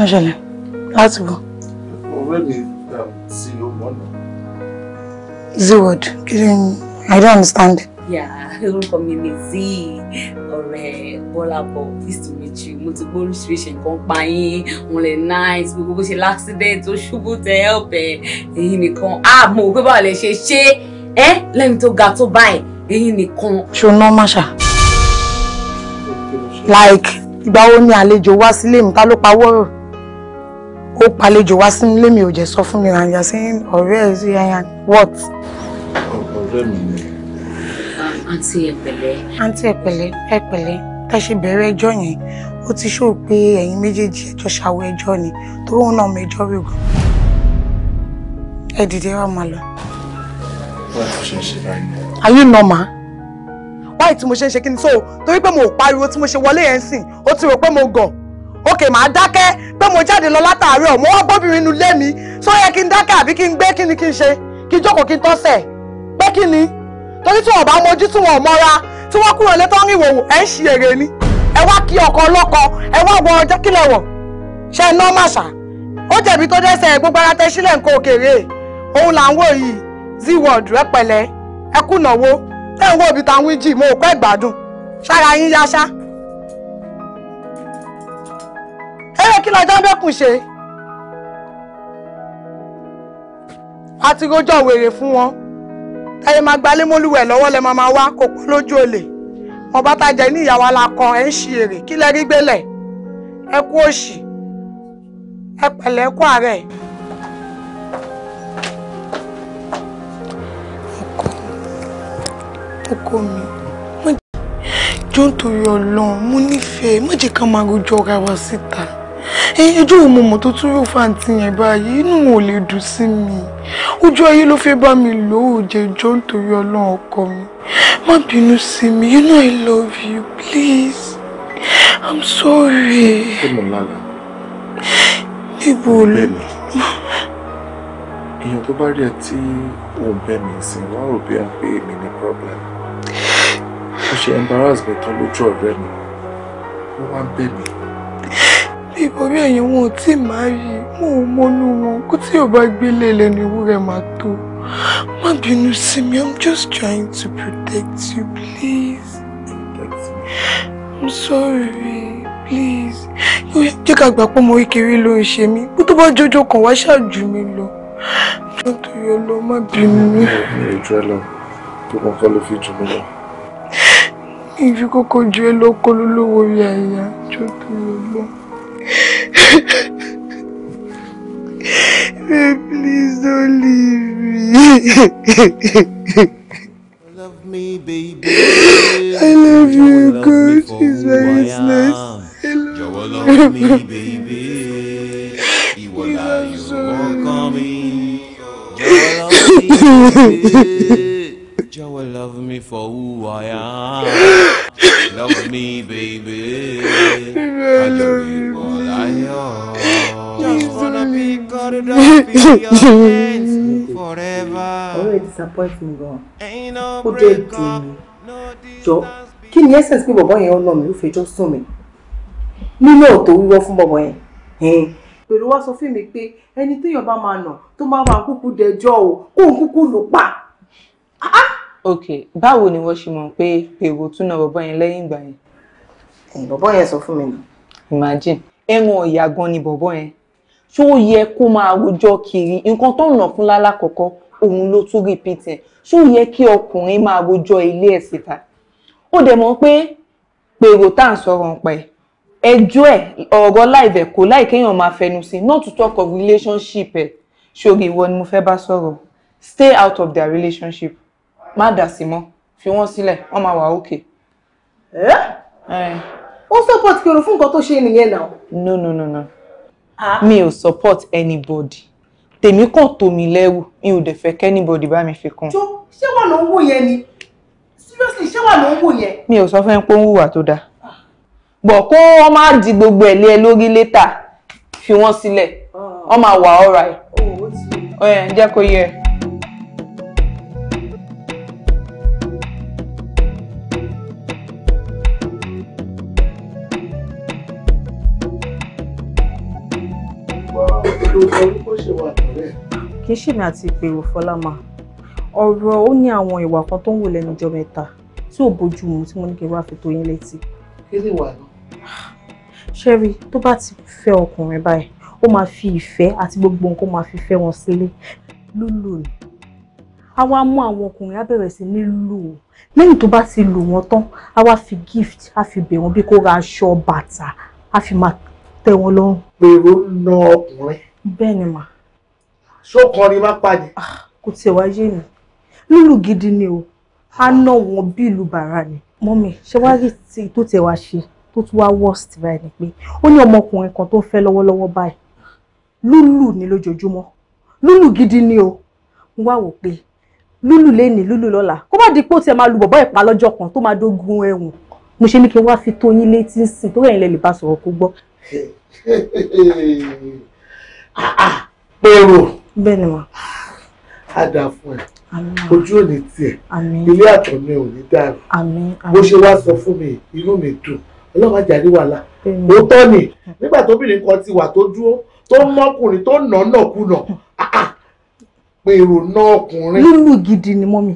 Ọ̀ṣẹ̀lẹ̀, láti bọ̀. Already, um, CEO Mono. Z word. I don't understand. Yeah, orúkọ mi ni Z ọ̀rẹ́ Bọ́lábọ̀. please to meet you. Multiple ti gbọ́ oríṣiríṣi nǹkan nice, We bó ṣe l'accident, ó ṣubú tẹ help ẹ̀, èyí nìkan. Ah, move rò pé báwo lè ṣe ṣe é lẹ́yìn tó ga tó báyìí, èyí nìkan. Ṣo ná Masha? Like, ìgbà wo ni to wá sílé mi, ta ló pawọ́ rò? ó palejò wá sínú ilé mi ò jẹ́ sọ fún mi and you are saying ọ̀rẹ́ sí ayan what. ọ̀rẹ́ mi ni. àǹtí ẹ̀pẹ̀lẹ́. àǹtí ẹ̀pẹ̀lẹ́ ẹ̀pẹ̀lẹ́ tá a ṣe bẹ̀rẹ̀ ẹjọ́ yẹn ó ti ṣó pé ẹ̀yin méjèèjì ẹjọ́ ṣàwọ̀ ẹjọ́ ni tó ń nà ọmọ ẹjọ́ rẹ̀ gan. ẹ dìde wá máa lọ. are you normal? wáyé tí mo ṣe ń ṣe kí ni so torí pé mo ò pariwo tí mo ṣe wọlé yẹn sìn ó ti rò pé mo gàn. oke máa dákẹ́ pé mo jáde lọ látàárọ̀ mo wá bóbìnrin inú ilé mi sọ yẹ kí n dákẹ́ àbí kí n gbé kí ni kí n ṣe kí n jókòó kí n tọ́sẹ̀ pé kí ni torí tí wọn bá mojú tí wọn mọ́ra tí ni ẹ wá kí ọkọ ọlọkọ, ẹ wá wọ ọjọ́ kílẹ̀ wọ̀ ṣe ẹ náà màṣà ó jẹ̀bi tó gbogbo ara tẹ nǹkan òkèèrè òun là ń wò yìí mo ṣára yín ẹ̀rẹ́ kí lajá mẹ́kùn ṣe àti rojọ́ wèrè fún wọn ẹ̀yẹ máa gbalé mólúwẹ̀ lọ́wọ́ lẹ máa wá kò pọ́ lójú olè wọn bá tajà ní ìyàwó alákan ẹ̀ ń ṣe èrè kí lẹ rí gbélẹ̀ ẹ kú òṣì ẹ pẹ̀lẹ́ kú àárẹ̀. ọkọ mi jọ́ ń torí mo nífẹ̀ẹ́ má máa rojọ́ ara wa síta ẹjọ́ òmùmọ̀ tó tún yóò fàǹtì yẹn báyìí inú wọn ò lè dùn sí mi ojú ayé ló fẹ́ bá mi lò ó jẹjọ́ nítorí ọlọ́run ọkọ mi má bínú sí mi you know I love you please I'm sorry. ṣé mo lálàá? níbo lè mi? èèyàn tó bá rí ẹ tí òun bẹ́ mi sìn wá rò bí ẹ pé èmi ní problem ó ṣe embarrass mi tán lójú ọ̀rẹ́ mi ó wá ń bẹ̀ ìbòrí ẹ̀yìn wọn tí máa rí wọn ò mọ́nú wọn kó tí ò bá gbélé lẹ́nu ìwúrẹ́ máa tó má bínú sí mi i'm just trying to protect you please i'm sorry please jẹ́ ká gbà pé mo rí kiri ló ń ṣe mí bó tó bá jọjọ́ kan wá ṣáàjú mi lọ nítorí ọlọ́ má bínú mi. ìjọ ẹ lọ tó kàn kọ́ ló fi jù mí lọ. ìfi kókó ju ẹ lọ kọ́ lólówó rí àyà jọ́ tó yọ lọ. Please don't leave me. Love me, baby. I love you, God. It's very nice. I love me, baby. Ìwọ will yóò wọ́n kàn mí. Jọ̀wọ́ love me, baby. Joe, love me for who I am. <gasps> love me, baby. I love you all I am. Just wanna be guarded up in <laughs> your hands forever. Ọ̀rọ̀ ẹ̀ disappoint me gan. Ó dé dùn mí. Jọ, kí ni essence pé bọ̀bọ̀ yẹn ó nà mí ó fẹjọ́ sùn mí? Nínú ọ̀tọ̀ wíwọ́ fún bọ̀bọ̀ yẹn pẹ̀lú wá sọ fún mi pé ẹni téèyàn bá máa nà tó máa máa kúkú dẹjọ́ o kóun kúkú lù pa. Ah, ah ok báwo ni wọ́n ṣe mọ̀ pé èrò tún náà bọ́bọ́ yẹn lẹ́yìn ìgbà yẹn. bọ́bọ́ yẹn sọ fún mi nù. imagine ẹ̀wọ̀n ọ̀yà gan ni bọ́bọ́ yẹn ṣó yẹ kó máa rojọ́ kiri nǹkan tó ń nà fún lálá kọ̀ọ̀kọ́ òun ló tún repeat ẹ̀ ṣó yẹ kí ọkùnrin máa rojọ́ ilé ẹ̀ síta ó dẹ̀ mọ̀ pé pèrò tá à ń sọ̀rọ̀ ń pẹ́ ẹjọ́ ẹ̀ ọ̀rọ̀ láìbẹ̀ kó láì kéèyàn máa fẹnu sí not to talk of relationship ẹ̀ ṣòro ìwọ ni mo fẹ́ bá sọ̀rọ̀ stay out of their relationship má dà sí mọ́ fi wọ́n sílẹ̀ wọ́n máa wà òkè. Eh? Eh. ó support kí oru fún nǹkan tó ṣe nìyẹn náà. no no no no ah. mi ò support anybody tèmi kàn tó mi lẹ́wù mi ò dẹ̀ fẹ́ kẹ́nibọ̀dì bá mi fi kún. jọ ṣé wà ló ń wò yẹn ni seriously ṣé wà ló ń wò yẹn. mi ò sọ fẹ́ pé ó ń hùwà tó dáa bọ̀ kó wọ́n má di gbogbo ẹ̀ lé ẹ lórí létà fi wọ́n sílẹ̀ ah. wọ́n máa wà ọ̀rà oh, ẹ̀ jẹ́ kó yẹ. ló sọ wípé ṣe wà lọ́rẹ́. kì í ṣèmi àti ìgbèrò fọlámà ọ̀rọ̀ ó ní àwọn ìwà kan tó ń wò lẹ́nu ọjọ́ mẹ́ta tí ò bójú mu tí mo ní kí n wá fi tó yín létí. kí ni ìwà náà. ṣẹ́rí tó bá ti fẹ́ ọkùnrin báyìí ó máa fi ìfẹ́ àti gbogbo nǹkan máa fi fẹ́ wọn sílé lúlù ni a wá mú àwọn ọkùnrin á bẹ̀rẹ̀ sí ní lù ú lẹ́yìn tó bá ti lù wọ́n tán a wá fi gift a fi bẹ̀ wọ́n bí kó ra aṣọ bàtà a fi máa tẹ́ wọn lọ́rùn. pèrò ń na ọkùnrin bẹ́ẹ̀ ni mà. sókànrin má pàdé. kò tiẹ̀ wá yé mi lùlù gidi ni o a ná wọn bí ìlú bàrà ni mọ́mì ṣé wàá rí ti tó tiẹ̀ wá ṣe tó tún wá worst báyìí ni pé ó ní ọmọkùnrin kan tó ń fẹ́ lọ́wọ́lọ́wọ́ báyìí lùlù ni lójoojúmọ́ lùlù gidi ni o mo wá wò pé lùlù lénìí lùlù lọ́la kó má di pé ó tiẹ̀ máa lu bọ̀bọ́ ìpa lọ́jọ́ kan tó máa dógún ẹ̀wọ̀n mo ṣe ní kí n wá fi tó yín létí sìn tó rẹ̀ ń lè lè bá sọ̀rọ̀ kó gbọ́. <laughs> Ah, ah, pèrò bẹ́ẹ̀ni ma á dáa fún ẹ ojú ò ní tiẹ̀ ilé àtọ̀nà ò ní dàrú bó ṣe wá sọ fún mi inú mi dùn ọlọ́run àjàrí wàhálà òótọ́ ni nígbà tóbìnrin kan ti wà tó dúró tó mọ́kùnrin tó nà nà kùnà ah, pèrò náà ọkùnrin. lílù gidi ni mọ́mi.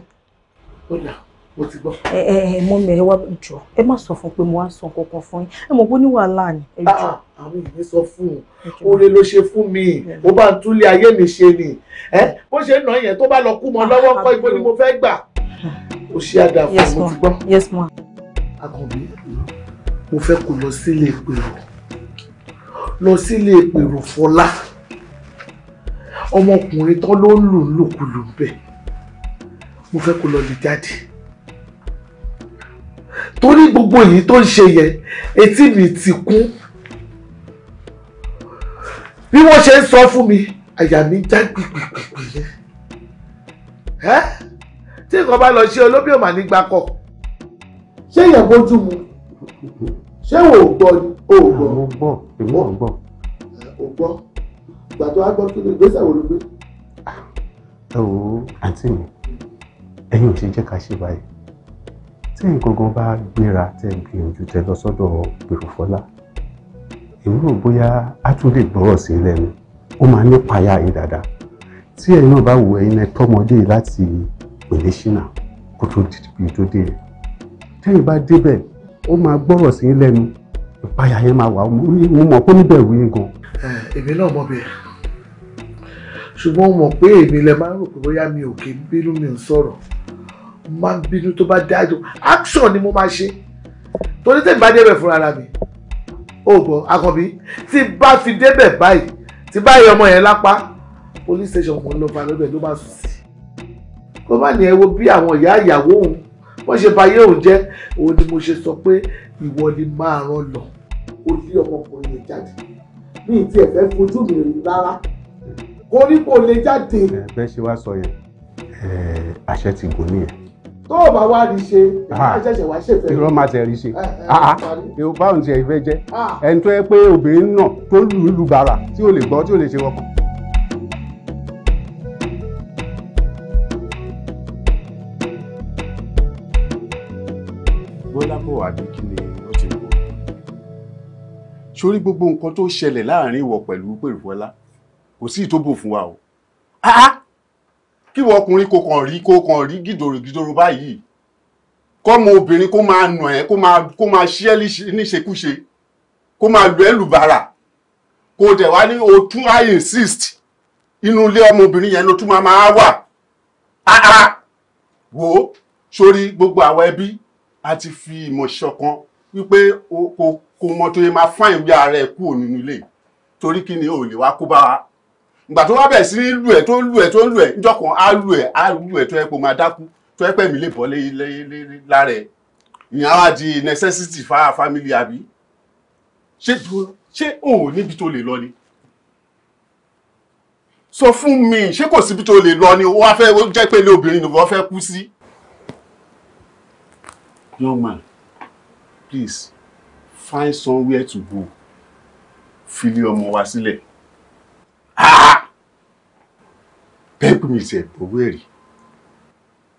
ó dà mo ti gbọ́. ẹ ẹ ẹ mọ mi ẹ wá jọ ẹ má sọ fún pé mo wá sọ kankan fún yín ẹ mọ bó ní wàhálà ni. Ah, àwọn èmi sọ fún un oore ló ṣe fún mi ó bá ń túlé ayé mi ṣe ni bó ṣe nà yẹn tó bá lọ kú mọ ah, lọ́wọ́ kọ́ ibo ni mo fẹ́ gbà ó ṣe àdá mo ti gbọ́. yes ma. àkànbí mo fẹ́ kó lọ sílé ìpèrò lọ sílé ìpèrò fọlá ọmọkùnrin tán ló ń lù ń lòkulù ń bẹ̀ mo fẹ́ kó lọ lè jáde torí gbogbo èyí tó ń ṣe yẹn etí mi ti kún bí wọ́n ṣe ń sọ fún mi àyà mi já gbìgbìgbì yẹn ẹ́ tí nǹkan bá lọ ṣe olóbì ò mà ní gbà kọ ṣé èèyàn bójú mu ṣé ò gbọ́ ni ò gbọ́ ò gbọ́ ò gbọ́ ò gbọ́ ìgbà tó wá gbọ́ kí ni ìgbésẹ̀ wo ló gbé. Ah, ẹ àǹtí mi ẹ̀yin ò ṣe jẹ́ ká ṣe báyìí tí nǹkankan bá gbéra tẹ́ ń gbìyànjú tẹ́ lọ sọ́dọ̀ gbèrúfọ́lá èmi rò bóyá a tún lè gbọ́rọ̀ sí lẹ́nu ó máa ń nípayà yín dáadáa tí ẹ̀yin náà bá wù ẹ̀yin ẹ tọ́mọdé láti pèlè ṣínà kó tó dìbò tó dé ẹ̀ tẹ́yìn bá débẹ̀ ó máa gbọ́rọ̀ sí lẹ́nu ìpayà yẹn máa wà mo mọ̀ pé níbẹ̀ wí gan. èmi náà mọ̀ bẹ́ẹ̀ ṣùgbọ́n mo pé èmi lẹ máa rò pé bóyá mi ò kí bínú mi ń sọ̀rọ̀ mo máa ń bínú tó bá dájú action ni mo máa ṣe torí tèmi bá débẹ̀ fúnra ara mi ó gbọ́ akànbí tí bá fi débẹ̀ báyìí tí báyìí ọmọ yẹn lápá police station kan lọ́ọ́ balẹ̀ ọbẹ̀ ló máa sùn sí kó má ní ẹ wo bí àwọn ìyá ìyàwó òun wọ́n ṣe bayé òun jẹ́ òun ni mo ṣe sọ pé ìwọ ni máa ràn lọ ó lé ọmọkùnrin yẹn jáde ní ìdí ẹ̀fẹ́ fojú mi rí rárá kó ní kó lè jáde. bẹ́ẹ̀ ṣe wá sọ yẹn àṣẹ ti gùn nìyẹn tó o bá wá rí ṣe ìyá ah. ìṣẹ̀ṣẹ̀ wá ṣèfẹ́. irọ́ máa tẹ̀ rí ṣe eh, eh, ah, ah. báwo ni ṣe ìfẹ́ jẹ́ ẹni tó yẹ pé obìnrin náà tó lù ú lù bàrà tí o lè gbọ́ tí ò lè ṣe wọ́pọ̀. bọ́lábọ̀ àbí kí ni ó ti wò sórí gbogbo nǹkan tó ṣẹlẹ̀ láàrin ìwọ pẹ̀lú pèrèfọ́lá kò sí ìtóbò fún wa o kí wọ́n ọkùnrin kò kàn rí kò kàn rí gìdòrò gìdòrò báyìí kọ́mọ obìnrin kó máa nà ẹ́ kó máa kó máa ṣí ẹ́ níṣekúṣe kó máa lù ẹ́ lùbàrà dẹ̀ wá ní o tún I insist inú ilé ọmọbìnrin yẹn ló tún máa máa wà áá wò ó sórí gbogbo àwa ẹbí a ti fi ìmọ̀ ṣọ̀kan wípé kò mọ tó yẹ máa fáìn bí ara ẹ̀ kúrò nínú ilé torí kí ni o lè wá kó bá wa ìgbà tó wá bẹ̀rẹ̀ sí ní lù ẹ̀ tó lù ẹ̀ tó lù ẹ̀ níjọkàn á lù ẹ̀ á lù ẹ̀ tó yẹ kó máa dákú tó yẹ pẹ̀mí lè bọ́ lára ẹ̀ ìyẹn á wá di necessity fa family àbí ṣé ṣé òun ò níbi tó lè lọ ni So fún mi ṣé kò síbi tó lè lọ ni wọ́n fẹ́ jẹ́ pé ilé obìnrin ni wọ́n fẹ́ kú sí. young man please find somewhere to go fi lé ọmọ wa sílẹ̀. Ah! pé mi ìsẹ̀ gbowó ẹ̀rí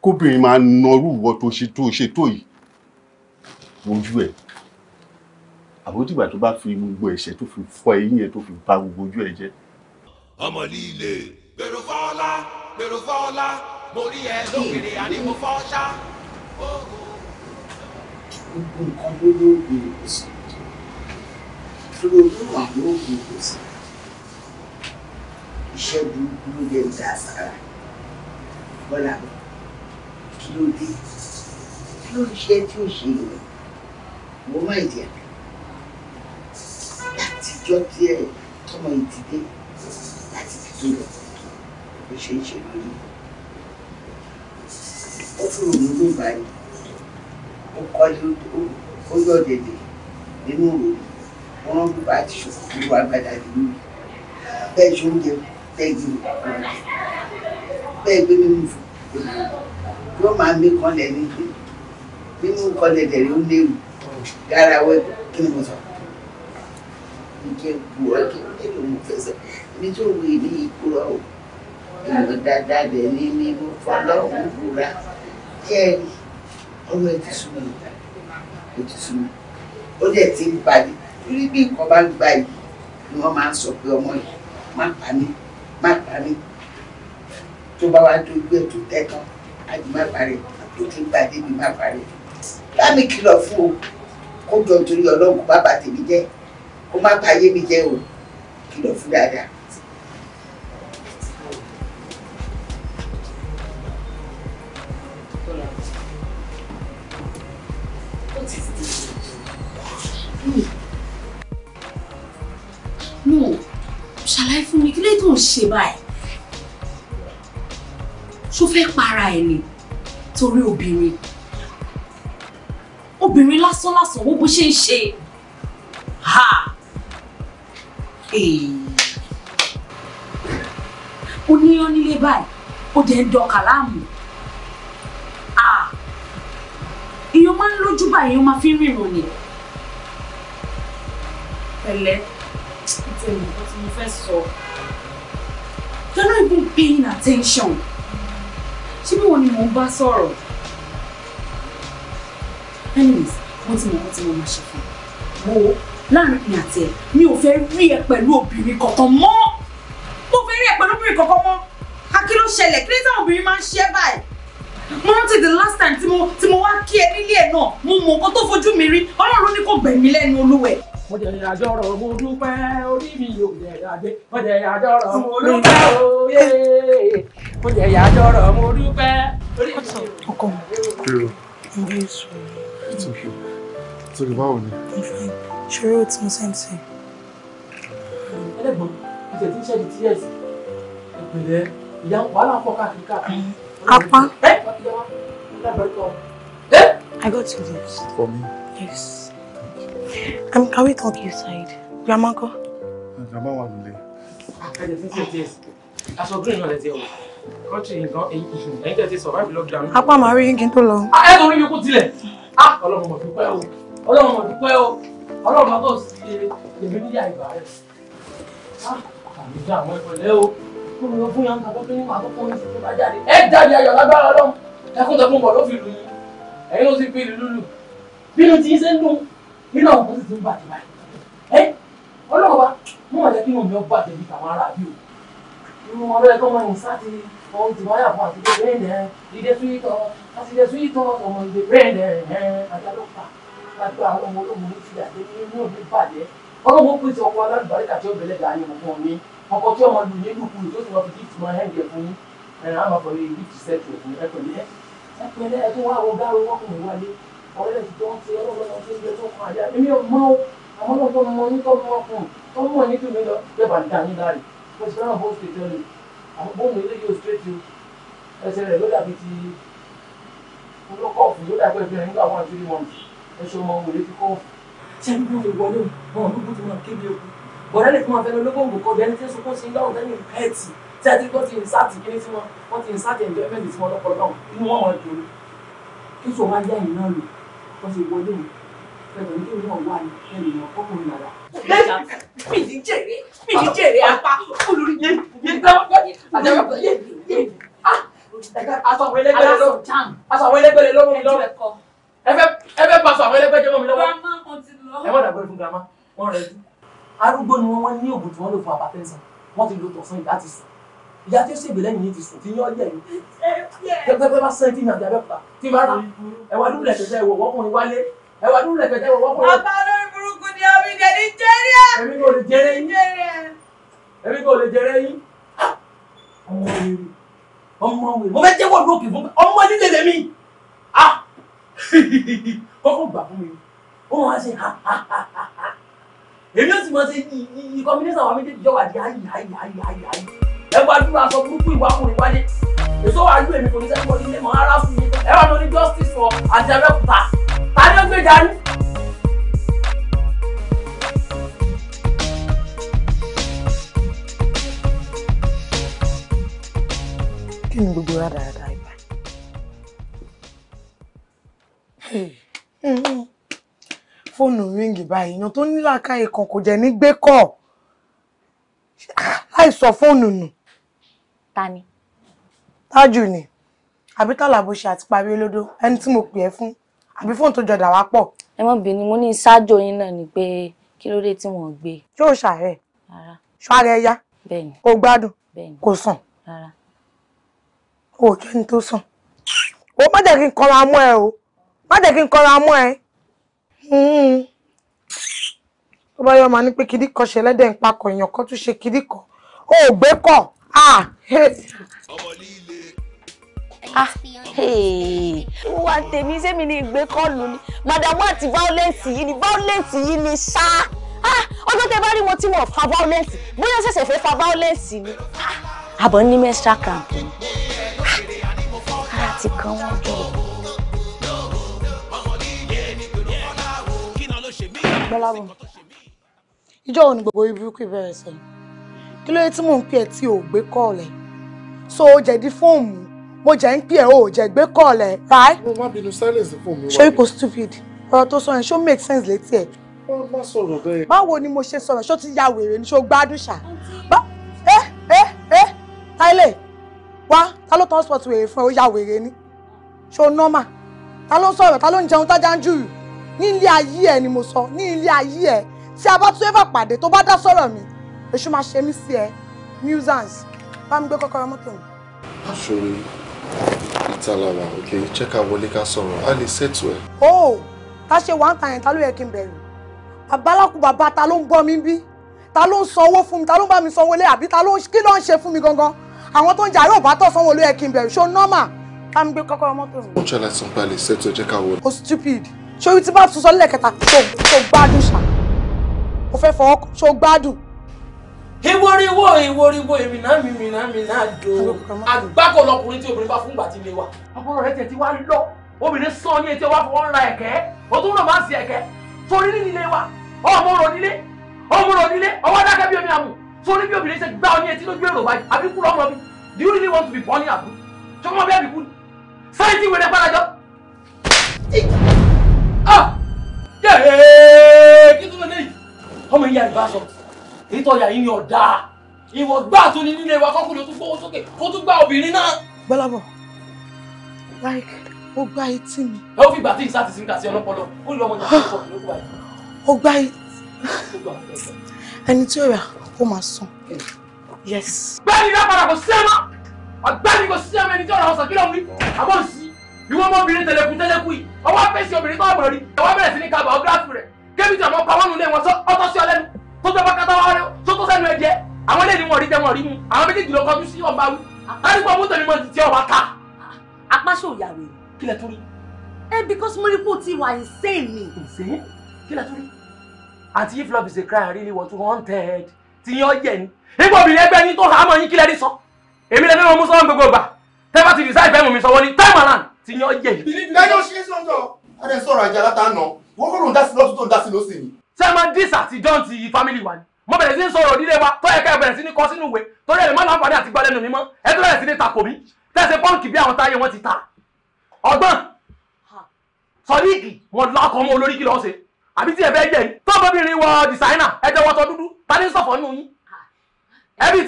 kóbìnrin máa nọrú ìwọ tó ṣe tó ṣe tó yìí wojú ẹ̀ àbójúgbà tó bá fi gbogbo ẹ̀ṣẹ̀ tó fi fọ eyín ẹ̀ tó fi bà gbogbo ojú ẹ̀ jẹ́. ọmọ líle gbèrò fọ́lá gbèrò fọ́lá mo rí ẹ lókèrè àdìmọ fọ́ṣá. gbogbo nǹkan ló lóògùn ìwòsàn lóògùn wà lóògùn ìwòsàn iṣẹ́ burúkú ló jẹ́ ìdá sára bọ́lá mi kí ló dé kí ló ṣe tí ò ṣe yìí mo má ìdí àná látijọ́ tí ẹ tọmọ ìdílé láti fi tó lọ bó ṣe ń ṣe lórí ó fún òun ló bá yìí ó kọ́lé ó yọ̀ dẹ̀dẹ̀ nínú òru wọn bá ti ṣòkòtò wà gbàdá lórí bẹ́ẹ̀ ṣe oúnjẹ fún tẹ́jú bẹ́ẹ̀ gbé mímú fún yóò máa mí kanlẹ̀ ní pé mímú kanlẹ̀ dẹ̀rẹ̀ ó léwu garawo kí ni mo sọ ike bu ọ kí ni mo mo fẹsẹ̀ ibi tó wù ní ìkúrọ̀ o èèyàn dáadáa dẹ̀ ní mímú fọlọ́hún búra kẹ́ ọ̀rọ̀ ẹ̀ ti súnmọ́ ẹ̀ ti súnmọ́ ó dẹ̀ ti ń balẹ̀ torí bí gba yìí ni wọ́n máa ń pé ọmọ yìí má pa mí má parí tó bá wá dójú ẹ̀ tó tẹ́ tán àbí má parí tó tún gbà débi má parí. láàmì kìlọ̀ fún o kó jọ nítorí ọlọ́run kó bá bàtẹ́ mi jẹ́ kó má pa ayé mi jẹ́ o kìlọ̀ fún dáadáa. ń ṣe báyìí ṣó fẹ́ para ẹ̀ ni torí obìnrin obìnrin lásán lásán wo bó ṣe ń ṣe ha ó níyán nílé báyìí ó dẹ̀ ń dọkà láàmú èèyàn máa ń lójú báyìí èèyàn máa fi ń ríran ni pẹ̀lẹ́ ìtẹ̀wọ̀n tí mo fẹ́ sọ. So. You're not even paying attention. Ṣé bí wọn ni mò ń bá Anyways, what's ti mọ wọ́n ti mọ máa ṣe fún mi. Wo láàrin ìrìn àti ẹ̀ mi ò fẹ́ rí ẹ pẹ̀lú very kankan but Mo fẹ́ rí ẹ pẹ̀lú obìnrin kankan mọ́. Akí ló ṣẹlẹ̀ kí ló táwọn obìnrin máa ń ṣe báyìí? Mo rántí the last time tí mo tí mo wá kí ẹ nílé ẹ̀ náà, mo mọ̀ nǹkan tó fojú mi rí. Ọlọ́run ní kò gbẹ̀mí lẹ́nu olúwẹ̀ mo jẹ àjọrọ̀ mo dúpẹ́ orí mi ò jẹ àgbẹ̀ mo jẹ àjọrọ̀ mo dúpẹ́ òye mo jẹ àjọrọ̀ mo dúpẹ́ orí mi ò ọkọ mi. ìwé ìṣòro. it's okay it's okay báwo ni. ṣeré o ti mo sẹ́ǹtì. ẹlẹ́gbọ̀n ìṣẹ̀ tí ń ṣẹ́ni tí yẹ̀sì ìpìlẹ̀ ìyá wàhálà ń pọ̀ káàkiri káàkiri. apá. ẹ I got to lose. For me? Yes. Um, can we talk inside? Grandma Go. Grandma wà nílé. Ẹ jẹ́ sísè díẹ̀. Aṣọ green náà lẹ ti wọ̀. Kọ́ńtì I ẹ̀yìn tẹ̀ ti survive lockdown. Apá màá rí yín tó lọ. Ẹ tó rí yókù tilẹ̀. Ah, Ọlọ́run mọ̀ dúpẹ́ o. Ọlọ́run mọ̀ dúpẹ́ o. Ọlọ́run máa tó ṣe èmi níyà ìgbà rẹ̀. Ah, àmì ìjà àwọn ìpínlẹ̀ o. Kúrò lọ fún yàrá tó ní màá tó kọ́ ní ìṣòro bá jáde. Ẹ jáde ayọ̀ lágbára Ọlọ́run. Ẹkún tẹkún bọ̀ ló fi lù yín. Ẹ̀yin ló ti fi ìlú lù. Bínú ti ń ṣe ń dùn nínú àwọn kan sì ti ń bàjẹ́ báyìí ẹ ọlọ́run wa mú ọ̀jẹ́ kí wọn mi ó bàjẹ́ bí tàwọn ará bí o inú ọlọ́run tó mọ ìhùn sáti ohun tí wọ́n yà fún àti bẹ́ẹ̀ rẹ̀ ìdẹ súyítọ́ àti ìdẹ súyítọ́ ọmọ ìdẹ bẹ́ẹ̀ rẹ̀ àjálọ́pàá láti àwọn ọmọ ológun ní ti àdé ní inú òbí bàjẹ́ ọlọ́run ó pèsè ọkọ alálùbáríkà tí ó bẹ̀rẹ̀ dà á yẹn fún ọ ní ọkọ tí ọmọ lù ní lùkù tó ti wọ́n fi gift máa set ẹ̀ fún ẹ pẹ̀lẹ́ ẹ pẹ̀lẹ́ ẹ ọ̀rẹ́ ti tó ń ti ọlọ́gbọ́n ti ń gbé tó kàn àyà èmi ò mọ àwọn ọlọ́gbọ́n mọ ní tó mọ fún tó mọ ní tùmí lọ yọba ní dání láàyè mo ti fẹ́ràn bó ṣe tẹ́lẹ̀ àwọn bóun ilé yóò straight you ẹsẹ̀ rẹ̀ ló dàbí ti olókọ̀ọ̀fù ló dàbí ẹgbẹ́ rẹ̀ nígbà wọn ti rí wọn ẹṣọ ọmọ òwe ti kọ́ ṣé ń bú ìwọ lóhùn wọn ló bú ti máa kébi okùn bọ̀dá lè fi máa fẹnu ológbòǹgbò kọ́ bí ẹni tí ó sunkún sí lọ́rùn tẹ́lẹ̀ pẹ́ẹ́tì tí a ti kọ́ ti ń sáàtì kíní tí wọ́n ti ń sáàtì ẹ̀ńdẹ́mẹ́ntì tí wọ́n lọ́pọ̀lọpọ̀ inú wọn wọn dùn kí sọ wá yá ìná lò wọ́n ṣe wọlé mi ẹ̀rọ ní ìwọ̀n wà ní ẹnìyàn ọkùnrin lára. mi ti jèrè mi ti jèrè apá olórí yẹn yẹn gbọ́ àtẹwọ́ yẹn yẹn asọ̀wọ́ ẹlẹgbẹ́rẹ́ ló asọ̀wọ́ ẹlẹgbẹ́rẹ́ ló mú mi lọ́wọ́ ẹ fẹ́ pa asọ̀wọ́ ẹlẹgbẹ́rẹ́ mọ́ mi lọ́wọ́ ẹ wọ́n dàgbẹ́rẹ́ fún girama wọ́n rẹ̀ arúgbó ni wọ́n ní oògùn tí wọ́n lò fún abafẹ́sàn wọ́n ti lò tọ̀ fún ìdá ti sùn ìyá tí ó ṣègbè lẹ́yìn yìí ti sùn ti yán yẹ̀yìn pẹ́pẹ́pẹ́ bá sẹ́yìn tí mi àti abẹ́pà tí máa rà ẹ̀wà dúró lẹ̀kẹ̀tẹ̀ ìwọ̀ wọ́kùnrin wálé ẹ̀wà dúró lẹ̀kẹ̀tẹ̀ ìwọ̀ wọ́kùnrin. bàbá olórí burúkú ni omi jẹ ní jẹrìà. èmi kò lè jẹrẹ yín èmi kò lè jẹrẹ yín. ọmọ wèrè ọmọ wèrè mo fẹ́ jẹ́wọ́ lókè fún ọmọ nílé lèmi kọ́kọ́ ah! gbà fún mi ó máa ṣe ha ha ha ha èmi ó sì máa ṣe ìkọ́mínísà wa méjèèjì jọ́wọ́ àdí ayé ayé ayé ayé ayé ẹ wá dúró aṣọ burúkú ìwákùnrin wálé èso wà lú èmi kò ní sẹ́kọ̀ọ́ nílé mọ́ ara fún mi ẹ wá lọ justice for àti abẹ́kúta tàbí ó gbé dání. kí ni gbogbo rà dáadáa ibà fóònù ríǹgì báyìí èèyàn tó ní làákàyè kan kò jẹ́ ní láìsọ fóònù nù. ta ni. tájù ni àbí tàlàbó ṣe àti parí olódó ẹni tí mo pè ẹ́ fún àbí fóònù tó jọdà wá pọ̀. ẹ mọ bínú mo ní ṣáájú yín náà ni pé kí ló dé tí wọn gbé. yóò ṣàárẹ̀ ṣàárẹ̀ ẹ̀yá o gbádùn kò sàn o jẹ́ ní tó sàn o má jẹ́ kí n kọra mọ́ ẹ o má jẹ́ kí n kọra mọ́ ẹ hmm. tó bá yọ ọmọ ní pé kìdí kan ṣẹlẹ́dẹ̀ ń pakọ̀ èèyàn kan tún ṣe kìdí kan o ò ah kọ̀ ọmọ líle wà tèmi sẹ́mi ní ìgbé kọ́ọ̀lù ni wa ti violence yìí ni violence yìí ni ṣá ọjọ́ tẹ bá rí mo ti mo fa violence bóyá ṣẹ̀ṣẹ̀ fe fa violence ni àbọ̀ ní menstrual cramp ni ara ti kan wọ́n jọ. gbọ́láwọ̀ ìjọ òní gbogbo ibi kú ìbẹ̀rẹ̀ sẹ́yìn kí ló dé tí mò ń pè ẹ́ tí ò gbé kọ́ọ̀lẹ̀ so o jẹ̀dí fóònù mo jẹ́ ń pè ẹ́ o jẹ̀ gbé kọ́ọ̀lẹ̀ right. mo má bínú silence fóònù wa. ṣé kò stupid ọ̀rọ̀ tó sọ yẹn ṣó make sense létí ẹ̀. wọ́n má sọ̀rọ̀ bẹ́ẹ̀. báwo ni mo ṣe sọ̀rọ̀ ṣó ti ya wèrè ni ṣó gbádùn ṣá. ẹ ẹ ẹ táìlẹ̀ wá ta ló transport wèrè fún ẹ ó ya wèrè ni ṣó nọ́mà ta ló sọ̀rọ̀ ta ló ń jẹun tájà ń jùrù ní ilé ayé ẹ ni mo sọ ní ilé ayé ẹ tí a bá tún ẹ fà pàdé tó bá dá sọ̀rọ̀ mi èṣù máa ṣe mí sí ẹ nuisance bá mi gbé kọ́kọ́rọ́ mọ́tò mi. àṣọrí ìtàlàwà ok jẹ́ ká wọlé ká sọ̀rọ̀ a lè ṣètò ẹ̀. o ta ṣe wà ń ta yẹn ta ló yẹ kí n bẹ̀rù àbálàkù bàbá ta ló ń gbọ́ mi bí ta ló ń sanwó fún mi ta ló ń bá mi sanwó lé àbí ta ló ń kí ló ń ṣe fún mi gangan àwọn tó ń jà yóò bá tọ̀ sanwó ló yẹ kí n bẹ̀rù ṣó nọ́mà bá mi gbé kọ́kọ́rọ́ mọ́tò mi. ó ṣe láìsàn pa lè ṣètò ẹ jẹ́ ká wọlé. o stupid ṣé ìwòrìwò ìwòrìwò ìrìnà mìíràn mìíràn do àgbákò lọkùnrin tí obìnrin bá fún ìgbà tí ilé wa. ọgbọ́n rẹ̀ tẹ̀ ti wá lọ obìnrin sọ ní etí ọwọ́ fọwọ́ ń ra ẹ̀kẹ́ o tún rọ̀ máa ń sí ẹ̀kẹ́ torí ní ilé wa ọmọ rọ̀ nílé ọmọ rọ̀ nílé ọwọ́ dákẹ́ bí omi àmù torí bí obìnrin ṣe gbá ọ ní etí lójú èrò báyìí àbí kúrò ọmọ mi do you really want to be born in abu ṣọmọ bí àbíkú sáyẹ́ntì wẹ̀rẹ̀ pàdájọ́. ọmọ ìyá rẹ̀ bá sọ̀rọ̀ èyí tó yà yín ni ọ̀dà ìwọ gbà tó ní nílé wa kọ́kùnrin tún fọwọ́ sókè kó tún gba obìnrin náà. gbọ́lábọ̀ like ó gbá etí mi. ẹ ó fi ìgbà tí ìsá ti sinmi kà sí ọlọ́pọlọ ó lè lọ́mọ yàtọ̀ ìfọ̀ ló gbà ẹni tí ó rà ó máa san yes. gbẹ́ni náà padà kò sí ẹ mọ́ ọ̀gbẹ́ni kò sí ẹ mọ́ ẹni tí ó rà ọ̀sán kílọ̀ mi àbọ̀ sí ìwọ ọmọbìnrin tẹlẹkùn tẹlẹkùn yìí ọwọ́ apẹ́sí obìnrin tó àbọ̀rí ẹ̀wọ́ bẹ̀rẹ̀ sí ní ka biography rẹ̀ kébìtì àmọ́ pamọ́nù lé wọn sọ ọ́tọ́ sí ọlẹ́nu tó jọba kata wá rẹ tó tó sẹ́nu ẹ̀jẹ̀ àwọn eléyìí ni wọ́n rí jẹ wọ́n rí mu àwọn méjèèjì lọ kọjú sí ọba wí láti gbọ́ mọ́tò ni mo ti tiẹ̀ ọba ta. apáṣọ ìyàwó kílẹ̀ tó rí. ẹ eh, because mo rí pò tí wà insane ni. insane kílẹ̀ tó rí. àti if love is a crime really was wanted ti yan yẹ ni. nígbà obìnrin ẹgbẹ́ yín tó hàmọ́ yín kílẹ̀ rí sọ èmi lẹ́nu ọmọ sọ́wọ́n gbogbo gbà tẹ́fà ti decide fẹ́ mú mi sọ́wọ́ time around ti yan yẹ. ìdílé ìdílé yóò ṣe é sọ́jọ́. adé sọ̀rọ̀ àjàlá ta nà wọ́n kọ́ ló ń dá ṣé máa ń dis àti ti family wa ni mo bẹ̀rẹ̀ sí ń sọ̀rọ̀ ìdílé wa tó yẹ ká ẹ bẹ̀rẹ̀ sí ní kọ sínú ìwé torí ẹ̀ má láǹfààní àti gbọ́ lẹ́nu mi mọ́ ẹ tó bẹ̀rẹ̀ sí ní takò mí tẹ̀sí pọ́ǹkì bí àwọn táyé wọn ti ta ọgbọ́n sọdíìkì wọn lákọ̀ ọmọ olórí kí lọ́ọ́ ṣe àbí tí ẹ fẹ́ jẹ́ yìí tọ́bọ̀bìnrin wọ dìsáínà ẹ jẹ́ wọ́tọ̀ dúdú ta ní yín ẹbí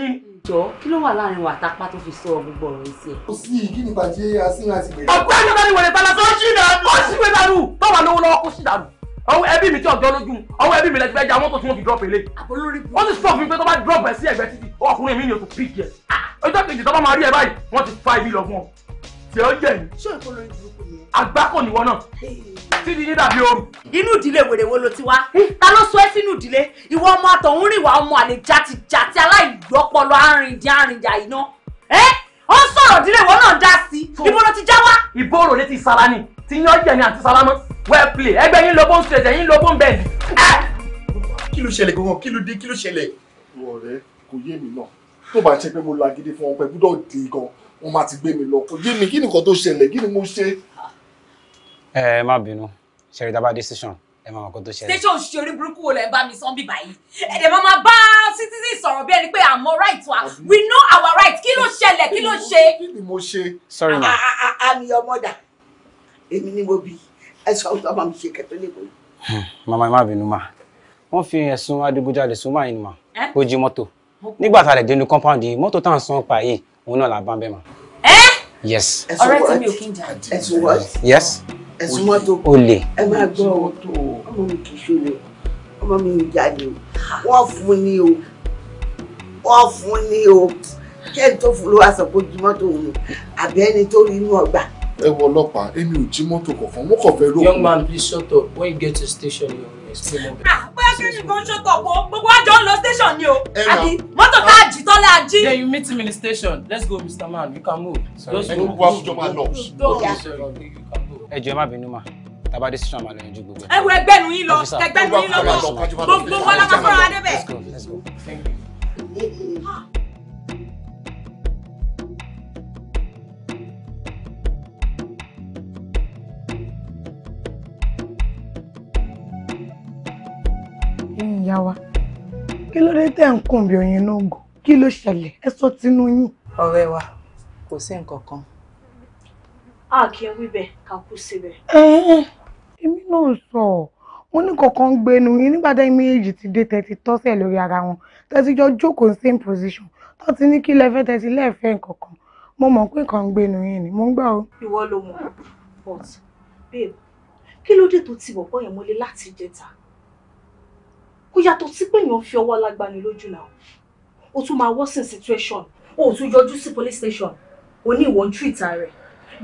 tí jọ kí ló wà láàrin wa tápá tó fi sọ gbogbo ọ̀rọ̀ yìí sí ẹ. kò sí kí ni bàjẹ́ asínà ti bẹ̀rẹ̀. ọ̀pẹ́ ìjọba ni wẹ̀rẹ̀ tala sọ ọ́ sí ìdàrú. ó sì gbé dàrú tọ́wà lówó lọ́wọ́ kó sì dàrú ọwọ́ ẹbí mi tí ọjọ́ lójú ọwọ́ ẹbí mi lẹ́sìn fẹ́ jẹ́ àwọn tó tún fi drop ele. wọ́n ti sọ fún mi pé tó bá drop ẹ̀ sí ẹ̀gbẹ́ títì ọkùnrin mi ni o tún pick yẹ. Ah, ọjọ́ kejì tó bá máa rí ẹ báyìí wọ́n ti fa ibi lọ fún ọ. tí ó jẹ́ ni. ṣé ìpolówó ìdúró yẹn. àgbákò níwọ náà. tí ti yín dàbí ooru. inú ìdílé wèrè wo ló ti wá. Hmm? ta ló sọ ẹ́ sínú ìdílé ìwọ ọmọ àtọ̀hún rìn wá ọmọ àlè jàtijàti aláìgbọ́pọlọ arìnjìn arìnjà iná. ẹ ó sọ̀rọ̀ ìdílé ìwọ náà dá sí. ibo ló ti já wá. ìbòrò lè ti sara ni tí yín ọ̀jẹ̀ ni àti sara mọ́ well play ẹgbẹ́ yín lobó ń ṣẹ̀ṣẹ̀ yín lobó ń bẹ̀ ni. Ah! Ah! kí ló ṣẹlẹ̀ gbọ́ngàn kí ló dé kí ló ṣẹlẹ̀. ọ̀rẹ́ kò yé mi náà tó bá ṣe pé mo la gidi fún ọpẹ gbúdọ̀ dé gan wọn máa ti gbé mi lọ kò yé mi kí nìkan tó ṣẹlẹ̀ kí ni mo ṣe. ẹ ẹ má bínú ṣẹ̀rí dábàá dé station ẹ máa kó tó ṣẹlẹ̀. station ṣorí burúkú wo lẹ bá mi sàn bí báyìí ẹ̀dẹ̀ máa máa bá títí sọ̀rọ̀ bí ẹni pé àmọ́ right wa we know our right kí ló ṣẹlẹ̀ kí ló ṣe. kí ni mo ṣe. sorry ah, ma. àmì ọmọdà èmi ni mo bí i ẹ̀sọ́ àwọn ọmọ mi ṣe kẹtọ́ lè bọ̀. Hmm, màmá ẹ má bínú mà wọ́n fi ẹ̀sùn adigunjalè sún máa yín mà ó jí mọ́tò nígbà tá a lè dénú compound yìí mọ́tò tá à ń san pa yìí òun náà là bá ń bẹ́ mà. yes. ọ̀rẹ́ tí mi ò kí ń jà. ẹ̀sùn wọ́n. yes. ẹ̀sùn mọ́tò. olè. ẹ máa gbọ́ ọwọ́ tó ọmọ mi kì í ṣọlẹ̀ ọmọ mi ò jáde o wọ́n fún ni o wọ́n fún ni o kí ẹni tó fún ló wá sọ pé ojú mọ́tò òun àbí ẹni tó rí inú ọgbà ẹ wọ ọlọ́pàá èmi ò jí mọ́tò kankan mo kàn fẹ́ rò. young man please shut up when you get to station you will explain more. ah bóyá kí ni kò ń shut up o gbogbo àjọ ń lọ station ni o àbí mọ́tò tá a jí tọ́lá a jí. yeah you meet him in the station let's go Mr. Man you can move. ẹni gbogbo àwùjọ máa lọ. ẹ jọ̀ọ́ ẹ má bínú ma tàbá dé station àmàlẹ́ ojú gbogbo. ẹ wo ẹgbẹ́ nu yín lọ ẹgbẹ́ nu yín lọ gbogbo wọn lọ́kọ́ fọ́ra débẹ̀. let's go let's go. ìyá wa kí ló dé tẹ́ ń kùn bí oyin náà gùn kí ló ṣẹlẹ̀ ẹ sọ tinú yín. ọ̀rẹ́ wa kò sí nǹkan kan. a kì í wí bẹ́ẹ̀ ká kú síbẹ̀. èmi náà sọ mo ní kankan ń gbénu yín nígbà tá èmi èjì ti dé tẹ́tí tọ́sẹ̀ lórí ara wọn tẹ́tí jọ jókòó ní same position tó ti ní kí lẹ́fẹ́ tẹ́tí lẹ́ẹ̀fẹ́ nǹkan kan mo mọ̀ pé nǹkan ń gbénu yín ni mo ń gbà o. ìwọ ló mọ̀ but babe kí ló dé tó ti bọ̀ bọ́ yẹn mọ́lé láti jẹta kò yàtọ̀ sí pé èèyàn fi ọwọ́ lágbani lójú náà o tún máa worsen situation o tún yọjú sí police station o ní ìwọ̀n treat rẹ̀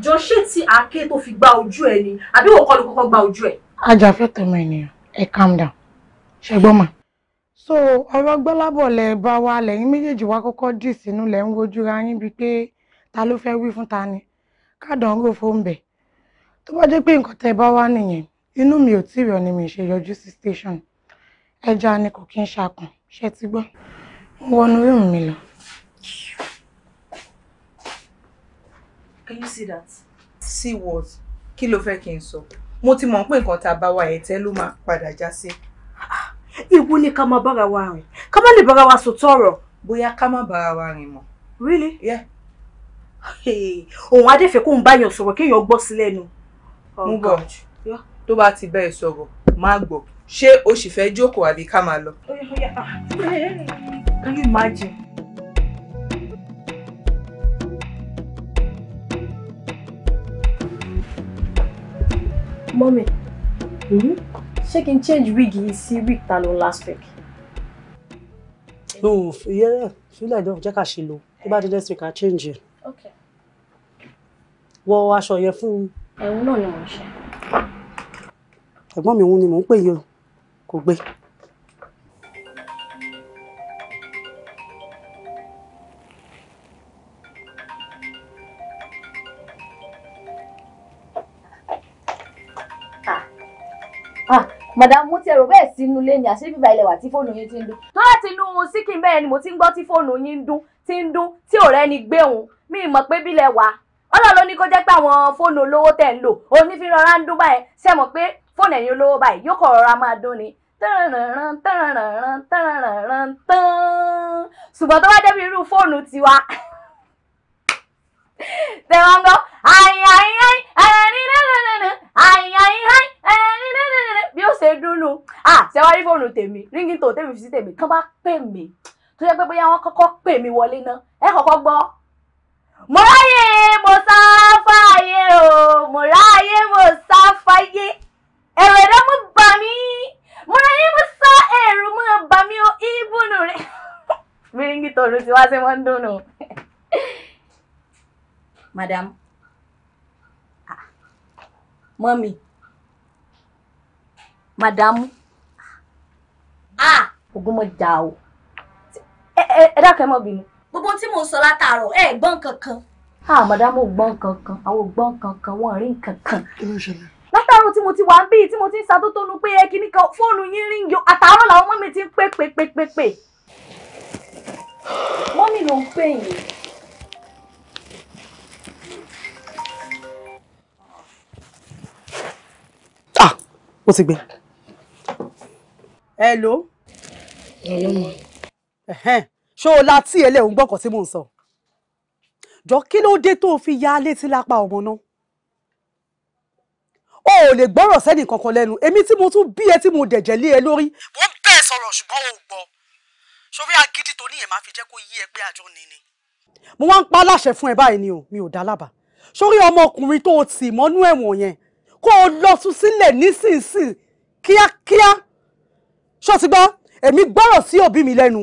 jọ ṣé ti àáké tó fi gba ojú ẹ ni àbí wọ́n kọ́ ló kọ́kọ́ gba ojú ẹ. ajafẹ́ tẹ̀mọ ènìyàn ẹ calm down ṣẹgbọ́n mà. so ọ̀rọ̀ gbọ́lábọ̀ lẹ bá wa lẹ́yìn méjèèjì wa kọ́kọ́ dì sínú lẹ́ ń wojú ra yín bíi pé ta ló fẹ́ wí fún ta ni káàdàn rò fóun bẹ̀ tó bá jẹ́ pé nǹkan tẹ́ bá wá nìyẹn inú mi ò tí ì rọ ni mi ṣe yọjú sí station ẹja ni kò kí ń ṣakùn ṣe ti gbọ́ ń wọnú rúùmù mi lọ. Can you see that? See what? Kí ló fẹ́ kí n sọ? Mo ti mọ̀ pé nǹkan tá a bá wa ẹ̀tẹ́ ló máa padà já sí. Ìwú ni ká máa bára wa rìn. Ká má lè bára wa sòtọ́ ọ̀rọ̀. Bóyá ká má bára wa rìn mọ́. Really? Yeah. <laughs> Òun Adéfẹ́ kò ń báyàn sọ̀rọ̀ kéèyàn gbọ́ sí lẹ́nu. Mú bọ̀. Oh, Tó bá ti bẹ́ẹ̀ sọ̀rọ̀, má gbọ́ ṣé o sì fẹ́ jókòó àbí ká máa lọ. Ah, can you imagine? Mọ́mí, hmm? ṣé kí n change wig yìí sí wig ta ló last week? No, ìyẹn fílẹ̀ náà jẹ́ ká ṣe lò. Tó bá dé next week, I change it. Okay. Wọ aṣọ yẹn fún un. Ẹ̀wọ̀n náà ni mò ń ṣe. Ẹ̀gbọ́n mi òun ni mò ń pè yìí o kò gbé. Ah, ah, Madame mo ti ẹ̀rọ bẹ́ẹ̀ sínú ilé ni àṣírí bíbá ilẹ̀ wà tí fóònù yín ti ń dún. tó láti inú síkìn bẹ́ẹ̀ ni mo ti ń gbọ́ tí fóònù yín ń dún tí ń dún tí ọ̀rẹ́ ni gbé òun mi mọ̀ pé bílẹ̀ wà. ọlọ́run ló ní kó jẹ́ pé àwọn fóònù olówó tẹ̀ ń lò òun ní fi rọra ń dún báyẹn ṣe mọ̀ pé fóònù ẹ̀yìn olówó báyìí yóò kọ̀ rọra máa dún ni tán ṣùgbọ́n tó bá débi irú fóònù tiwa tẹ̀wọ́n gan àyàyàyàyà ẹ̀rẹ̀rìnrẹ̀rẹ̀rẹ̀ àyàyàyàyà bí ó ṣe dúnú à ṣẹ́wárí fóònù tèmi ríngìntò tèmi fi sí tèmi kán bá pè mí tó yẹ pé bóyá wọ́n kọ́kọ́ pè mí wọlé náà ẹ kọ́kọ́ gbọ́ mo ráyè mo sáfàyè o mo ráyè mo sáfàyè ẹ̀rọ ẹ̀dá mú bà mí mo rẹ̀ ní mo sá ẹ̀rù mú bà mí o ìbùnú rẹ̀ <laughs> bíríngì tọ̀nù tí wá sí wọ́n ń dùn nù. <laughs> madam ah. mọ́mì madamu ah. ogun mọ̀ jà o ẹ dákẹ́ mọ́ bínú. gbogbo tí mò ń sọ látàárọ̀ ẹ gbọ́n kankan. ah madamu gbọ́n kankan àwọn gbọ́n kankan wọn rí nǹkan kí ló ń ṣẹlẹ̀ látàárọ̀ tí mo ti wà ń bí tí mo ti ń ṣàtótónu pé ẹ kíní kan fóònù yín rí yo àtàárọ̀ làwọn ọmọ mi ti ń pè pè pè pè pè. mọ́mì ló ń pè yín. ah mo ti gbé. hello. hello ma. ṣé o la tí eléhùn gbọ́kàn tí mò ń sọ jọ kí ló dé tó o fi ya létí lápá ọmọ náà o ò lè gbọ́rọ̀ sẹ́ni kankan lẹ́nu èmi tí mo tún bí ẹ tí mo dẹ̀jẹ̀ lé ẹ lórí. mo ń bẹ́ẹ̀ sọ̀rọ̀ ṣùgbọ́n ò gbọ́ sórí agídí tó níyẹn máa fi jẹ́ kó yí ẹ pé àjọ ni ni. mo wá ń pa láṣẹ fún ẹ báyìí ni o mi ò dá lábàá sórí ọmọkùnrin tó o tì mọ́nú ẹ̀wọ̀n yẹn kó o lọ sùn sílẹ̀ nísinsìn kíákíá ṣó ti gbọ́ èmi gbọ́rọ̀ sí òbí mi lẹ́nu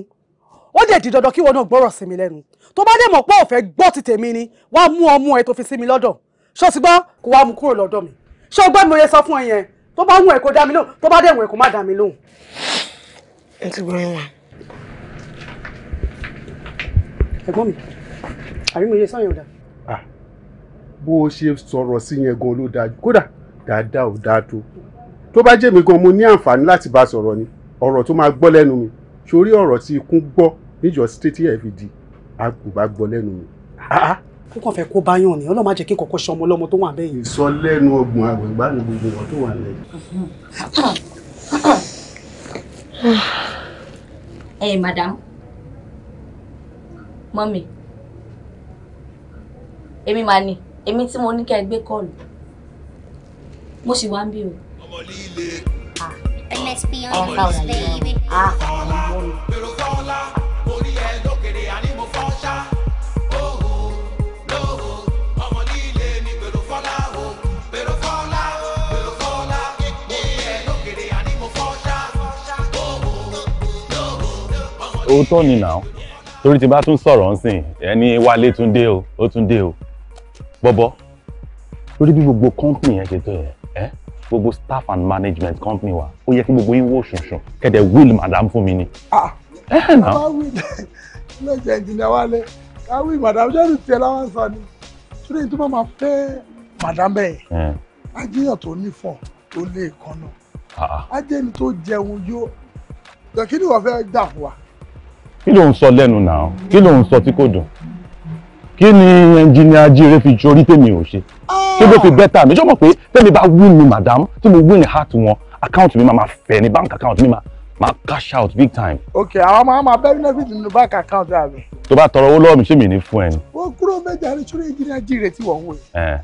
ó dẹ̀ di dandan kí wọn náà gbọ́rọ̀ sí mi lẹ́nu tó bá dẹ̀ mọ̀ pé òfẹ́ gbọ́ ti tèmi ni wàá mú ọmú ẹ tó fi sí mi lọ́dọ̀ ṣó kó wàá mú kúrò lọ́dọ̀ mi ṣé o gbọ́ mi rẹ sọ fún ẹ yẹn tó bá wù ẹ́ kó dá mi lóhùn tó bá dẹ̀ wù ẹ́ kó má dá mi lóhùn. ẹ ti gbọ́ ẹ̀wọ̀n. ẹ̀gbọ́n mi àrímọye sọ̀yìn ọ̀dà. Ah, bó o ṣe sọ̀rọ̀ sí yẹn gan ló dáa kódà dáadáa ò dáa tó tó bá jẹ́ mi gan mo ní àǹfààní láti bá a sọ̀rọ̀ ni ọ̀rọ̀ tó máa gbọ́ lẹ́nu mi sórí ọ̀rọ̀ tí ikún gbọ́ níjọ́ stétí ẹ̀ fi di àgbò gbọ́ lẹ́nu mi ah, ah ó kàn fẹ́ kó báyàn ni ọlọ́mọ àjẹkí kọ̀kọ́ ṣe ọmọ ọlọ́mọ tó wà bẹ́ẹ̀ yìí. ìsọlẹ́nu ọgbọ̀n àwẹ̀ gbá ní gbogbo wọn tó wà lẹ́yìn. ẹ madam mọ́mì èmi máa ní èmi tí mo ní kẹ́ ẹ gbé kọ́ọ̀lù mo sì wá ń bí o. ọmọ líle. ah msp on your baby. ah ọmọ líle. òótọ́ ni nà torí tí bá tún sọ̀rọ̀ ń sìn ẹni wálé tún dé o ó tún dé o bọ́bọ́ lórí bí gbogbo company yẹn ṣe tó yẹ ẹ gbogbo staff and management company wa ó yẹ kí gbogbo yín wò ṣùnṣùn kẹ̀dẹ̀ will madam fún mi ni. ah ẹ ẹ nà. lọ́jọ́ ìjìnlẹ̀ wálé káwí madam ṣé ní tiẹ̀ láwọn sọ ni ṣúlẹ̀ yìí tó bá máa fẹ́ madam bẹ́ẹ̀ ajíyàn tó nífọ̀ tó lé ìkànnà ajẹ́ni ah, ah. tó jẹun yó yọ̀kí ni wọ́n fẹ́ dà fún wa kí ló ń sọ lẹ́nu náà kí ló ń sọ tí kò dùn kí ni ẹnjìnìá jíire fi jorí tèmi ò ṣe kí ló fi bẹ́tà mi ṣọ́mọ̀ pé tẹ́mi bá wí ni madam tí mo wí ni heart wọn account mi máa fẹ̀ ní bank account mi máa cash out big time. ok àwọn máa máa benefit nínú bank account àmì. tó bá tọrọ owó lọ́wọ́ mi ṣé mi ní fún ẹ ni. ó kúrò mẹ́ta ní sórí ẹnjìnìá jíire tí wọ́n ń wò yìí.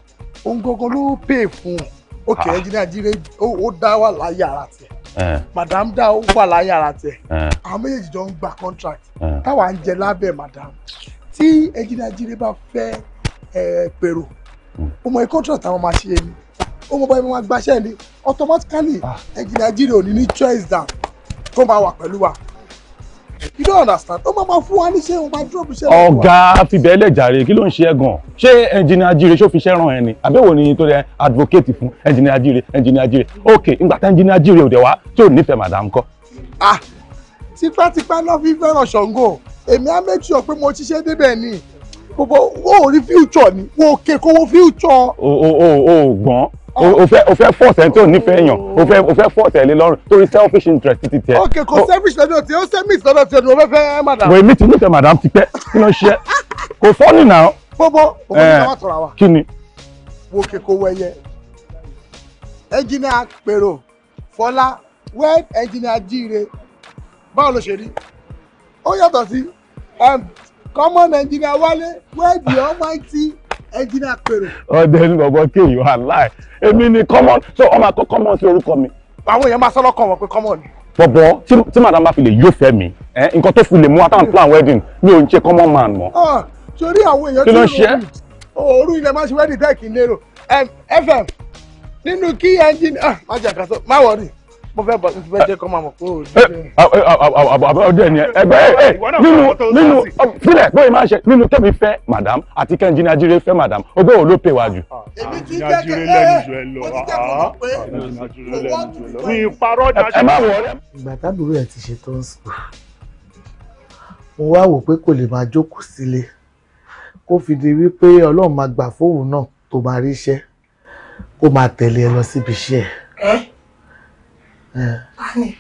òun gangan ló pè fún un ok ẹnjìnìá ah. jíire ó dá wà láyé ara tiẹ̀. Eh. madam da ó wà láyé ara tiẹ̀ eh. àwọn méjèèjì jọ ń gba contract eh. táwa ń jẹ lábẹ́ madam tí ẹjìnà jíire bá fẹ́ pèrò ó hmm. mọ contract táwọn máa ṣe ni ó mọ báyìí máa gbaṣẹ́ ni automatically ẹjìnà ah. jíire ò ní ní choice down kó máa wà pẹ̀lú wa you don't understand ó máa ma fún wa ní ṣé o máa drop iṣẹ́ lọ́wọ́. ọ̀gá fìbẹ́ lẹ̀ jàre kí ló ń ṣe ẹ́ gan-an ṣé ẹnjìnì ajíire ṣó fi iṣẹ́ ràn ẹ́ ni àbẹ̀wò ni tó rẹ advocate fún ẹnjìnì ajíire ẹnjìnì ajíire ok ìgbà tá ẹnjìnì ajíire ò dẹ̀ wá tí ò nífẹ̀ẹ́ madam kọ́. ah tipẹ́tipẹ́ lọ́ fi fẹ́ràn ṣàngó èmi á make sure pé mo ti ṣe débẹ̀ ni gbogbo wo ò rí future ni wo kè kówó future. o o o gbọ́n o fẹ́ o fẹ́ force ẹ tó nífẹ̀ẹ́ èèyàn o oh. fẹ́ o fẹ́ force ẹ lé lọ́rùn torí selfish interest ti tẹ. ok kò selfish lọ́dọ̀ tí ó selfish lọ́dọ̀ tí o fẹ́ fẹ́ madam. wèé mi ti nífẹ̀ẹ́ madam ti pẹ́ kí ló ń ṣe kò fọ́ọ̀nì náà. gbogbo òun ni wọ́n tọ̀ra wa. kí ni. wo kèkó wẹyẹ engineer pèrò fọlá wẹ́ẹ̀d ẹnjìnìà jíire báwo ló ṣe rí ó yàtọ̀ sí um, common engineer wálé wẹ́ẹ̀dì almighty ẹnjìnà pèrò. ọdẹ ní bọbọ kéyìí wà láì èmi ni common so ọmọ akọ common sí orúkọ mi. àwọn èèyàn máa sọlọ́kàn wọn pé common ni. bọ̀bọ̀ tí madam bá fi lè yóò fẹ́ mi nǹkan tó fi lè mú atan plan wedding mi ò ń ṣe common man mọ́. Ah, sórí àwọn èèyàn tí ló ń ṣe òórùn ilẹ̀ máa ń ṣe wedding tẹ́ẹ̀kì lérò fm nínú kí engine. Ah, má jẹ́ àkàtọ́ má wọ̀rì mo fẹ́ bọ̀ sí fẹ́ jẹ́ kọ́ máa mọ̀ pé o ò ọdún ẹni ẹgbẹ́ nínú nínú sílẹ̀ pé máa ṣe nínú tẹ̀mí fẹ́ madam àti kẹ́ńjì nàìjíríà fẹ́ madam ọgbẹ́ wo ló pè wá jù. èmi kì í jẹ́ kẹ́kẹ́ mo ti jẹ́ kọ́ ah, pé mi parọ́ dáṣẹ́. ìgbà tábìlì ẹ̀ ti ṣe tó ń sùn mo wá wò pé kò lè máa jókòó sílé kó fi di wípé ọlọ́run máa gbà fóun náà tó máa ríṣẹ́ kó máa tẹ̀lé ẹ e lọ síbi iṣẹ́ ẹ. Tani,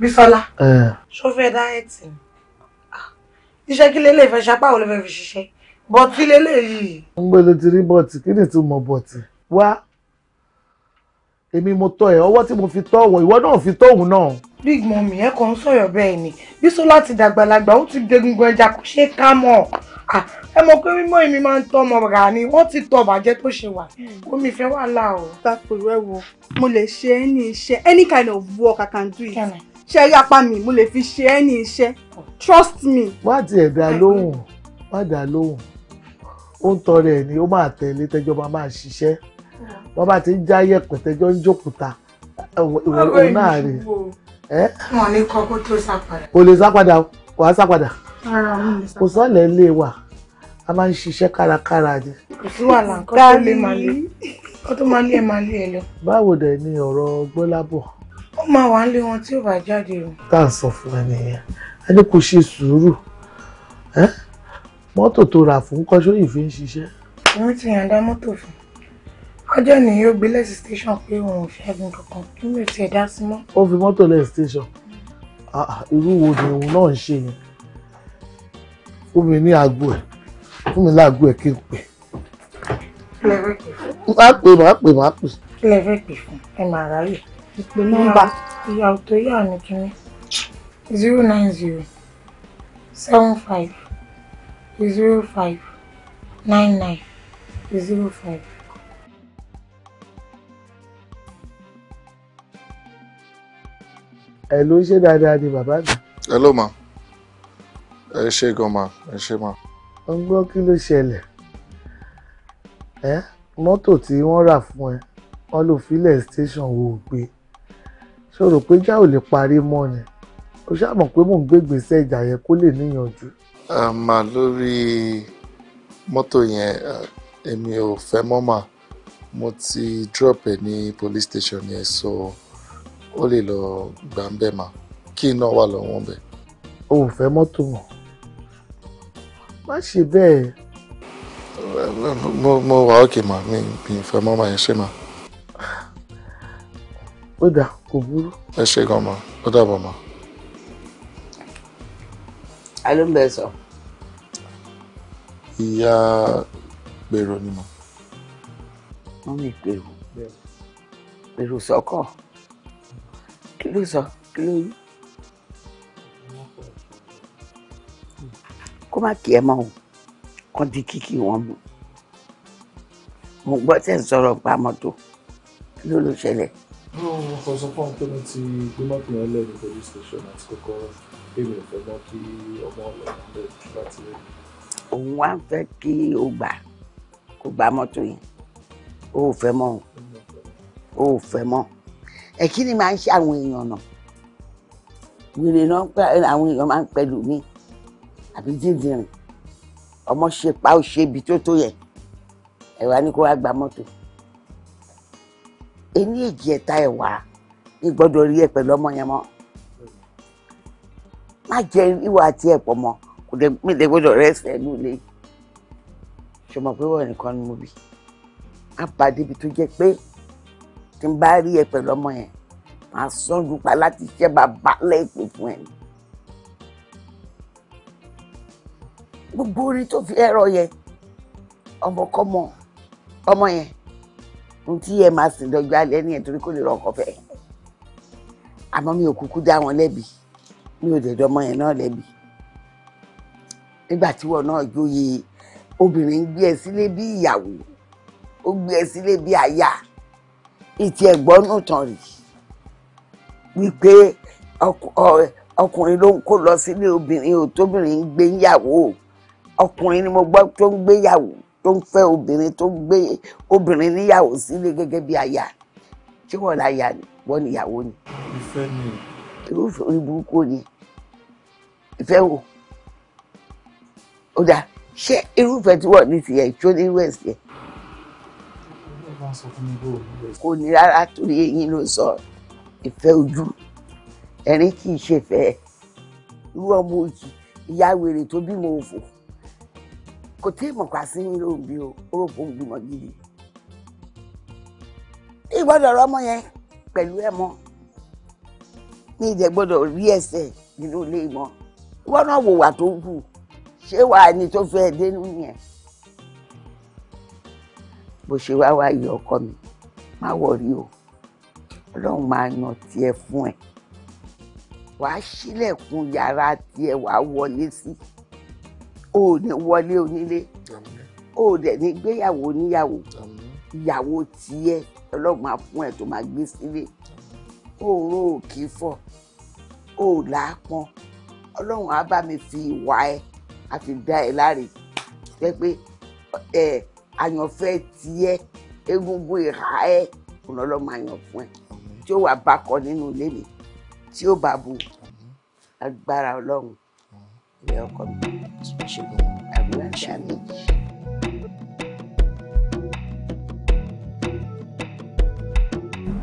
Bísọ́lá, ṣó fẹ́ dáẹ̀tì ni? Ah. Iṣẹ́ kí lélẹ̀ fẹ́ ṣapá wo ló fẹ́ fi ṣiṣẹ́? Bọ̀tí lélẹ̀ yìí. Ń gbé ló ti rí bọ̀tì, kí ni ìtumọ̀ bọ̀tì? Wá, èmi mo tọ́ ẹ, ọwọ́ tí mo fi tọ́ ọ̀wọ̀, ìwọ náà fi tọ́ òun náà. Big Mummy ẹ kàn ń sọ̀rọ̀ bẹ́ẹ̀ ni, Bísọ́lá ti dàgbàlagbà, ó ti degungun ẹja kò ṣeé ká ẹ mọ̀ pé mímọ́ èmi máa ń tọmọ rà ni wọ́n ti tọ bàjẹ́ tó ṣe wà omi hmm. ìfẹ́ wà là o. bákòrò ẹ wo mo lè ṣe any iṣẹ́ any kind of work i can do it ṣe rí apá mi mo lè fi ṣe any iṣẹ́ trust me. má ti ẹ̀dá lóhùn má dá lóhùn ó ń tọrọ ẹ̀ ni ó máa tẹ̀lé tẹjọba máa ṣiṣẹ́ hmm. wọ́n bá ti ń jáyẹ̀ pẹ̀tẹ́jọ́ ń jókòó ìwọ̀n náà rè é. wọn ní kọ́kọ́ tó sápadà. kò lè sápadà kò á sápadà kò sọ́lẹ̀ ilé wa a máa ń ṣiṣẹ́ kárakára ni. kò sí wàhálà nǹkan tó lè máa lè kó tó máa lé ẹ máa lé ẹ lọ. báwo dẹ̀ ni ọ̀rọ̀ gbọ́lábọ̀. ó máa wà nílé wọn tí ò bá jáde o. tá à ń sọ fún ẹ nìyẹn a ní kó ṣe sùúrù mọ́tò tó rà fún kọ́sóyìn fi ń ṣiṣẹ́. òun ti yàǹda mọ́tò fún ọjọ́ ni yóò gbé lẹ́sìn station pé òun ò fẹ́ gun kankan kí mi ò tiẹ̀ dá sí mọ́. ó fi mọ́tò lẹ́sìn station irú wo ni òun náà ń ṣe yẹn fún mi ní aago ẹ̀ fún mi láago ẹ̀ kí n pè. má pè má pè má pè. kí lẹ fẹ́ pè fún ẹ máa ráyè. ìpè nọ́mbà ìyá ọ̀tọ̀ yà ní kíní zero nine zero seven five zero five nine nine zero five. ẹ ló ń ṣe dáadáa ni bàbá mi. ẹ ló máa ẹ ṣe gan ma ẹ ṣe ma. ó ń gbọ́ kí ló ṣẹlẹ̀ ẹ mọ́tò tí wọ́n rà fún ẹ wọ́n lò fílẹ̀ station wò ó gbé ṣòro pé já ò lè parí mọ́ ni ó ṣàmọ̀ pé mò ń gbégbèsè ìjà yẹn kó lè níyànjú. àmà lórí mọ́tò yẹn èmi ò fẹ́ mọ́ mà mo ti drop ẹ ní police station yẹn so ó lè lọ gbà ń bẹ̀ mà kí iná wà lọ́wọ́ bẹ̀. o ò fẹ́ mọ́tò mọ́ má ṣe bẹ́ẹ̀. mo mo wà ókè mà mi mi fẹ́ mọ́ máa yẹn ṣe mà. ó dà kò burú. ẹ ṣe gan ma ó dàbọ̀ ma. a ló ń bẹ sọ. ìyá gbèrò ni mo. wọ́n mi gbèrò gbèrò sọ́kọ̀ kí ló sọ kí ló yí. kó má kí ẹ mọ́ o kàn di kíkì wọn mú mo gbọ́ tẹ̀ ń sọ̀rọ̀ pa mọ́tò kí ló ló ṣẹlẹ̀. mo kàn sọ fún pé mo ti gbé mọ́tò yẹn lẹ́nu police station àti kọ́kọ́rọ́ èmi ò fẹ́ mọ́ kí ọmọ ọlọ́run lè láti rẹ̀. òun wá fẹ́ kí o gbà kó gba mọ́tò yẹn o ò fẹ́ mọ́ o ò fẹ́ mọ́ ẹ̀ kí ni máa ń ṣe àwọn èèyàn náà wèrè náà àwọn èèyàn máa ń pẹ̀lú mi àbí díndìnrín ọmọ ṣe pa ó ṣe ibi tó tó yẹ ẹwà ní kó wá gba mọ́tò ení èjì ẹ̀ta ẹ̀wà ní gbọ́dọ̀ rí ẹ pẹ̀lú ọmọ yẹn mọ́ má jẹ ìwà àti ẹ̀pọ̀ mọ́ kò dé mí lè gbọ́dọ̀ rẹ́ ẹsẹ̀ lóore ṣọmọ pé wọ́n nìkan ni mo bì á bá débi tó jẹ́ pé tí n bá rí ẹ pẹ̀lú ọmọ yẹn màá sọ́ndùpá láti ṣẹ́ bàbá lẹ́ẹ̀pẹ̀ fún ẹ̀ ni. gbogbo orin tó fi ẹ̀rọ yẹn ọmọkọ́mọ ọmọ yẹn ohun tí ẹ máa sìn dọjọ́ alẹ́ ní ẹ̀torí kò lè rọkọ̀ fẹ́ àmọ́ mi ò kúkú dá wọn lẹ́bi mi ò dẹ̀dọ̀ ọmọ yẹn náà lẹ́bi nígbà tí wọn náà jóye obìnrin gbé ẹ sílé bí ìyàwó ó gbé ẹ sílé bí aya ìtì ẹ̀gbọ́nù tán rí wípé ọkùnrin ló ń kó lọ sílé obìnrin ò tóbìnrin ń gbé ń yàwó o ọkùnrin ni mo gbọ́ tó ń gbéyàwó tó ń fẹ́ obìnrin tó ń gbé obìnrin níyàwó sílé gẹ́gẹ́ bí aya tí wọ́n la ya ni wọ́n níyàwó ni. ìfẹ́ ni. irúfẹ́ orí ni ìfẹ́ wo ó dáa ṣé irúfẹ́ tí wọ́n ní tìyẹ̀ tó ní irú ẹ̀sìn ẹ̀. kò ní rárá torí eyín ló sọ ìfẹ́ ojú ẹ̀rín kì í ṣe fẹ́ irú ọmọ òjì ìyá wèrè tó bímọ òfò kò tí ì mọ̀ pa sí ní òbí o orókò ń gbìmọ̀ gidi ìgbọ́dọ̀ rọ́mọ yẹn pẹ̀lú ẹ̀mọ́ ní ìdẹ̀ gbọ́dọ̀ rí ẹsẹ̀ nínú ilé mọ́ wọ́n náà wò wà tó kù ṣé wà á ní tó fẹ́ dénú yẹn bó ṣe wá wá yọ ọkọ mi má wọrí o ọlọ́run máa yan tiẹ̀ fún ẹ wàá ṣílẹ̀kùn yàrá tiẹ̀ wàá wọlé sí. Si o ò ní wọlé onílé o ò dẹ̀ ní gbéyàwó oníyàwó ìyàwó tiẹ̀ ọlọ́run á fún ẹ tó máa gbé sílé òòrùn ò kì í fọ̀ o ò láápọn ọlọ́run á bá mi fi ìwà ẹ a fi dá ẹ láre jẹ́ pé ẹ àyànfẹ́ tiẹ̀ egungun ìhà ẹ òun ọlọ́run á yàn fún ẹ tí ó wà bákọ nínú ilé mi tí ó bá bu agbára ọlọ́run ilé ọkọ mi ṣùgbọ́n àdúrà ṣàmì.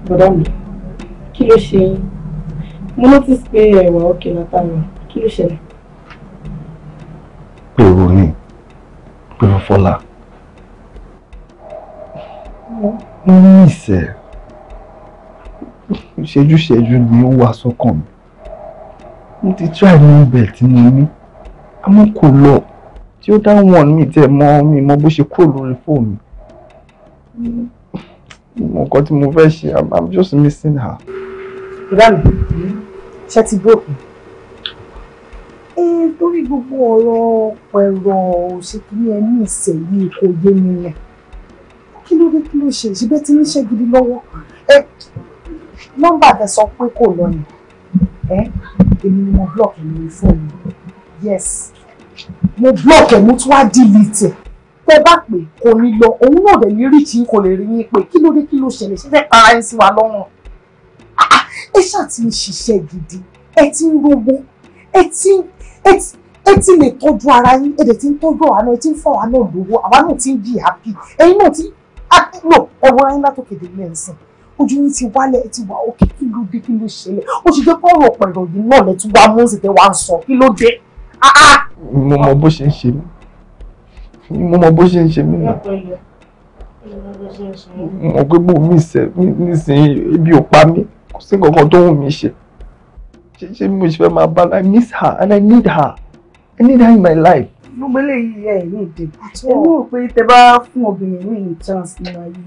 bọ̀dá mi kí ló ṣe yín mo notice pé ẹ̀wà òkè látara kí ló ṣẹlẹ̀. pé o ní pé o fọlá mo ní ìṣẹ́ ṣẹ́jú ṣẹ́jú ni ó wá sọ́kàn mi mo ti try ní ibẹ̀ tí àmọ́ kò lọ tí ó dá wọn mi tẹ̀ mọ́ mi mọ bó ṣe kúrò lórí fóònù mo nǹkan tí mo fẹ́ ṣe i'm just missing her. ìdá mi ṣe ti brókùn ee torí gbogbo ọ̀rọ̀ pẹ̀rọ òṣèkìní ẹni ìṣẹ̀yí kò yé mi rẹ̀ kí ló dé kí ló ṣe ìṣẹ́bẹ́ tí ń ṣe gidi lọ́wọ́ ẹ nọ́mbà tẹ sọ pé kò lọ yẹn ẹ èmi ni mo block ẹni fóònù yes mo block ẹ mo tún wá delete ẹ tẹ bá pé kò ní lọ òun náà dẹ̀ ní ríṣì kò lè rí yín pé kí ló dé kí ló ṣẹlẹ̀ ṣe fẹ́ para ẹ sí wa lọ́rùn ah, ah. ẹ ṣáà ti ń ṣiṣẹ́ gidi ẹ ti ń rówó ẹ ti ẹ ti lè tọ́jú ara yín ẹ dẹ̀ ti ń tọ́jú àwa ẹ ti ń fọ́ àwa náà lówó àwa náà ti ń jì happy ẹ̀yin náà ti no ọwọ́ ayé látòkèdè ilé ẹ̀sìn ojú yín ti wálẹ̀ ẹ ti wà òkè kí ló dé kí ló ṣẹlẹ̀ ó ti dé pọ́ọ̀rọ̀ ọ̀pọ̀ ìròyìn náà lẹ́tún wá mú sí tẹ́ wá ń sọ kí ló dé. Ah, ah. mo mọ bó ṣe ń ṣe mí mo mọ bó ṣe ń ṣe mí náà mo mọ pé bò mí ìṣẹ́ nísìnyí ebi ò pa mí kò sí kankan tó wù mí ṣe ṣe I miss her and I need her I need her in my life gbogbo eléyìí ẹ̀ ní ìdìbò. èmi ò pé tẹ bá fún obìnrin chance nínú ayé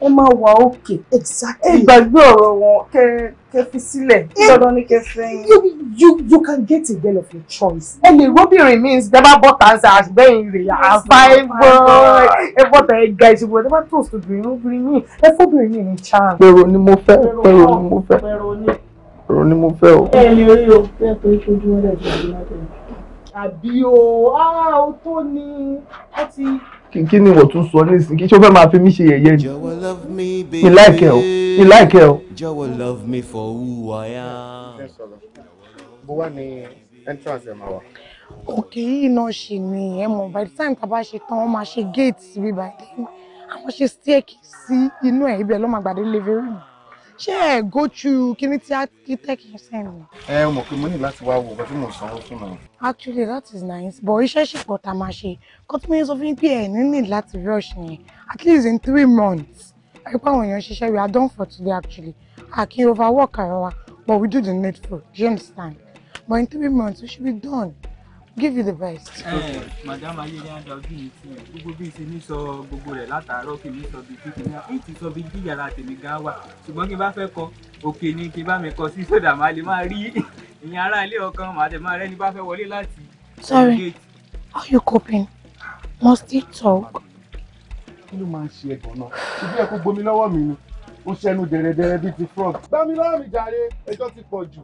ẹ máa wà òkè. exactly. ọ̀rọ̀ wọn kẹ kẹ fi sílẹ̀ dandan ni kẹ fẹ́yìn. you you you can get a girl of your choice. ẹ lè róbìnrin means dábàá bọ́ tàǹsà àgbẹ̀yìn rẹ̀ àfa ẹ̀bọ̀ ẹ̀bọ̀ tà ẹ̀ga ìṣubú ẹ̀ dábàá tòṣù obìnrin obìnrin mi ẹ fọ́bìnrin mi ní chance. pẹ̀rọ ni mo fẹ́ pẹ̀rọ ni mo fẹ́ pẹ̀rọ ni mo fẹ́ o. ẹ lè o bẹ́ẹ̀ pé ojú wọn rẹ̀ kí ni wọ́n tún sọ nísìnyí kí ṣé o fẹ́ máa fi mí ṣe yẹ̀yẹ́ ni mi láìkẹ́ o mi láìkẹ́ o. jọ̀wọ́ love me for who I am. bó wà ní entrance ẹ̀ máa wà. òkè yìí náà ṣì ni ẹ mọ̀ by the time bàbá ṣe tán wọ́n máa ṣe gate síbi by then àwọn ṣe staircase inú ẹ̀ ibẹ̀ ló máa gbàdé living room ṣé ẹ go through kí ni tí architect yẹn sẹ́yìn. ẹ mọ̀ pé mo ní láti wá wo ọgbà tí mo sanwó fún mi actually that is nice but iṣẹ́ ṣì pọ̀ tá a máa ṣe kọ́tùmí sọ fún mi pé ẹ̀ ní need láti rush yẹn at least in three months ẹ pé àwọn èèyàn ṣiṣẹ́ we are done for today actually a kì overwork ara wa but we do the needful you understand but in three months we should be done give you the best. ẹ eh, madam ayélujára ojú mi ti gbogbo bí ṣe ní sọ gbogbo rẹ látàárọ̀ kì í sọ bí kí kìnìún àti èyí ti sọ bí kí yàrá tèmi gan wà ṣùgbọ́n kí n bá fẹ́ kọ òkè ni kí n bá mi kọ sí sódà má lè má rí ìyẹn ará ilé ọkàn màdèmá rẹ ní bá fẹ́ wọlé láti. sorry how you coping must you talk. kí ló máa ń ṣe ẹ̀gbọ́n náà ibi ẹ̀kú gbomi lọ́wọ́ mi ni ó ṣẹnu dẹ̀rẹ̀dẹ̀rẹ̀ bíi ti frog. gbami lọ́wọ́ mi jàre ẹjọ́ ti pọ̀ jù.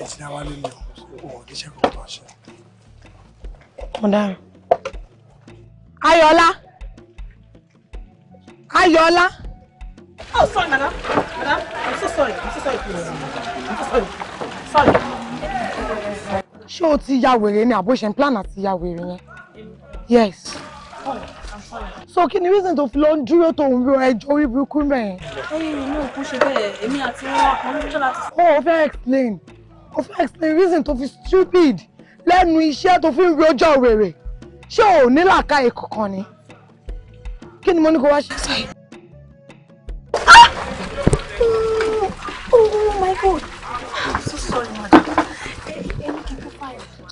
ẹ ti dá wálé mi o ò ní ṣẹ́gun tó ṣe. mo dára. ayọ̀ọ́lá ayọ̀ọ́lá. oh sorry madam madam i'm so sorry i'm so sorry. I'm so sorry ṣé o ti ya wèrè ni àbó ṣe ń plan àti ya wèrè yẹn yes so kí ni reason to fi lọ ń dúró tó ń ro ẹjọ́ orí burúkú mẹ́yìn. ẹyin mi ò kún ṣe bẹ́ẹ̀ èmi àti wọn kan ń jọ o fẹ́ explain o fẹ́ explain reason to fi stupid lẹ́nu iṣẹ́ tó fi ń rojọ́ wèrè ṣé o ò ní làákàyè kankan ni kí ni mo ní kó wá ṣe.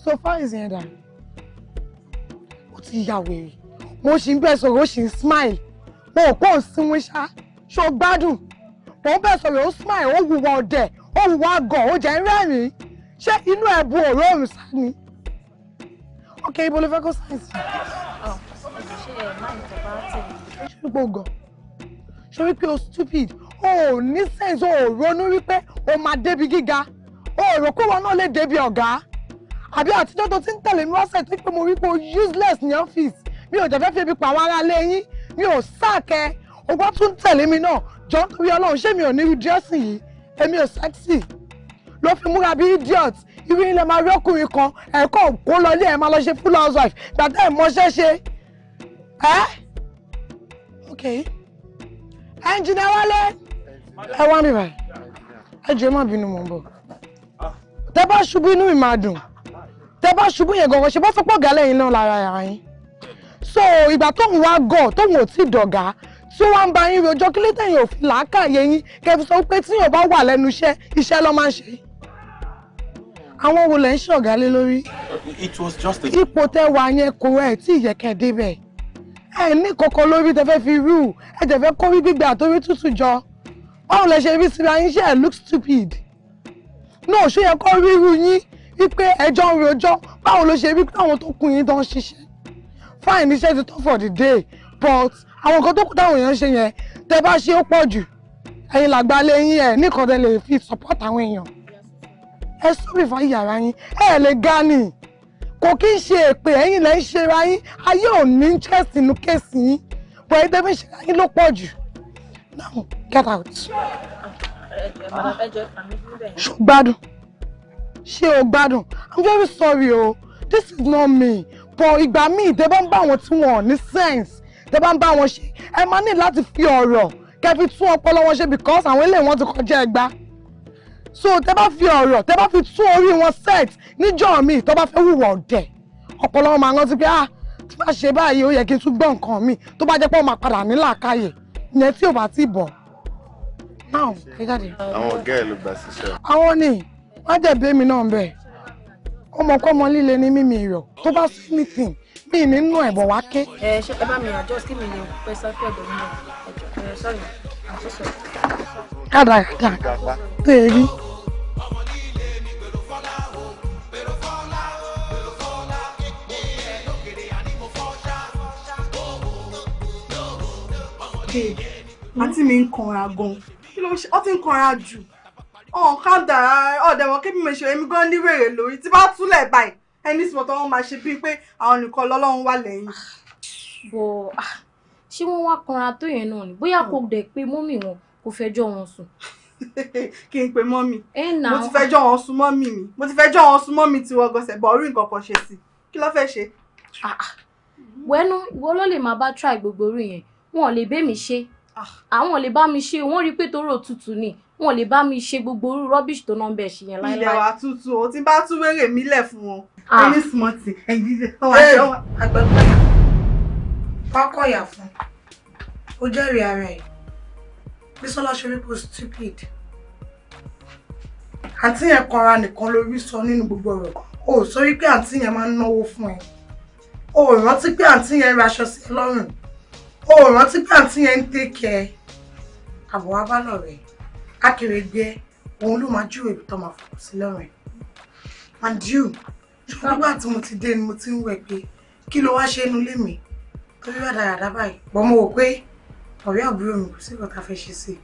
so fáìsì yẹn dà ó ti ya wèrè mo ṣì ń bẹ sọ̀rọ̀ ó ṣì ń smile mo ò kó òsínwín ṣá ṣó gbádùn mo ń bẹ sọ̀rọ̀ ó smile ó wùwọ́ ọ̀dẹ̀ ó wùwọ́ àgọ̀ ó jẹ́ ń rẹ́rìn-ín ṣé inú ẹ̀ bu òróòrùn sá ni ok ibo ló fẹ́ kó sáyẹ̀nsì. ṣé ẹ máa ń tọ́ba tẹ̀lé. ṣùgbọ́n gọ̀ ṣé wípé o stupid o ò ní sense o ò ronú wípé o máa débi gíga o ò rò pé àbí àtijọ́ tó ti ń tẹ̀lé mi wáṣẹ̀ tí pé mo rí pé useless ní ọ́fíìsì mi ò jẹ́fẹ́ fi ebi pa àwọn aráalé yín mi ò sáàkẹ́ o wá tún tẹ̀lé mi náà jọ nítorí ọlọ́run ṣé mi ò ní irú dírẹ́sì yìí èmi ò sexy ló fi múra bí idiot irú ilẹ̀ máa rí ọkùnrin kan ẹ̀kọ́ òkú lọ ilé ẹ̀ máa lọ ṣe full housewife gbàtẹ́ ẹ̀ mọṣẹ́ ṣe ẹ́ ok ẹnjìnà wálé ẹ wá mi báyìí ẹ jẹ́ má bínú mọ̀ ń bọ̀ ah. tẹ́ bá ṣubú inú mi máa dùn tẹ bá ṣubú yẹn gangan ṣe bó fẹ́ pọ̀ gálẹ̀ náà lára ara so ìgbà tóun wá gọ̀ tóun ò tí dọ̀gá tí wọ́n ń ba yín rojọ́ kí ló tẹ̀yìn òfin làákàyè yín kẹfì sọ pé tí yóò bá wà lẹ́nu iṣẹ́ iṣẹ́ ló máa ń ṣe àwọn wo lẹ́ ń ṣọ̀gá lé lórí. it was just a. ipò tẹ wà yẹn kò ẹ tí ìyẹn kẹ débẹ̀ ẹ ní kọkọ lórí tẹ fẹ́ fi rú ẹ tẹ fẹ́ kórí gbígbẹ àtórí tútù jọ báwo lẹ ṣe rí síra yín ṣe ẹ look stupid náà ṣó yẹ kó rí irú yín wípé ẹjọ́ ń rojọ́ báwo ló ṣe rí àwọn tó kún yín tó ṣiṣẹ́ fine iṣẹ́ ti tán for the day but àwọn nǹkan tó kù táwọn èèyàn ṣe yẹn tẹ bá ṣe ó pọ̀ jù ẹ̀yin làgbà lé yín ẹ̀ nìkan tẹ lè fi support àwọn èèyàn ẹ sọ́bì fún yàrá yín ẹ lè ga ni kò kí ń ṣe èpè ẹ̀yin lẹ́ ń ṣera yín ayé ò ní interest inú kéèsì yín bọ̀ ẹ̀ tẹ́ fi ṣera yín ló pọ̀ jù now get out. ṣùgbọ́n gbádùn ṣé o gbádùn i'm very sorry o this is not me but ìgbà míì tẹ bá ń bá wọn tí wọn ní sense tẹ bá ń bá wọn ṣe ẹ máa ní láti fi ọ̀rọ̀ kẹ́ tún ọpọlọ wọn ṣe because àwọn eléyìí wọn ti kọjá ẹgbàá so tẹ bá fi ọ̀rọ̀ tẹ bá fi tún orí wọn set níjọ́ mi tó bá fẹ́ hùwà ọ̀dẹ̀ ọpọlọ wọn máa rántí pé ah tí bá ṣe báyìí ó yẹ kí n tún gbọ́ nǹkan mi tó bá jẹ́ pé ó máa padà nílàákàyè ìyẹn tí ò bá ti bọ̀ àwọn ọ̀gá ẹ̀ ló gbà síṣẹ́. àwọn ni má dẹ̀ bẹ́mi náà bẹ́ẹ̀ ọmọkọ́mọ líle ní mímì ìrọ̀ tó bá sí anything mi ní nù ẹ̀bọ̀ wá ké. ẹ ṣe ẹ bá mi ràn jọ́sí mi lè pẹ́ sáfì ọ̀dọ̀ mi ẹ sọ̀rọ̀ àtúnṣe. kàdàkàdà tó yẹ rí. àǹtí mi ń kanra gan-an kí ló ń ṣe ó ń kanra jù oh calm down ọ̀dẹ̀ wọn kébí mi ṣe èmi gan ní wèrè lórí tí bá túlẹ̀ báyìí ẹni sọ̀tọ̀ wọn máa ṣe bíi pé àwọn nìkan lọ́lọ́run wà lẹ́yìn. bọ̀ ah, ṣé wọ́n wá kanra tó yẹn náà ni bóyá kò dẹ̀ pé mọ́mì wọn kò fẹjọ́ wọn sùn. <laughs> kí n pe mọ́mì mo ti fẹjọ́ wọn sùn mọ́mì mi mo ti fẹjọ́ wọn sùn mọ́mì tí wọ́n gọ̀ọ́sẹ̀ bọ̀ orí nǹkan kan ṣe sí kí ló fẹ́ ṣe. Ah, ah. wẹ́nu ìwọ ló lè máa bá try gbogbo orí yẹn wọn ò lè bẹ́ mi ṣe àwọn ò lè bá mi ṣe wọ́n rí i pé toró òtútù ni wọn ò lè bá mi ṣe gbogbo irú rubbish tó náà ń bẹ ṣe yẹn láéláé. ilẹ̀ wa tútù o ti bá tún wéré mi lẹ̀ fún wọn. ẹni smarty ẹ̀yìn dídẹ̀ ọwọ́ aṣọ wa. àgbẹ̀kọ̀yà pákọ̀yà fún ó jẹ́rìí ara ẹ̀ bísọ́lá ṣe rí kó stupid àǹtí yẹn kanra nìkan lórí sọ nínú gbogbo ọ̀rọ̀ o ò sọ wípé àǹtí yẹn máa ń náwó fún ẹ o ò rántí pé àǹtí yẹn ra aṣọ sí ẹ lọ́rùn o ò rántí pé àǹtí yẹn ń tẹ́kẹ̀ẹ́ àbọ̀ wá bá lọ rẹ̀ Akèrègbè òun ló máa júwèé ibi tó máa fọwọ́ sí lọ́rùn ẹ̀ and you ṣùgbọ́n nígbà tí mo ti dé ni mo ti ń wẹ̀ pé kí ló wá ṣe inú ilé mi tó bí wà dáadáa báyìí bọ́n mo wò pé ọ̀rẹ́ àbúrò mi kò sí nǹkan tá a fẹ́ ṣe sí i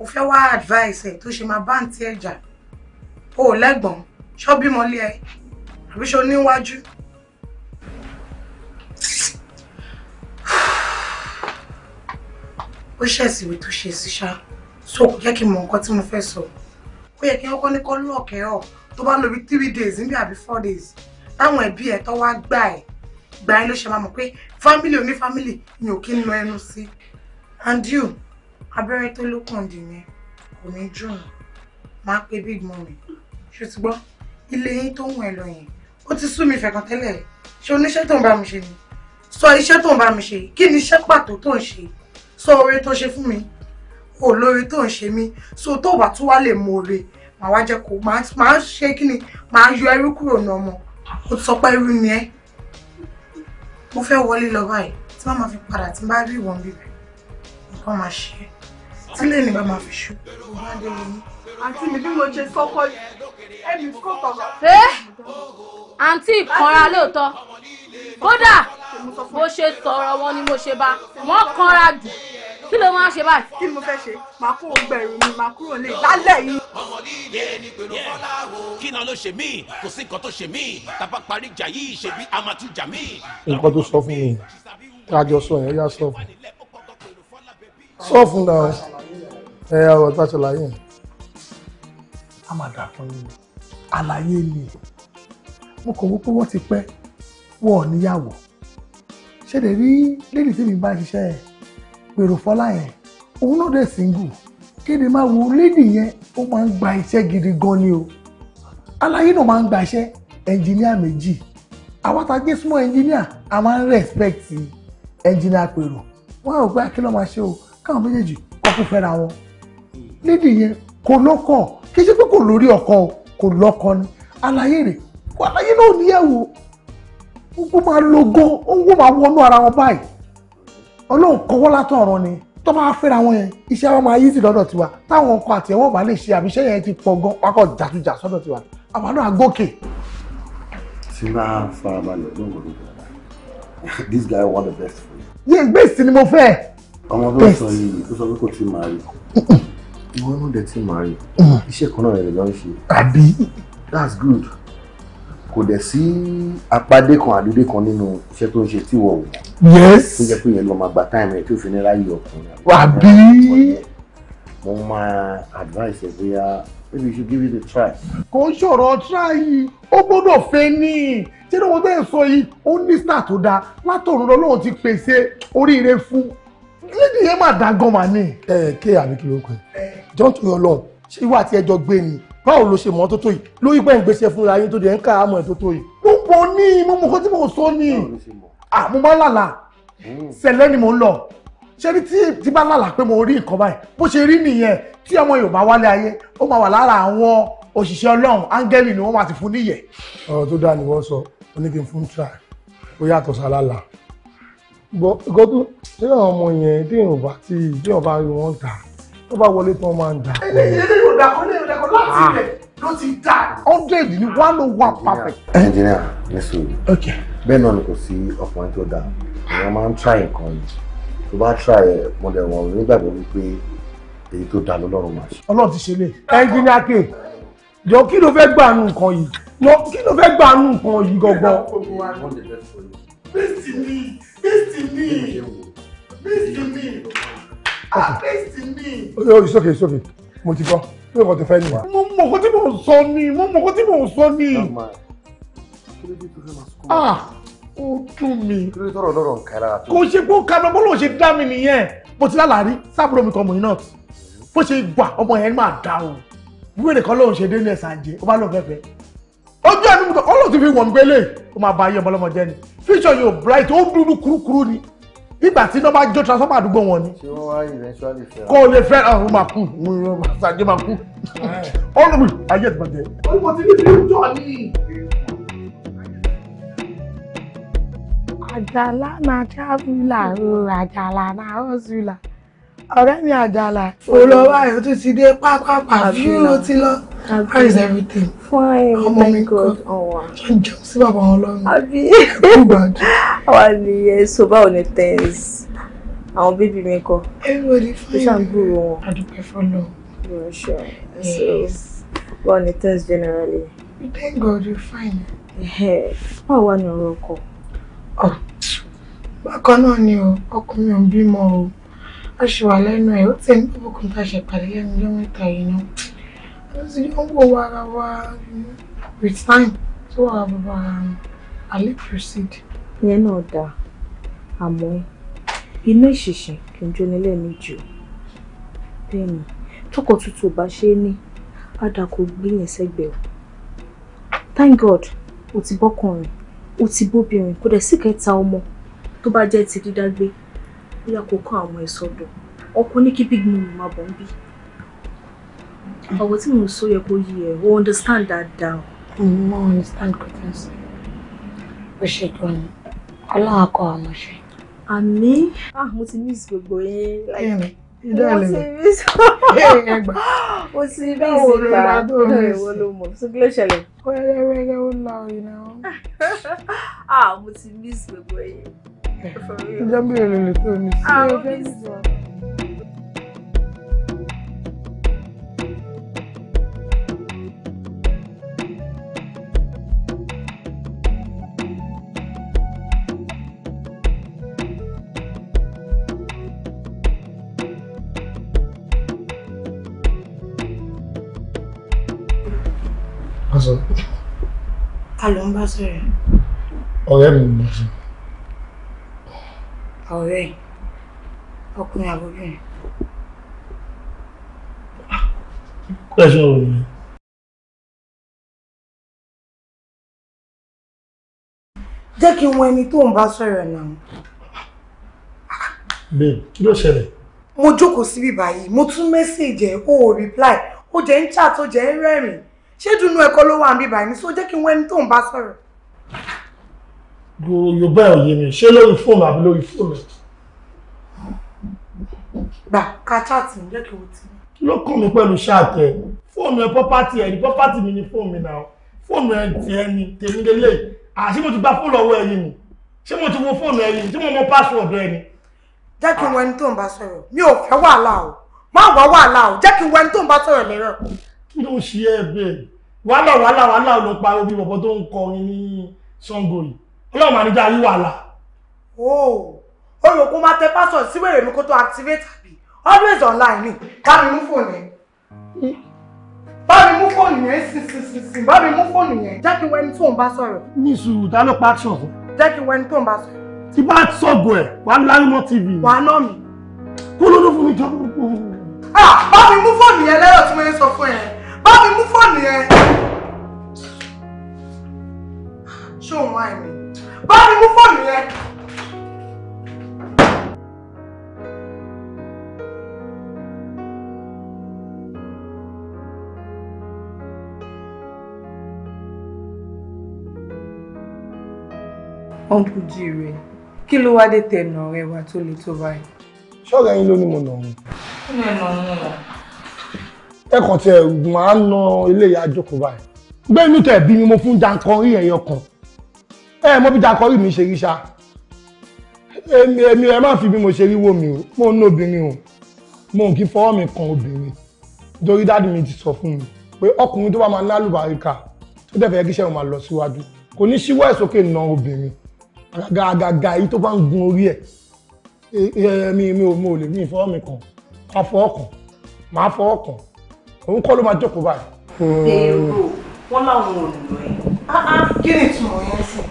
ó fẹ́ wá advice ẹ̀ tó ṣe máa bá ń tí ẹ̀ o ò lẹ́gbọ̀n ṣọ́ bímọ lé ẹ àbí ṣe oníwájú. ó ṣẹ̀sìwé tó ṣe sí ṣáá so kò jẹ́ kí n mọ nǹkan tí mo fẹ́ sọ ó yẹ kí wọ́n kọ́ ní kọ́ lọ́ọ̀kẹ́ ọ̀ tó bá lò bí three days níbi àbí four days táwọn ẹbí ẹ̀ tó wá gbà ẹ̀ gbà ẹ̀ ló ṣe máa mọ̀ pé family oní family ni ò kí ń lọ ẹnu sí and you abẹ́rẹ́ tó lókàn dì ní kò ní dùn máa pe big money ṣó ti gbọ́ ilé yín tó ń wọ̀ ẹ́ lọ yẹn ó ti sú mi fẹ̀kàn tẹ́lẹ̀ ṣé oníṣẹ́ tó ń bá mi ṣe ni sọ iṣẹ́ tó ń bá mi ṣe kí ni iṣẹ́ pàtó tó ń ṣe sọ oore tó ṣe fún mi olórí tó ń ṣe mí so tó bá tún wá lè mọ ore màá wá jẹ́ kó màá ṣe kí ni màá yọ ẹrú kúrò ní ọmọ ó sọ pé ẹrú ni ẹ mo fẹ́ wọlé lọ báyìí tí wọ́n máa fi padà tí bá rí ìwọ̀n bíbẹ̀ nǹkan máa ṣe é tí lè ní bá máa fi ṣú. àǹtí mi bí mo ṣe kọ́kọ́ ẹ̀mí kò tọ̀gọ̀. ẹ àǹtí kanra lóòótọ́ kódà bó ṣe sọ̀rọ̀ wọn ni mo ṣe bá wọn kanra jù kí ló máa ṣe báyìí. kí ni mo fẹ́ ṣe màá kó gbẹ̀rù mi màá kúrò ní ìlálẹ̀ yìí. ọmọdé ilé ni pẹ̀lú fọlá o. kí náà ló ṣe mí kò sí nǹkan tó ṣe mí tàbá parí ìjà yìí ṣebí a máa tún jà mí. nǹkan tó sọ fún mi kájọ sọ yẹn yá sọ fún sọ fún náà ẹ ọ̀rọ̀ tá a ṣàlàyé a máa dà fún yín àlàyé ni mo kàn wọ́n pé wọ́n ti pẹ́ wọ́n ò níyàwó ṣé lè rí lẹ́yìn tí mi bá ṣiṣẹ́ yẹn Pèrò Fọlá yẹn òun náà dẹ̀ single kéde máa wo lédì yẹn ó máa ń gba iṣẹ́ gidi gan ni o aláyé náà máa ń gba iṣẹ́ ẹnjìníà méjì àwọn àtàgbé súnmọ́ ẹnjìníà a máa ń respect ẹnjìníà pèrò wọn àwọn òpé akílọ̀ máa ṣe o káwọn méjèèjì kọ́kú fẹ́ra wọn lédì yẹn kò lọ́kọ kì í ṣe pé kò lórí ọkọ kò lọ́kọ ni aláyé rẹ̀ aláyé náà ò níyàwó gbogbo máa lọ́gọ́ ó ń wọ́n máa wọnú ara wọn báyìí ọlọ́run kọ́wọ́ látọ̀ ọ̀rọ̀ ni tó bá fẹ́ra wọn yẹn iṣẹ́ wọn máa yí sí lọ́dọ̀ tiwa táwọn ọkọ àti ẹ̀wọ̀n bá lè ṣe àbíṣẹ́ yẹn ti pọ̀ gan pákọ̀ jàtújà sọ́dọ̀ tiwa àwọn náà gòkè. tí máa farabalẹ̀ ló ń wọlé dáadáa this guy want the best for you. yé gbèsè ni mo fẹ́. ọmọ tó sọ yìí tó sọ pé kò tí ì máa rí ìwọ náà dẹ̀ tí ì máa rí iṣẹ́ kan náà rẹ̀ lọ́ ṣe. àbí. that's good kò dẹ̀ sí apádé kan àdúdé kan nínú iṣẹ́ tó ń ṣe tí wọ́n wò. yes tó jẹ́ pé yẹn lọ́ọ́ máa gba táìmù rẹ̀ tí òfin nira yìí ọkùnrin. àbí. mo máa advice ẹ̀ bóyá maybe you should give it a try. kò ń ṣòro try yìí ó gbọ́dọ̀ fẹ́ ní í ṣé ló wọ́n bẹ́ẹ̀ sọ yìí ó ní star tó dáa látọ̀run lọ́wọ́ ti pèsè oríire fún lídì yẹn máa dá gan mà ní. ẹ kí àbíkí ló kọ ẹ jọ́ǹtò yọ lọ ṣé ìwà àti ẹjọ́ gbé ni báwo ló ṣe mọ tó tó yìí lórí pẹ́ ń gbèsè fúnra yín tó dẹ̀ ń ká àmọ́ ẹ̀ tó tó yìí. púpọ̀ ní mo mọ̀ kó tí mo sọ ni àmọ́ bá lálà sẹ̀lẹ̀ hmm. ni mo ń lọ ṣé ní tí bá lálà pé mo rí nǹkan báyìí bó ṣe rí nìyẹn tí ọmọ Yorùbá wálé ayé ó máa wà lára àwọn òṣìṣẹ́ Ọlọ́run áńgẹ́lì ni wọ́n máa ti fún níyẹ̀. ọ̀rọ̀ tó dáa ni wọ́n sọ ó fún tíra ó yàtọ̀ sálálà gbọ́ ìgọ́dún tí àwọn ọmọ yẹn tí èèyàn tí èèyàn bá rí wọn tó bá wọlé tán máa ń dà. eléyìí yóò dà kọ́ eléyìí yóò kọ́ láti ilẹ̀ ló ti dà. hundred ni one oh one perfect. ẹnjìnìà ní bẹ́ẹ̀ náà ni kò sí ọkùnrin tó dáa èèyàn máa ń try nǹkan yìí tó bá try ẹ̀ mọ̀lẹ́ wọn nígbàgbọ́ wípé èyí tó dáa lọ́lọ́run máa ṣe. ọlọ́run ti ṣe lè ẹnjìnìà kè jọ kí ló fẹ́ gbà nù nǹkan yìí jọ kí ló fẹ́ gbà nù nǹkan yìí gangan. bẹ́ẹ̀ sì ni bẹ́ẹ̀ sì ni bẹ́ẹ̀ sì ni àtẹ́sí ah, mi. Oh, oh, it's okay it's okay mo ti gbọ́ mo, ò kàn ti fẹ́ ni. mo mọ̀ kó tí mo, ń sọ ni mo mọ̀ kó tí mo, ń sọ ni. ah ó dùn mí. kí ló dé tọrọ lọrọ nǹkan lára tó. kò ṣe kó kanu bó lóun ṣe dá mi nìyẹn mo, ti lálàárí sábúrò mi kan mọ̀ iná bó ṣe gbà ọmọ yẹn máa dá o wíwèrè kan lóun ṣe dé ní ẹ̀sán jẹ ó bá lóun fẹ́fẹ́ ojú ẹnu mi mo, ó lóun ti fi wọ̀n gbélé ó máa ba ayé ọmọlọ́mọ jẹ́ ni fíṣọ yóò bright ó dúdú kúrúkúrú ni ìgbà tí nọ́mbà jó transformer àdúgbò wọn ni. ṣé wọ́n wá eventually fẹ́. kó o lè fẹ́ ọ̀hún ah, máa kú ṣàjẹ́ máa kú ọ̀nà mi ayé ti bàjẹ́. olùkọ́ ti ní ìlú jọ ní. àjàlá náà jábùlà ó àjàlá náà ó ọ̀rẹ́ mi àjàlá olówó ayọ̀ tún ti dé pápápá fíúró ti lọ how is everything fine ọmọ mi kọ john john sí bàbá wọn lọ́rùn àbí ẹkú gbàdú. <laughs> àwa ni ẹ̀sọ́ báwo ni tens àwọn bébí mi kọ ó ṣàǹgbòrò wọn. adúpẹ́ fọlọ́. báwo ni tens generally. thank god you fine. báwo wà ní ọ̀rọ̀ ọkọ. Oh, bákan náà ni ọkùnrin ò ń bímọ o ó ṣe wà lẹ́nu ẹ̀ ó tẹ̀ ní bùbùkún tá a ṣe pàdé lẹ́nu ọjọ́ mẹ́ta yìí náà ó sì ń wò wá ara wa with time tó wà bàbá alẹ́ proceed. ìyẹn náà dáa àmọ́ inú ìṣìṣẹ́ kì í jóni lẹ́nu jù bẹ́ẹ̀ ni tọkọ tútù bá ṣe é ní padà kò gbìyàn sẹ́gbẹ̀ẹ́ thank god o ti bọ́kùnrin o ti bóbìnrin kò dẹ̀ sí kẹta ọmọ tó bá jẹ́ ti dídágbé bóyá kò kọ́ àwọn ẹ̀ sọ́dọ̀ ọkọ ní kí big mummy máa bọ̀ ń bí ọ̀wọ̀ tí mo sọ yẹ kó yí ẹ̀ wọ́n understand dáadáa. mo understand kò tán sí bó ṣe gan ni ọlọ́run kọ́ ọmọ ṣe. àmì ah mo ti miss gbogbo yẹn like <laughs> mo ti miss mo ti miss ìgbà ìwọ ló mọ̀ so kí ló ṣẹlẹ̀. wẹ́rẹ́wẹ́rẹ́ ó lọ ìnáwó. <laughs> ah mo ti miss gbogbo yẹn ìjọ bèrè lòlò tó ah, mi sí ọjọ́ ìjọ ọ̀rẹ́ ẹ̀ ọkùnrin àbóbìnrin. pẹ̀sùn ọ̀rọ̀ mi. jẹ́ kí n wo ẹni tó ń bá sọ̀rọ̀ náà. babe kí ló ṣẹlẹ̀. mo jókòó síbí báyìí mo tún mẹ́sẹ̀jì ẹ̀ o reply ó jẹ́ ń chat ó jẹ́ ń rẹ́rìn-ín ṣé dunu ẹ̀kọ́ ló wà ń bí báyìí ní so jẹ́ kí n wo ẹni tó ń bá sọ̀rọ̀ yorùbá ẹ̀ òye mi ṣé lórí fóònù àbí lórí fóònù ẹ̀. gbà ká chaatì ń jẹ́ kí o ti. kí ló kàn mí pẹ̀lú ṣáàtẹ̀ fóònù ẹ̀ pọ́pátì ẹ̀ ní pọ́pátì mi ní fóònù mi náà fóònù ẹ̀ tiẹ̀ ní tèmi lélẹ̀ àṣé mo ti gba fóònù ọwọ́ ẹ̀yìn mi ṣé mo ti wo fóònù ẹ̀yìn ṣé mo mọ páṣíwọ̀dù ẹni. jẹ́ kí n wẹni tó ń bá sọ̀rọ̀ mi ò fẹ́ wàhálà o má wá wàhálà o jẹ́ kí n wẹni tó ń bá sọ̀rọ̀ lérò. kí ló ń ṣe ẹ bẹ́ẹ̀ wàhálà wàhálà wàhálà ló pariwo bí bọ̀bọ̀ tó ń kọrin ní Ṣàngó yìí ọlọ́run máa ní dá yín wàhálà. o ò rò kó máa tẹ pásọ̀ sí wèrè mi kó tó activate àbí always online ni bá mi mú fóònù yẹn bá mi mú fóònù yẹn sísìsìsìn bá mi mú fóònù yẹn jẹ́ kí wẹ́n tó ń bá sọ̀rọ̀. ní sùúrù ta ló pa action jẹ́ kí wẹ́n tó ń bá sọ̀rọ̀. tí bá sọ̀gọ̀ ẹ̀ wà á láyé mọ́ tv. wà á ná mi. kó ló ló fún mi jọ kó kó. bá mi mú fóònù yẹn lẹ́yọ̀ tí mo yẹn sọ bá mi mú fóònù yẹn. ọ̀nkú jíire kí ló wá dé tẹ̀nà ọ̀rẹ́ wa tó le tó báyìí. ṣọ́ọ̀rẹ́ yín ló ní mo nà òun. kí ló nà òun wà. ẹ kàn tiẹ̀ máa ń na ilé ìyá àjọkọ̀ báyìí. gbé inú tẹ̀ bí mi mo fún jankan rí ẹ̀yọ kan ẹ mọ bí dakọrí mi ṣe rí ṣá èmi ẹ má fi bí mo ṣe rí wò mí o mo ń lóbìnrin o mo ń kí fọwọ́ mi kan obìnrin torí dáàdì mi ti sọ fún mi pé ọkùnrin tó bá máa lálùbáríkà tó dẹ̀ fẹ́ kí iṣẹ́ wọn máa lọ síwájú kò ní ṣíwọ́ ẹ̀ sókè na obìnrin àgàgà àgàgà yìí tó bá ń gun orí ẹ̀ mi mi ò mo lè mi fọwọ́ mi kan máa fọwọ́ kan máa fọwọ́ kan òun kọ́ ló máa jókòó báyìí. èrò wọn láwọn ò lò ẹ́ ah, ah, kí ni ìtumọ̀ yẹn sí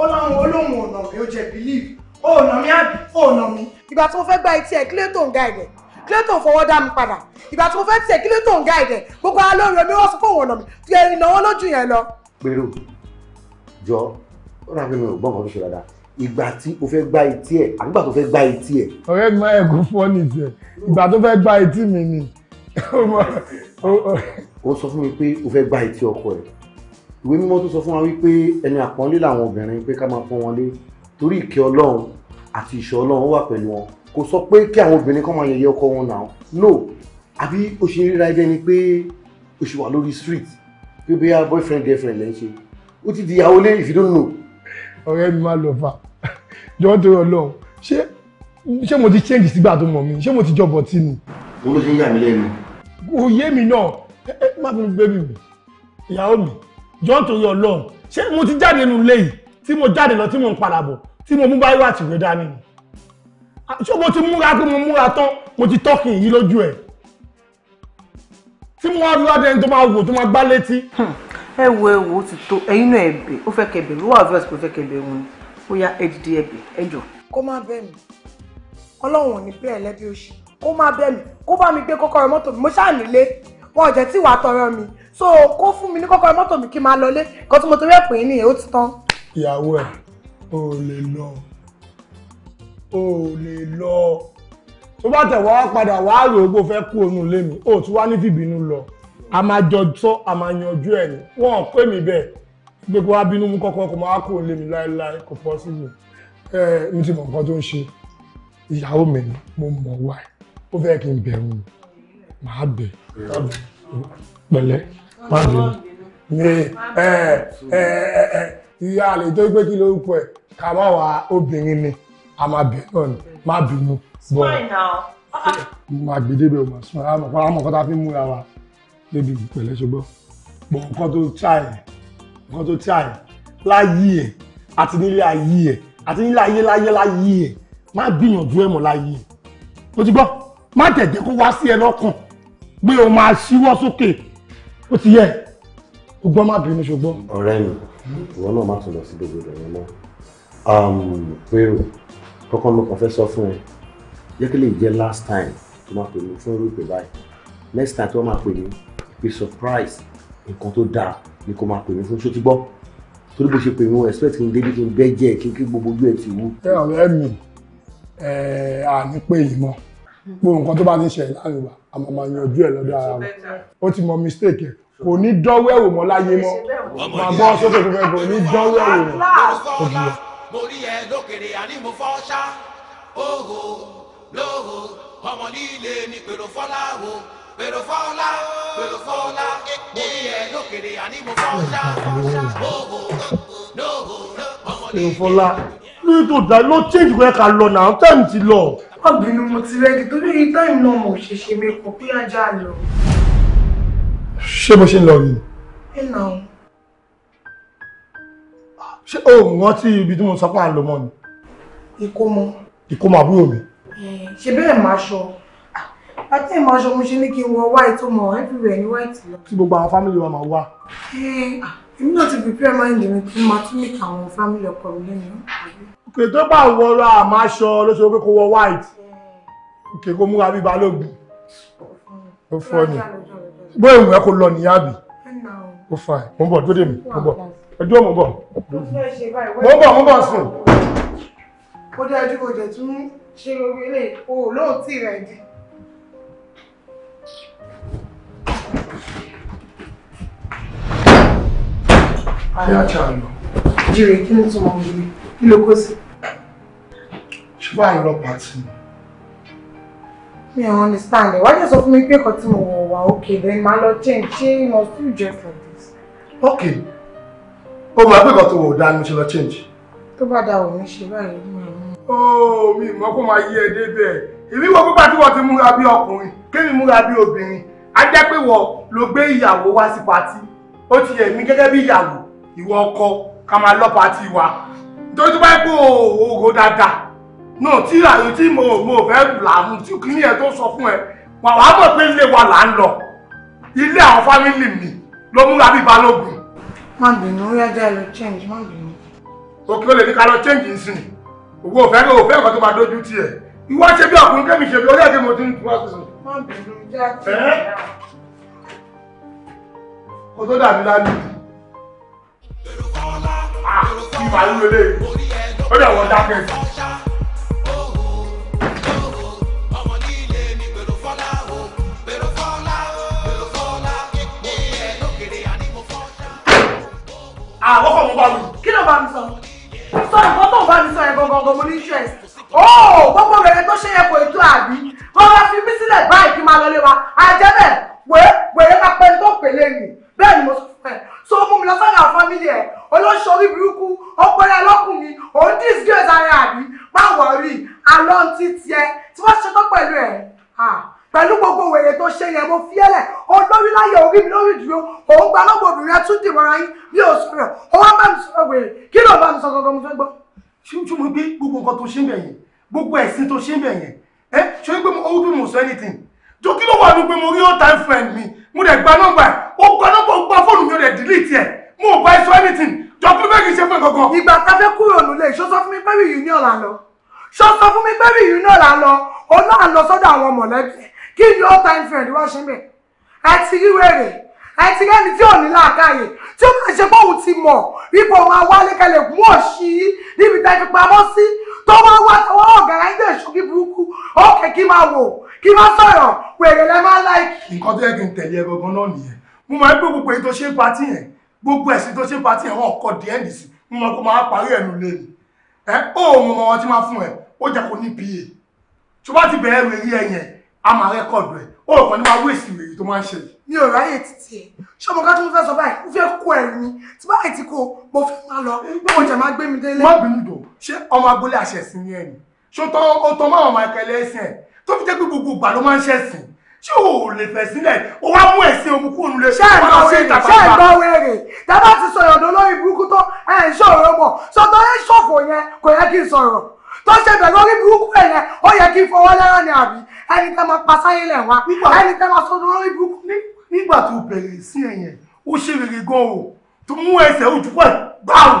ó láwọn olóhùn ọ̀nà mi ó jẹ́ believe ó ọ̀nà mi àbí ó ọ̀nà mi. ìgbà tí mo fẹ́ gba etí ẹ̀ kí ló tó ń ga ẹ̀dẹ̀ kí ló tó ń fọwọ́ dá mi padà ìgbà tí mo fẹ́ tiẹ̀ kí ló tó ń ga ẹ̀dẹ̀ gbogbo ara lórí omi wọ́n sọ fóun ọ̀nà mi fi ìnáwó lójú yẹn lọ. pèrò jọ ó rà fún mi ò gbọ́n kan tó ṣe dáadáa ìgbà tí o fẹ́ gba etí ẹ̀ àgbà tó fẹ́ gba etí ẹ̀. ọ̀rẹ́ mi máa ẹ̀gún fọ́ nìjẹ́ ìgbà tó fẹ́ gba etí mi ni. <laughs> ó sọ fún mi pé o fẹ́ gba etí ọkọ ẹ̀ ìwé mímọ́ tó sọ fún wa wípé ẹni àpọ́nlé làwọn obìnrin pé ká máa pọ́n wọn lé torí ìkẹ́ ọlọ́run àti ìṣọ́ ọlọ́run ó wà pẹ̀lú wọn kò sọ pé kí àwọn obìnrin kan máa yẹ̀yẹ́ ọkọ wọn náà no àbí ó ṣe ríra ẹgbẹ́ ni pé ó ṣe wà lórí street pé bí a boyfriend girlfriend lẹ́ ń ṣe ó ti di ìyàwó lé if you don't know. ọ̀rẹ́ mi máa lọ fà jọ̀wọ́ torí ọlọ́run ṣé ṣé mo ti change sígbà tó mọ̀ mi ṣé mo ti jọ̀bọ̀ tí ni. mo ló ṣe ń yà mí lẹ́nu. kò yé mi náà má fi gbé mi ìyàwó mi jọ́ nítorí ọlọ́run ṣé mo ti jáde nínú ilé yìí tí mo jáde lọ tí mo ń padà bọ̀ tí mo mú báyìí wà tìwé dání ṣé mo ti múra pé mo múra tán mo ti tọ́kì yìí lójú ẹ̀ tí mo wá rí wádìí ẹni tó máa wò tó máa gbá létí. Hmm. ẹ wo ẹ wo ó ti tó ẹyin náà ẹbẹ ó fẹ́ kẹbẹ ló wà vẹsì pé ó fẹ́ kẹbẹ òun ó yá ẹ dìde ẹbẹ ẹ jọ. kó má bẹ́ẹ̀ mi ọlọ́run ò ní bẹ́ẹ̀ lẹ́bí òṣì kó má bẹ́ẹ̀ mi kó bá mi gbé kọ́kọ́rọ́ mọ́tò mi mo ṣáà nílé wọn ò jẹ́ tí wàá tọrọ mi so kó fún mi ní kọ́kọ́rọ́ mọ́tò mi kí n máa lọlé nǹkan tí mo torí ẹ̀ pè é nìyẹn ó ti tán. ìyàwó ẹ ò lè lọ ò lè lọ tó bá tẹ̀ wá padà wá rò ó gbó fẹ́ kú òun lé mi ó tún wá ní fìbínú lọ a máa jọ sọ a máa yanjú ẹ̀ ní wọn ò pè mí bẹ́ẹ̀ gbogbo wa bínú mú kọ́kọ́ kò máa kú òun lé mi láéláé kò fọ́ sí mi ẹ mi ti mọ̀ nǹkan tó ń ṣe ìyàwó mi ni mo mọ̀ wá ẹ ó fẹ́ kí n bẹ̀rù mi máa bẹ̀ pẹ̀lẹ́ má bínú. ní ẹ ẹ ẹ ìyá àlè tó gbé kí lórúkọ ẹ ká má wá obìnrin ni a máa bẹ̀ náà ni má bínú. smile now. Ah, ah. máa gbé débẹ̀ o máa sún ara mọ̀ kọ́ra mọ̀ kọ́ta fi múra wa débi pẹ̀lẹ́ ṣùgbọ́n bọ̀ nǹkan tó tíà yẹn nǹkan tó tíà yẹn láyé ẹ̀ àti nílé ayé ẹ̀ àti nílé ayé láyé láyé ẹ̀ má gbìyànjú ẹ̀ mọ̀ láyé ẹ̀ o ti gbọ́ má tẹ̀jẹ́ kó wá sí ẹ lọ́kàn pé o máa ṣíwọ́ sókè ó ti yẹ ọgbọ́n má bínú ṣùgbọ́n. ọ̀rẹ́ mi ìwọ náà má tún lọ sí gbogbo ìròyìn mọ́ pérò kọ́kọ́ mo kàn fẹ́ sọ fún ẹ jẹ́ kí lè jẹ́ last time tó máa pè mí fún irú ìpè báyìí next time tó máa pè mí ìpè surprise nǹkan tó dáa ni kò máa pè mí fún ṣótí gbọ́ torí bó ṣe pè mí wọn expect kí n débi kí n bẹ́ jẹ́ kí n kí gbogbo ojú ẹ ti wú. ẹ ọ̀rẹ́ mi ẹ Hmm. gbogbo nǹkan tó bá ti ń ṣẹlẹ̀ láàrin wa a máa máa yanjú ẹ̀ lọ́dọ̀ ara wa ó ti mọ mistake ẹ̀ kò ní dánwò ẹ̀wò mọ́ láyé mọ́ máa gbọ́ sókè fún ẹ̀kọ́ ní dánwò ẹ̀wò mọ́. mo rí ẹ lókèrè àní mo fọ́ ṣá òhò lóhò ọmọ líle ni pèrò fọ́lá o pèrò fọ́lá pèrò fọ́lá mo rí ẹ lókèrè àní mo fọ́ ṣá òhò lóhò ọmọ líle. pèrò fọ́lá ní tòdà ló change wẹ́ẹ́ ká lọ náà time ti lọ ọ̀bìnú mo ti rẹ́dí torí èyí táìmù náà mo ṣe ṣe mi kò bí ajá lọ. ṣé bó ṣe ń lọ rí ni. ẹ ṣé o rántí ibi tí mo sọ pé à ń lọ mọ ni. ìkómọ. ìkómọ àbúrò mi. ṣe bẹ́ẹ̀ máa ṣọ àti ìmọ̀ aṣọ mo ṣe ní kí n wọ white ó mọ̀ everywhere ní white lọ. tí gbogbo àwọn fámìlì wa máa wá. èmi náà ti prepare mind mi kí n máa tún mìkà àwọn fámìlì ọkọ mi lẹ́nu òkè tó bá wọra àmọ́ aṣọ lóṣogbo pé kó wọ white òkè kó múra bí balógun ó fọ́ ni gbọ́ ìwọ̀n ẹ kó lọ nìyá bì ó fà ẹ̀ mo ń bọ̀ dódè mi mo ń bọ̀ ẹjọ́ mo ń bọ̀ mo ń bọ̀ mo ń bọ̀ sùn. ó dájú kò jẹ́ tún ṣe orí ilé olóòtí rẹ̀ dì. Ayájà lọ. Jìrì kí ni tí mo kí ló kó sí. ṣùgbọ́n àìrọ pàtì mi ò understand ẹ̀ wá jẹ́ sọ fún mi pé nǹkan tí mo wọ̀ wá òkè then máa lọ change ṣé mo still jẹ for this. ok ó máa pé tó wọ̀ dáa ni ṣe lọ change. tó bá da òun ṣe báyìí mi ò mú. ooo mi mọ kó máa yí ẹ débẹ̀ ìbí wo pípa tí wọ́n ti múra bí ọkùnrin kémi múra bí obìnrin á jẹ́ pé wọ́n ló gbé ìyàwó wá sí patí ó ti yẹ mí gẹ́gẹ́ bí ìyàwó ìwọ ọkọ ká máa lọ patí wa torí tó bá pò ògò dáadáa náà tí àyè tí mo mo fẹ́ là mú tí kìíní ẹ̀ tó sọ fún ẹ wà wá mọ̀ pé ilé wa là ń lọ ilé àwọn fámìlì mi ló mú lábí balógun. má bínú ó yájá ẹ lọ change má bínú. òkè ó lè ní ká lọ change nsìn òwò òfẹ́ ló òfẹ́ ọ̀kan tó máa dójú tiẹ̀ ìwọ ṣe bí ọkùnrin kẹ́mi ṣe bí ó yẹ kí mo ti ń tu wá sísun. má bínú jáde. ó tó dàbí lálẹ́ yìí ìbá ń lọlé ó dẹ̀ wọ́n dákẹ́. àkọ́kọ́ ah, mo bá mi. kí ló bá mi sọ sọ nǹkan tó bá mi sọ yẹn gangan mo ní interest. ó oh, gbogbo rẹ̀ tó ṣe yẹ kò ètò àbí wọ́n bá fi mí sílẹ̀ báyìí kí n máa lọlé wa àjẹ́bẹ̀ wẹ́ẹ́ wẹ́ẹ́ ká pẹ́ tó pèlè nì bẹ́ẹ̀ ni mo sọ tó mú mi lọ sọ́dọ̀ fámílì ẹ̀ olóṣù orí burúkú ọpọlọ ẹlọ́kùn mi òun disgrace ara àbí báwọ̀ rí alọ́ ń títí ẹ tí wọ́n ṣetán pẹ̀lú ẹ̀ pẹ̀lú gbogbo wèrè tó ṣe yẹn mo fi ẹ́lẹ̀ olórí láyé orí mi lórí dúró òun gba lọ́gbọ̀n obìnrin ẹ tún dìbò ara yín bí o sọ̀rọ̀ ó wá bá mi sọ̀rọ̀ wèrè kí ló bá mi sọ̀rọ̀ gan mo fẹ́ gbọ́. ṣé mo gbé gbogbo nǹkan tó ṣe ń bẹ̀ yẹn gbogbo ẹ̀sìn tó ṣe ń bẹ̀ yẹn ẹ ṣé o gbé mo owó bí mo sọ anything jọ kí ló wà ní pé mo rí all time friend mi mo dẹ̀ gba nọ́mbà ẹ̀ ó gba nọ́mbà dẹ̀ delete ẹ̀ mo bá ẹ sọ anything jọ pé bẹ́ẹ̀ kì í ṣe fún ìkọ̀kọ̀. ìgbà tá a fẹ́ kúrò nílé ìṣó sọ fún mi pé reunion là lọ ṣó sọ fún mi pé reunion là lọ òun náà lọ sọ́dọ̀ àwọn mọ̀lẹ́bí kí ni all time friend wá ṣe bẹ́ẹ̀ ẹ ti rí wèrè ẹ ti rẹ́ni tí ò ní làákàyè tí ó máa ṣe bóun ti mọ̀ wípé òun awálé kẹlẹ̀ mú òṣì níbi tá a fi pamọ́ sí tó máa wá tọwọ́ ọ̀gá ẹ̀ ń dẹ̀ ṣókí burúkú ó kẹ̀ kí máa wò kí máa sọ̀rọ̀ wèrè lẹ́ máa láìkì. nǹkan tó yẹ kí n tẹ̀lé ẹ gangan náà nìyẹn mo máa ń gbé gbogbo èyí tó ṣe ń patí yẹn gbogbo ẹ̀sìn tó ṣe ń patí yẹn wọn kọ díẹ̀ nìsí mo máa kó máa parí ẹ̀nu lé ni ẹ ó mo mọ wọn tí máa fún ẹ ó jẹ kó ní pa tó bá ti bẹ̀rẹ̀ rẹ̀ rí ẹyẹn a máa rẹ́kọ̀dù ẹ̀ ó rọ̀ kan ní máa wéèsì rèé tó máa ń ṣe. mi ò ráyè títí ẹ ṣọmọ ká tó ń fẹ́ sọ báyìí ó fẹ́ kó ẹrù ni tí báyìí ti kó mo fẹ́ máa lọ bí mo jẹ máa gbé mi délé. má bínú dò ṣé ọmọ agboolé àṣẹsìn ni ẹ ní ṣó tán ó tán máwọn ọmọ ẹkẹlẹ ẹsìn ẹ fi jẹ́ gbogbo ìgbà ló máa ń ṣẹ̀sìn tí o lè fẹ̀ sílẹ̀ o wá mú ẹ̀sìn omukú òun lè ṣe àwọn ṣe ìtàkùn ṣe ìgbà wẹ̀rẹ̀ dábàá ti sọ ìyọ̀dọ̀ lórí burúkú tó ẹ̀ ń ṣòro mọ̀ sọtọ́ ẹ̀ ṣòfò yẹn kò yẹ kí n sọ̀rọ̀ tó ṣe bẹ̀rẹ̀ lórí burúkú ẹ̀ yẹn ó yẹ kí n fọwọ́ lẹ́rọ̀ ni àbí ẹni tẹ́ máa pa sáyé lẹ̀ wá ẹni tẹ́ máa sọdọ̀ lórí burúkú. nígbà tó bẹ̀rẹ̀ sí ẹ̀yẹn ó ṣe rere gan o tó mú ẹsẹ̀ ojú pẹ̀ gbáù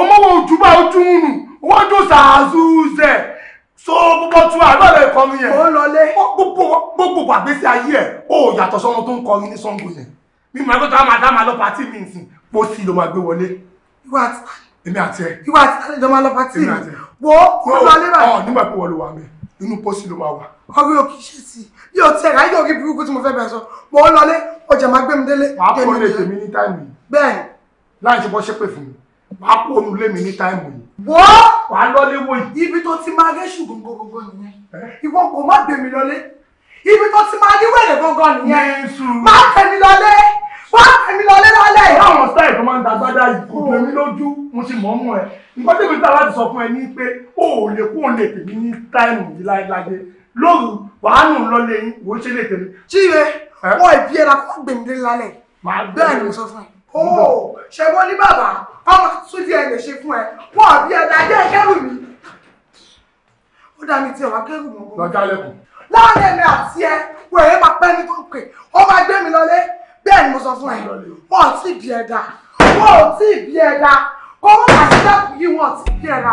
ọmọ wo ojú bá wọ́n dùn sàásù so gbogbo tí àárọ̀ rẹ̀ kọrin yẹn ó lọlé gbogbo àgbésí ayé ẹ̀ ó yàtọ̀ sọ́run tó ń kọrin ní Ṣàngó yẹn mi máa gbọ́dọ̀ máa dá máa lọ pàtí mi nsìn pọ̀ sí ló máa gbé wọlé. ìwà àti èmi àti ẹ ìwà àti tálẹ̀ ló máa lọ pàtí mi wo kó lọ lé báyìí. ọ nígbà pé wọ́n ló wà mí inú pọ́sì ló máa wà. ọ̀rẹ́ òkè ṣe sí yóò tẹ ẹ̀ka yóò rí burúkú tí mo fẹ́ bẹ̀rẹ̀ sọ mo lọlé ọjà máa gbé mi délé. wàá kó lè tèmi ní táìmù yìí. bẹ́ẹ̀ láì wọ́ wàá lọ́lé wò yìí. ibi tó ti máa gẹ́sù gbogbogbò nìyẹn ìwọ kò má gbèmí lọlé ibi tó ti máa níwèrè gbọ̀ngàn nìyẹn má tẹ̀mí lọlé wá tẹ̀mí lọlé lálẹ́ yìí. báwọn style tó máa ń dagbada yìí kò tẹ̀mí oh. lójú mo ti mọ̀ mọ́ ẹ nǹkan tẹ̀mí tí a láti sọ fún ẹ ní pé o ò lè kó o lè tèmi ní táìmù yìí láéláé lóru wàá nù lọlé yìí wò ó ṣe lè tèmi. chíire wọ́n ìbí ẹ̀ra kó gbèmí lálẹ́ bẹ́ẹ̀ ni mo sọ fún ẹ ó ṣẹ̀wọ́n ní bàbá ọmọ tún díẹ̀ lè ṣe fún ẹ wọ́n àbí ẹ̀dá jẹ́ ẹ̀kẹ́rù mi ó dá mi tí ẹ̀wà kẹ́rù mọ́. lọ́jà lẹ́kùn. láàárín ẹ̀mí àti ẹ wẹ̀rẹ̀ máa pẹ́ ní tókè ó máa gbé mi lọlé bẹ́ẹ̀ ni mo sọ fún ẹ wọ́n ò tí ì bí ẹ̀dá wọ́n ò tí ì bí ẹ̀dá kó wọ́n máa ṣe yìí wọ́n ò tí ì bí ẹ̀dá.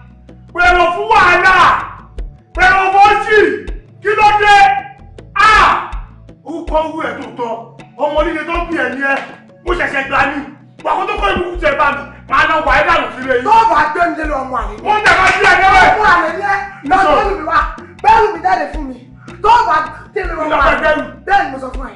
pẹ̀rọ fún wàhálà pẹ̀rọ fọ́ọ̀sì kí ló dé à ó kọ́ owó ẹ̀ tó tọ́ ọmọ líle tó ń bì ẹ̀ ní ẹ mo ṣẹ̀ṣẹ̀ gbà ní wàkó tó kọ́ ìbùkún jẹ bá mi máa lọ wà ẹ́dà lòsí lé yìí. tó bá gbé mi lé ọmọ àlè. wọ́n tẹ̀ máa ṣí ẹ̀ lẹ́wẹ̀. fún àlè ní ẹ lọ bẹ́ẹ̀lù mi wá bẹ́ẹ̀lù mi jáde fún mi tó bá gbé mi lọ́mọ àlè bẹ́ẹ̀lù mo sọ fún ẹ.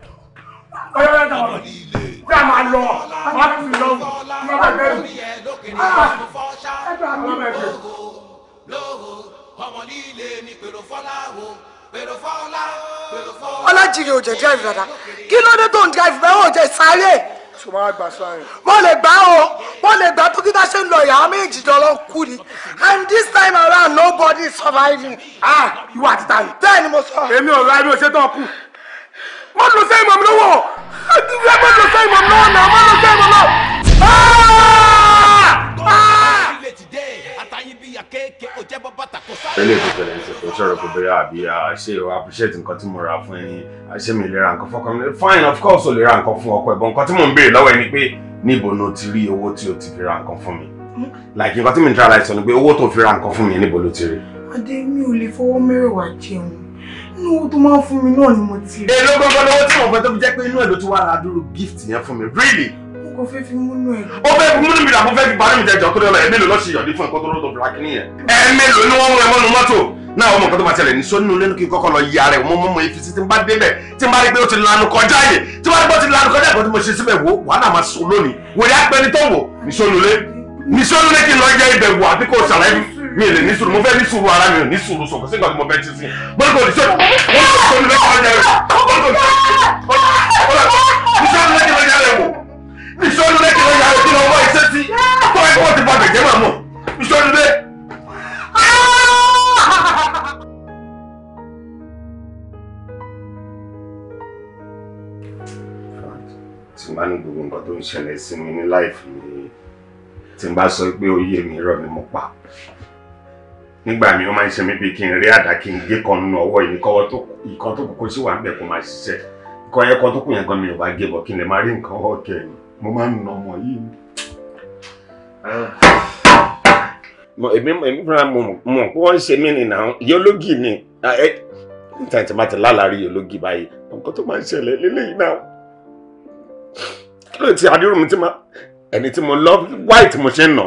ọlọ́rọ̀ dà ọ̀rọ̀ bí a máa lọ máa fi lọ ọmọ bẹ́ẹ̀ bẹ́ẹ̀ ẹ̀dọ̀ ọmọ bẹ́ẹ̀ bẹ́ẹ̀. ọmọ ní ilé ni pèrò fọlá o pèrò fọlá pèrò fọlá. ọlájìrì ò jẹ drive dada kí ló dé tó ń drive bẹ́ẹ̀ ò jẹ sáré ṣùgbọ́n àgbà sáré. wọ́n lè gbà ó wọ́n lè gbà tó kíkà ṣe ń lọ ìyá méjì jọ lọ kú ni and this time around nobody is surviving. ah ìwà àti tàyè. bẹ́ẹ̀ ni mo sọ. èmi ò ra ẹni òṣètò ọkùnrin má lọ sẹ́yìn mọ̀ mi lọ́wọ́ ẹ má lọ sẹ́yìn mọ̀ mi lọ́wọ́ náà má lọ sẹ́yìn mọ̀ mi lọ́wọ́. Ah! Ah! tẹ́lẹ̀ tó tẹ̀lé ń sọ̀rọ̀ sọ̀rọ̀ kò bẹ̀rẹ̀ àbí àṣẹ ò appreciate nǹkan tí mo ra fún ẹni àṣẹ mi lè ra nǹkan fọ́kàn mi fine of course o lè ra nǹkan fún ọkọ ẹ̀bọ̀n nǹkan tí mò ń béèrè lọ́wọ́ ẹni pé níbo ló ti rí owó tí o ti fi ra nǹkan fún mi like nǹkan tí mi ń try láti sọ ni pé owó tó fi ra nǹkan fún mi níbo ló ti rí. adé mi ò lè fọwọ́ mẹ́rẹ̀wá jẹun inú owó tó máa ń fún mi náà ni mo ti rí. èló gbogbo lọ́wọ́ tí wọ́n fẹ́ tó fi jẹ́ pé inú ẹ̀ ló ti wá ra dúró gift yẹn fún mi really. mo kò fẹ́ fi múnú ẹ̀. ó fẹ́ fi múnú mi rà mo fẹ́ fi parí mi jẹ́ jọ́kúrẹ́ ọ̀la ẹ̀mélòó lọ́ọ́ ṣe ìyọ̀dí fún ẹ̀kọ́ tó rọ́tò black nìyẹn. ẹ̀mélòó ni wọ́n mú ẹ mọ́nu mọ́tò náà ọmọ nǹkan tó máa ṣẹlẹ̀ ní sọ́nù lẹ́nu kí n kọ́kọ́ lọ ya rẹ̀ mọ́ mọ́ ifi sí ti bá débẹ̀ tí n bá rí pé ó ti lanu kọjá yìí tí n bá rí pé ó ti lanu kọjá yìí kó tí mo ṣe síbẹ̀ wò wàhálà máa sùn lónìí wòye apẹni tó wò ní sọ́nù lé ní sọ́nù lé kí n lọ yẹ ibẹ̀ wò àbí kò ṣàlàyé mi lè ní sùúrù mo fẹ́ ní sùúrù ara mi ò ní sùúrù sọ̀kọ̀ sí nǹkan tí mo fẹ́ ti sìn bọ́lá kò ní sọ́kọ̀ wọ́n ní sọ́kọ̀ ní sọ́kọ̀ ní tí máa ní gbogbo nǹkan tó ń ṣẹlẹ̀ sí mi ní láìfì tí n bá sọ pé ó yé mi irọ́ ni mo pa nígbà mi ó máa ń ṣe mí bíi kí n rí àdá kí n gé kan nínú ọwọ́ yìí kọ́wọ́ tó ìkan tó kù kó sì wà níbẹ̀ kó máa ṣiṣẹ́ ìkan yẹn kan tó kù yẹn gan mi ò bá gé bọ̀ kí n lè máa rí nǹkan ọwọ́ kẹ mo máa ń nà ọmọ yìí. èmi èmi fúnra mo mọ̀ pé wọ́n ń ṣe mí nìyà yọlógì ni nítorí tí wọ́n ti lálàárí yọlógì báyìí nǹkan tó máa ń ṣẹlẹ̀ lélẹ́yìn náà kí ló ti àdúrà mi ti máa ẹni tí mo love why mo ṣe ń nà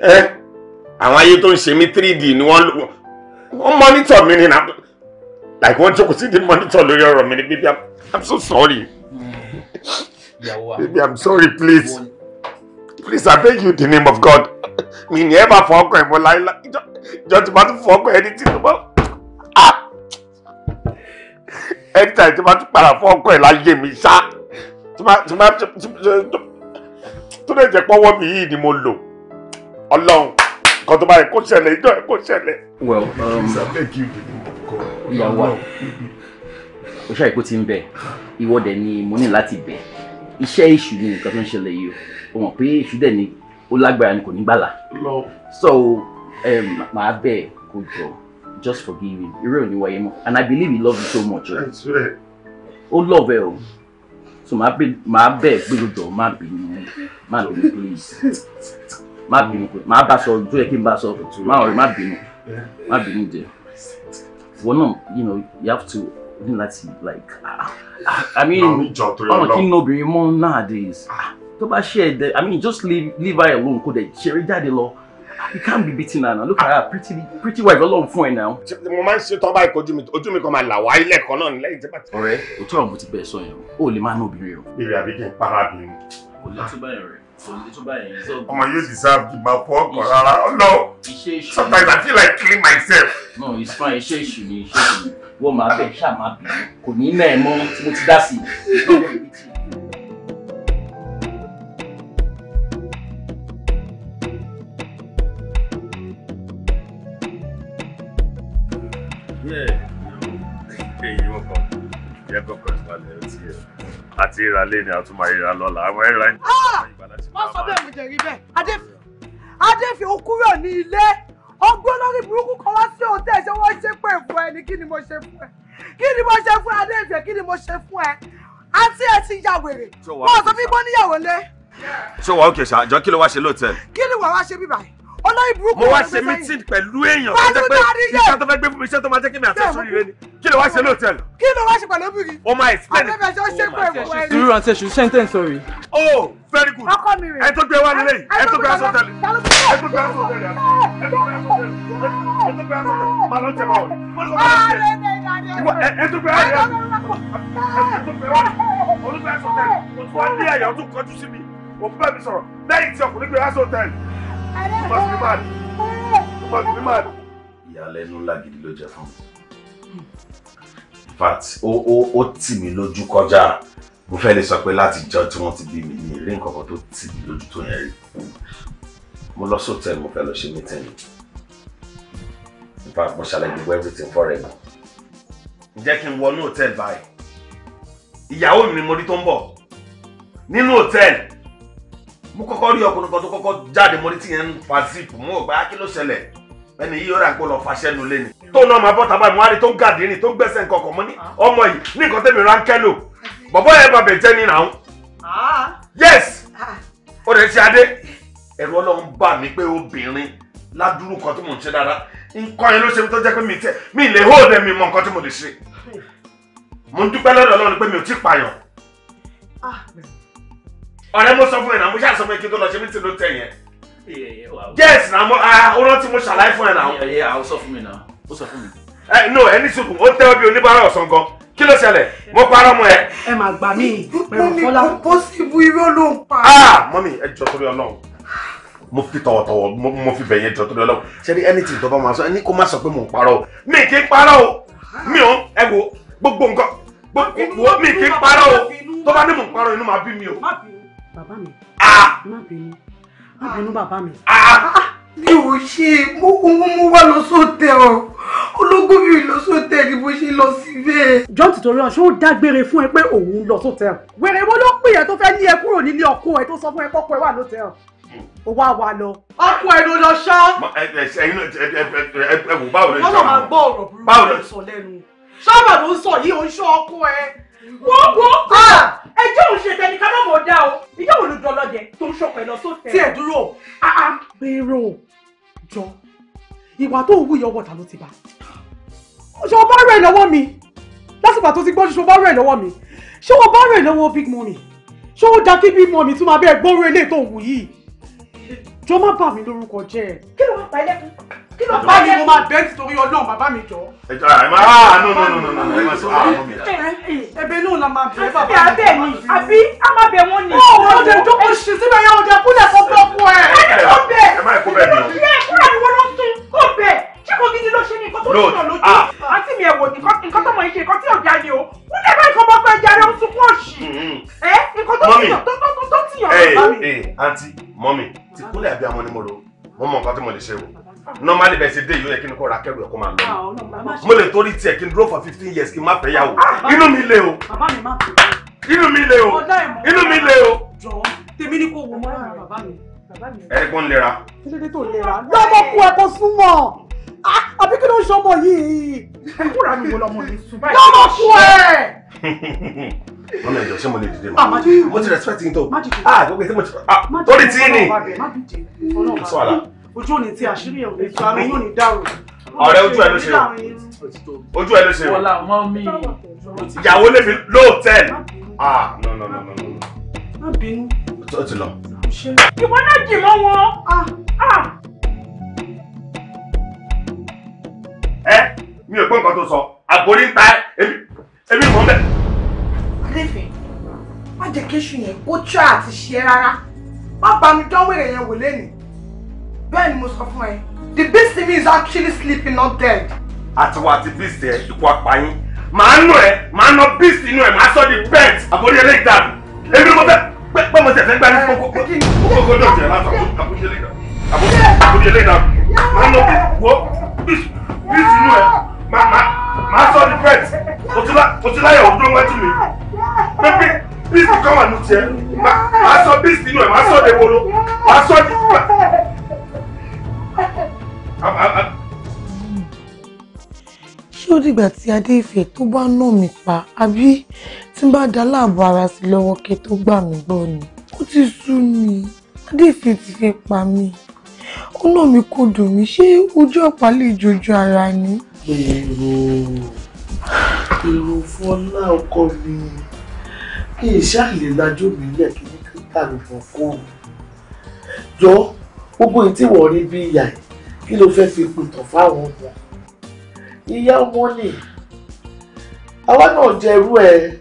ẹ́ àwọn ayé tó ń ṣe mí 3D ni wọ́n wọ́n mọ́nítọ̀ mi ni na like wọ́n jókòó sí di mọ́nítọ̀ lórí ọ̀rọ̀ mi ni baby I'm, I'm so sorry baby I'm sorry please please I beg you the name of God mi ni ẹ bá fọ ọkọ ẹ mọ láíláí ìjọ tí ma tún fọ ọkọ ẹ ní títí mọ ah! anytime tí ma tún padà fọ ọkọ ẹ láyé mi ṣá tí ma tí ma tó lè jẹ pọwọ mi yìí ni mo lò Ọlọ́run kan tó bá yẹ kó ṣẹlẹ̀ ìjọ yẹ kó ṣẹlẹ̀. well ìyàwó um, o ṣe àìkú ti ń bẹ ìwọ dẹ ni mo ní láti bẹ iṣẹ́ èṣù ni nǹkan tó ń ṣẹlẹ̀ yìí o mọ̀ pé èṣù dẹ ni ó lágbára ni kò ní gbàlà so um, màá bẹ̀ kó jọ just forgive him irú òní wáyé mọ́ and i believe he loves you so much right ó love ẹ o so màá bẹ̀ gbèrò jọ má bínú má lọ ní please má bínú pé má bá sọ ojú ẹ kí n bá sọ má ọ̀rẹ́ má bínú má bínú jẹ wọn náà you know you have to ní like, like i mean ọmọ kí n obìnrin mọ nowadays ah. tó bá ṣe ẹ i mean just leave leave her alone kó dẹ ṣeré jáde lọ you can't be beating her now look at her pretty pretty wife Ọlọ́run fún ẹ now. mo máa ń ṣe tọ́ báyìí kojú mi ojú mi kan máa là wá ilé kan náà nílẹ̀ ìjọba. ọ̀rẹ́ òtún àwọn mo ti bẹ ẹ sọ yẹn o ò lè máa ná obìnrin o. èrè àbí kí n para bìnrin. kò lọ sí báyìí rẹ ọmọ oh, you deserve kí n máa fọ ọkọ rárá ọlọ oh, sometimes I feel like killing myself. no it's fine It's èṣù ni iṣẹ́ èṣù ni What my bẹ̀ ṣáà máa bẹ̀ kò ní náà mọ́ tí mo ti Yeah. Hey, you welcome. Yeah, welcome àti ìrà lé ni àtúmọ̀ ìrà lọ́la àwọn ẹ̀rọ ẹ̀jẹ̀ ìgbà ah! máa máa. wọ́n sọ bẹ́ẹ̀ mo jẹ̀rí bẹ́ẹ̀ adéfi adéfi ó ní ilé ọgbọ́n lórí burúkú kan wá sí òtẹ́ ṣé wọ́n ṣe pé fún ẹ ni kí ni mo ṣe fún ẹ kí ni mo ṣe fún ẹ kí ni mo ṣe fún ẹ àti ẹ ti ya wèrè wọ́n sọ fí bọ́ níyàwó lé. ṣé wàá òkè ṣàjọ kí ló wá ṣe lóòótẹ́. kí ni wàá wá ṣe bíbáyìí olórí burúkú wọn fi sẹ́yìn. mo wá ṣe meeting pẹ̀lú èèyàn tó jẹ́ pé iṣẹ́ tó fẹ́ gbé fún mi iṣẹ́ tó máa jẹ́ kí mi àti ẹ̀sùn rí rẹ ni kí ló wá ṣe lóòtẹ́ẹ̀lì. kí ló wá ṣe pẹ̀lú obìnrin. o máa explain. àbẹ̀bẹ̀ ṣe ṣe pé ìwọ ẹni. irú àti ẹ̀sùn sentence sorry. oh very good. ọkọ mi rè. ẹ tó gbé wá nílé yìí ẹ tó gbé aṣọ tẹ́lẹ̀ ẹ tó gbé aṣọ tẹ́lẹ̀ ẹ tó gbé aṣọ tẹ́lẹ̀ ẹ tó gbé aṣọ tẹ́lẹ̀ màá lọ jẹ báwo. ẹ tó gbé aṣọ tẹ́lẹ̀ olùgbé aṣọ tẹ́lẹ̀ o tún wá ní àyà o tún kọjú sí mi o bẹ́ẹ̀ mi sọ̀rọ̀ lẹ́yìn tí ọkùnrin gbé aṣọ tẹ́lẹ̀ tó máa fi mad tó máa fi mí mad. ìyàlẹ́nu ńlá gidi ló jẹ́ fún mi in fact ó ó ó tì mí lójú kọjá mo fẹ́ lè sọ pé láti jọ tí wọ́n ti bí mi ní ìrí nǹkan kan tó tì mí lójú tó yẹn rí mo lọ sóòtẹ́ mo fẹ́ lọ ṣe meeting in fact mo ṣàlàyé gbogbo everything for ẹ̀ ǹjẹ́ kí n wọnú hòtẹ́ẹ̀lì báyìí ìyàwó mi ni mo rí tó ń bọ̀ nínú hòtẹ́ẹ̀lì mo kọ́kọ́ rí ọkùnrin kan tó kọ́kọ́ jáde mo ní tíyẹn ń fa zip mú ọgbà ah, kí ló ṣẹlẹ̀ ẹni yìí ó rà gbọ́ lọ faṣẹ́ nu lé ni tó náà máa bọ́ tábà mo wá rí tó ń gàdí ni tó ń gbẹ̀sẹ̀ nǹkan ọkọ̀ mọ́ ní ah. ọmọ yìí ní nǹkan tẹ́mi ra ń bọ̀bọ́ yẹn bàbẹ̀ jẹ́ ní nàún. Ah. yes ó rẹ̀ ṣe adé ẹ̀rù ọlọ́run bà mí pé obìnrin ládùúrú kan tí mò ń ṣe dáadáa nǹkan yẹn ló ṣe mi tó jẹ́ pé mi tẹ́ mi lè hold ẹ̀ mi mọ nǹkan tí mo lè ṣe mo ń dúpẹ́ lọ́dọ̀ ọlọ́run pé mi ò tí pààyàn ọ̀rẹ́ mo sọ fún ẹ náà mo ṣáà sọ fún ẹ kí n tó lọ ṣe mí tì ló tẹ̀ yẹn. yes na mo ah, ó rántí mo ṣàlàyé fún ẹ náà. ẹ ẹ àwọn sọ fún mi náà ó sọ fún mi. ẹ no ẹni sùkùn ó tẹ́ ọbí oníbàárà ọ̀sán gan kí ló ṣẹlẹ̀ mo parọ́ mọ́ ẹ. ẹ máa gbà mí pẹ̀lú fọlá. mo ní pọ́sibú irọ́ ló ń pa. ah mọ́mí ẹ jọ torí ọlọ́run mo fi tọ̀wọ̀tọ̀wọ̀ mo fi bẹ̀yẹn jọ torí ọlọ́run ṣe ni ẹni tí ìjọba máa sọ ẹni kó má sọ pé mò ń parọ́ o mi kì í parọ́ o mi ò ẹ wo gbogbo nǹkan gbogbo mi kì í parọ́ o tó bá ní mò ń parọ́ inú máa bí mi o bàbá mi. Ah! má bínú má ah! bínú bàbá mi. Ah! mi ò ṣe mo mo wá lọ sóòtẹ ọ ológun mi lọ sóòtẹ ni mo ṣe lọ síbẹ̀. john tìtorí ọ̀ṣun ó dágbére fún ẹ pé òun lọ sóòtẹ. wèrè wo ló pè ẹ́ tó fẹ́ ní ẹ kúrò nílé ọkọ ẹ tó sọ fún ẹ kọ́kọ́ ẹ wà lóòtẹ ọ ó wá wa lọ. ọkùn ẹ̀ ló lọ ṣá. ẹyin ẹ wò báwo ló ń sọ. ọlọ́run máa gbọ́ ọ̀rọ̀ burúkú sọ lẹ́nu. ṣọ́ọ̀bà ló ń sọ yìí ó ń ṣọ́ ọkọ ẹ wọ́n wọ́n ah! ẹjọ́ òun ṣe tẹnika náà mọ̀ dá o ìjọ wo ló dán lọ́jẹ tó ń ṣọpẹ́ lọ sóòtẹ́. tí ẹ dúró ah, ah. gbèrò jọ ìwà tó wù yọ wọ̀tà ló ti bá ṣọba rẹ̀ lọ́wọ́ mi lásìkò tó ti gbọ́ ṣọba rẹ̀ lọ́wọ́ mi ṣé wọ́n bá rẹ̀ lọ́wọ́ big money ṣé ó da kí big money tún máa bẹ́ẹ̀ gbóòrò eléyìí tó wù yìí jọ má bà mí lórúkọ jẹ́ kí ló wá pa ẹlẹ́kùn kí ló bá yẹ. mo máa bẹ́ẹ̀ torí ọlọ́run bàbá mi jọ. ẹ jọ ẹ máa ah no no no no no ẹ máa sọ àwọn ah, mi. ẹ̀bẹ̀ eh, eh, náà la máa bẹ bàbá mi. àbẹ mi àbí a máa bẹ wọn ni. ó oh, wọ́n jẹ jókòó ṣe síbẹ̀ yẹn ọjà kúlẹ̀ kó bẹ́ kú ẹ̀. ẹ má kó bẹ́ẹ̀ mi o. kúrò àdìwọ́ ló tún kó bẹ́ẹ̀ ṣé kò gidi ló ṣe ní nǹkan tó ń sọ lójú. Ah. àǹtí mi ẹ̀wò nǹkan tó mọ̀ ń ṣe nǹkan tí ò já ni o. kúlẹ̀ bá ìkọ́ bọ́ pé jàre ó sunkún òṣì. Mm, mm. ẹ nǹkan tó eh, ti yàn tó ti yàn. ẹ ẹ àǹtí mọ́mì tí kúlẹ̀ àbí amọ́nimọ́ro wọ́n mọ nǹkan tí mo lè ṣe o normally bẹ́ẹ̀ ṣe dé yìí ó yẹ kí n kó ra kẹ́rù ẹ̀ kó máa lọ ah, mo lè torí tiẹ̀ kí n dúró for fifteen years kí n má fẹ́ yàwó ah, inú mi le o inú mi le o inú mi le o. jọ tèmi lera. lọ́mọ kú ẹ kó súnmọ́ ah, àbí kí ló ń ṣọmọ yìí. kúrà mi wo lọmọ mi sùn lọ́mọ kú ẹ. wọ́n lè ṣé mo lè dìde ma mo ti respect yín tó ah gbogbo ìṣe mo ti torí tí ní sọ àlà ojú òní ti àṣírí ẹ̀ ètò ààrẹ yóò ní dàrú. ọ̀rẹ́ ojú ẹ ló ṣe o ojú ẹ ló ṣe o wọlá mọ mi ìyàwó lè fi lóòtẹ́ẹ̀l ah no no no no. má bínú. ó ti lọ. ìwọ náà jì mọ́ wọn. Ah. Ah. ẹ mi ò gbọ́ nǹkan tó sọ àgbórí ń ta ẹbí mọ́ bẹ́ẹ̀. adéfẹ́ má jẹ́ kéṣù yẹn kó tíra àti ṣe é rárá má bá mi dánwó èrè yẹn wò lénìí bẹ́ẹ̀ ni mo sọ fún the beast in me is actually sleeping not dead. At àtiwọ́ àti beast ẹ̀ ikú apayín màá nù ẹ màá nà beast inú the màá sọ di bent àbórí ẹlẹ́yìí dàbí èmi mo fẹ́ pẹ́ Go tẹ̀sẹ̀ gbá ní kókó kókó dọ̀jẹ̀ látọ̀ àbórí ẹlẹ́yìí dàbí àbórí ẹlẹ́yìí dàbí màá nà beast wọ́ beast beast inú ẹ màá màá sọ di bent òtíláyà òdúró to mi pépé beast come and nù tiẹ̀ màá sọ beast inú ẹ I saw the ewolo I saw the ṣé ó dìgbà tí adéìfẹ́ tó bá nà mí pa àbí tí n bá da láàbò ara sí lọ́wọ́ kẹ tó gbà mí gbọ́ ni ó ti sú mi adéìfẹ́ ti fẹ́ pa mí ó nà mí kò dùn mí ṣé ojú ọ̀pá lè jojú ara ni. èrò èrò fọlá ọkọ mi kí ìṣàlè lajú mi lẹ̀ kí ní kí n tàbí fọ́ kó jọ gbogbo ìtìwọ̀ rí bí ìyá yìí kí ló fẹ́ fi pìtàn fáwọn ọmọ ìyá ọmọ nì àwa náà jẹ irú ẹ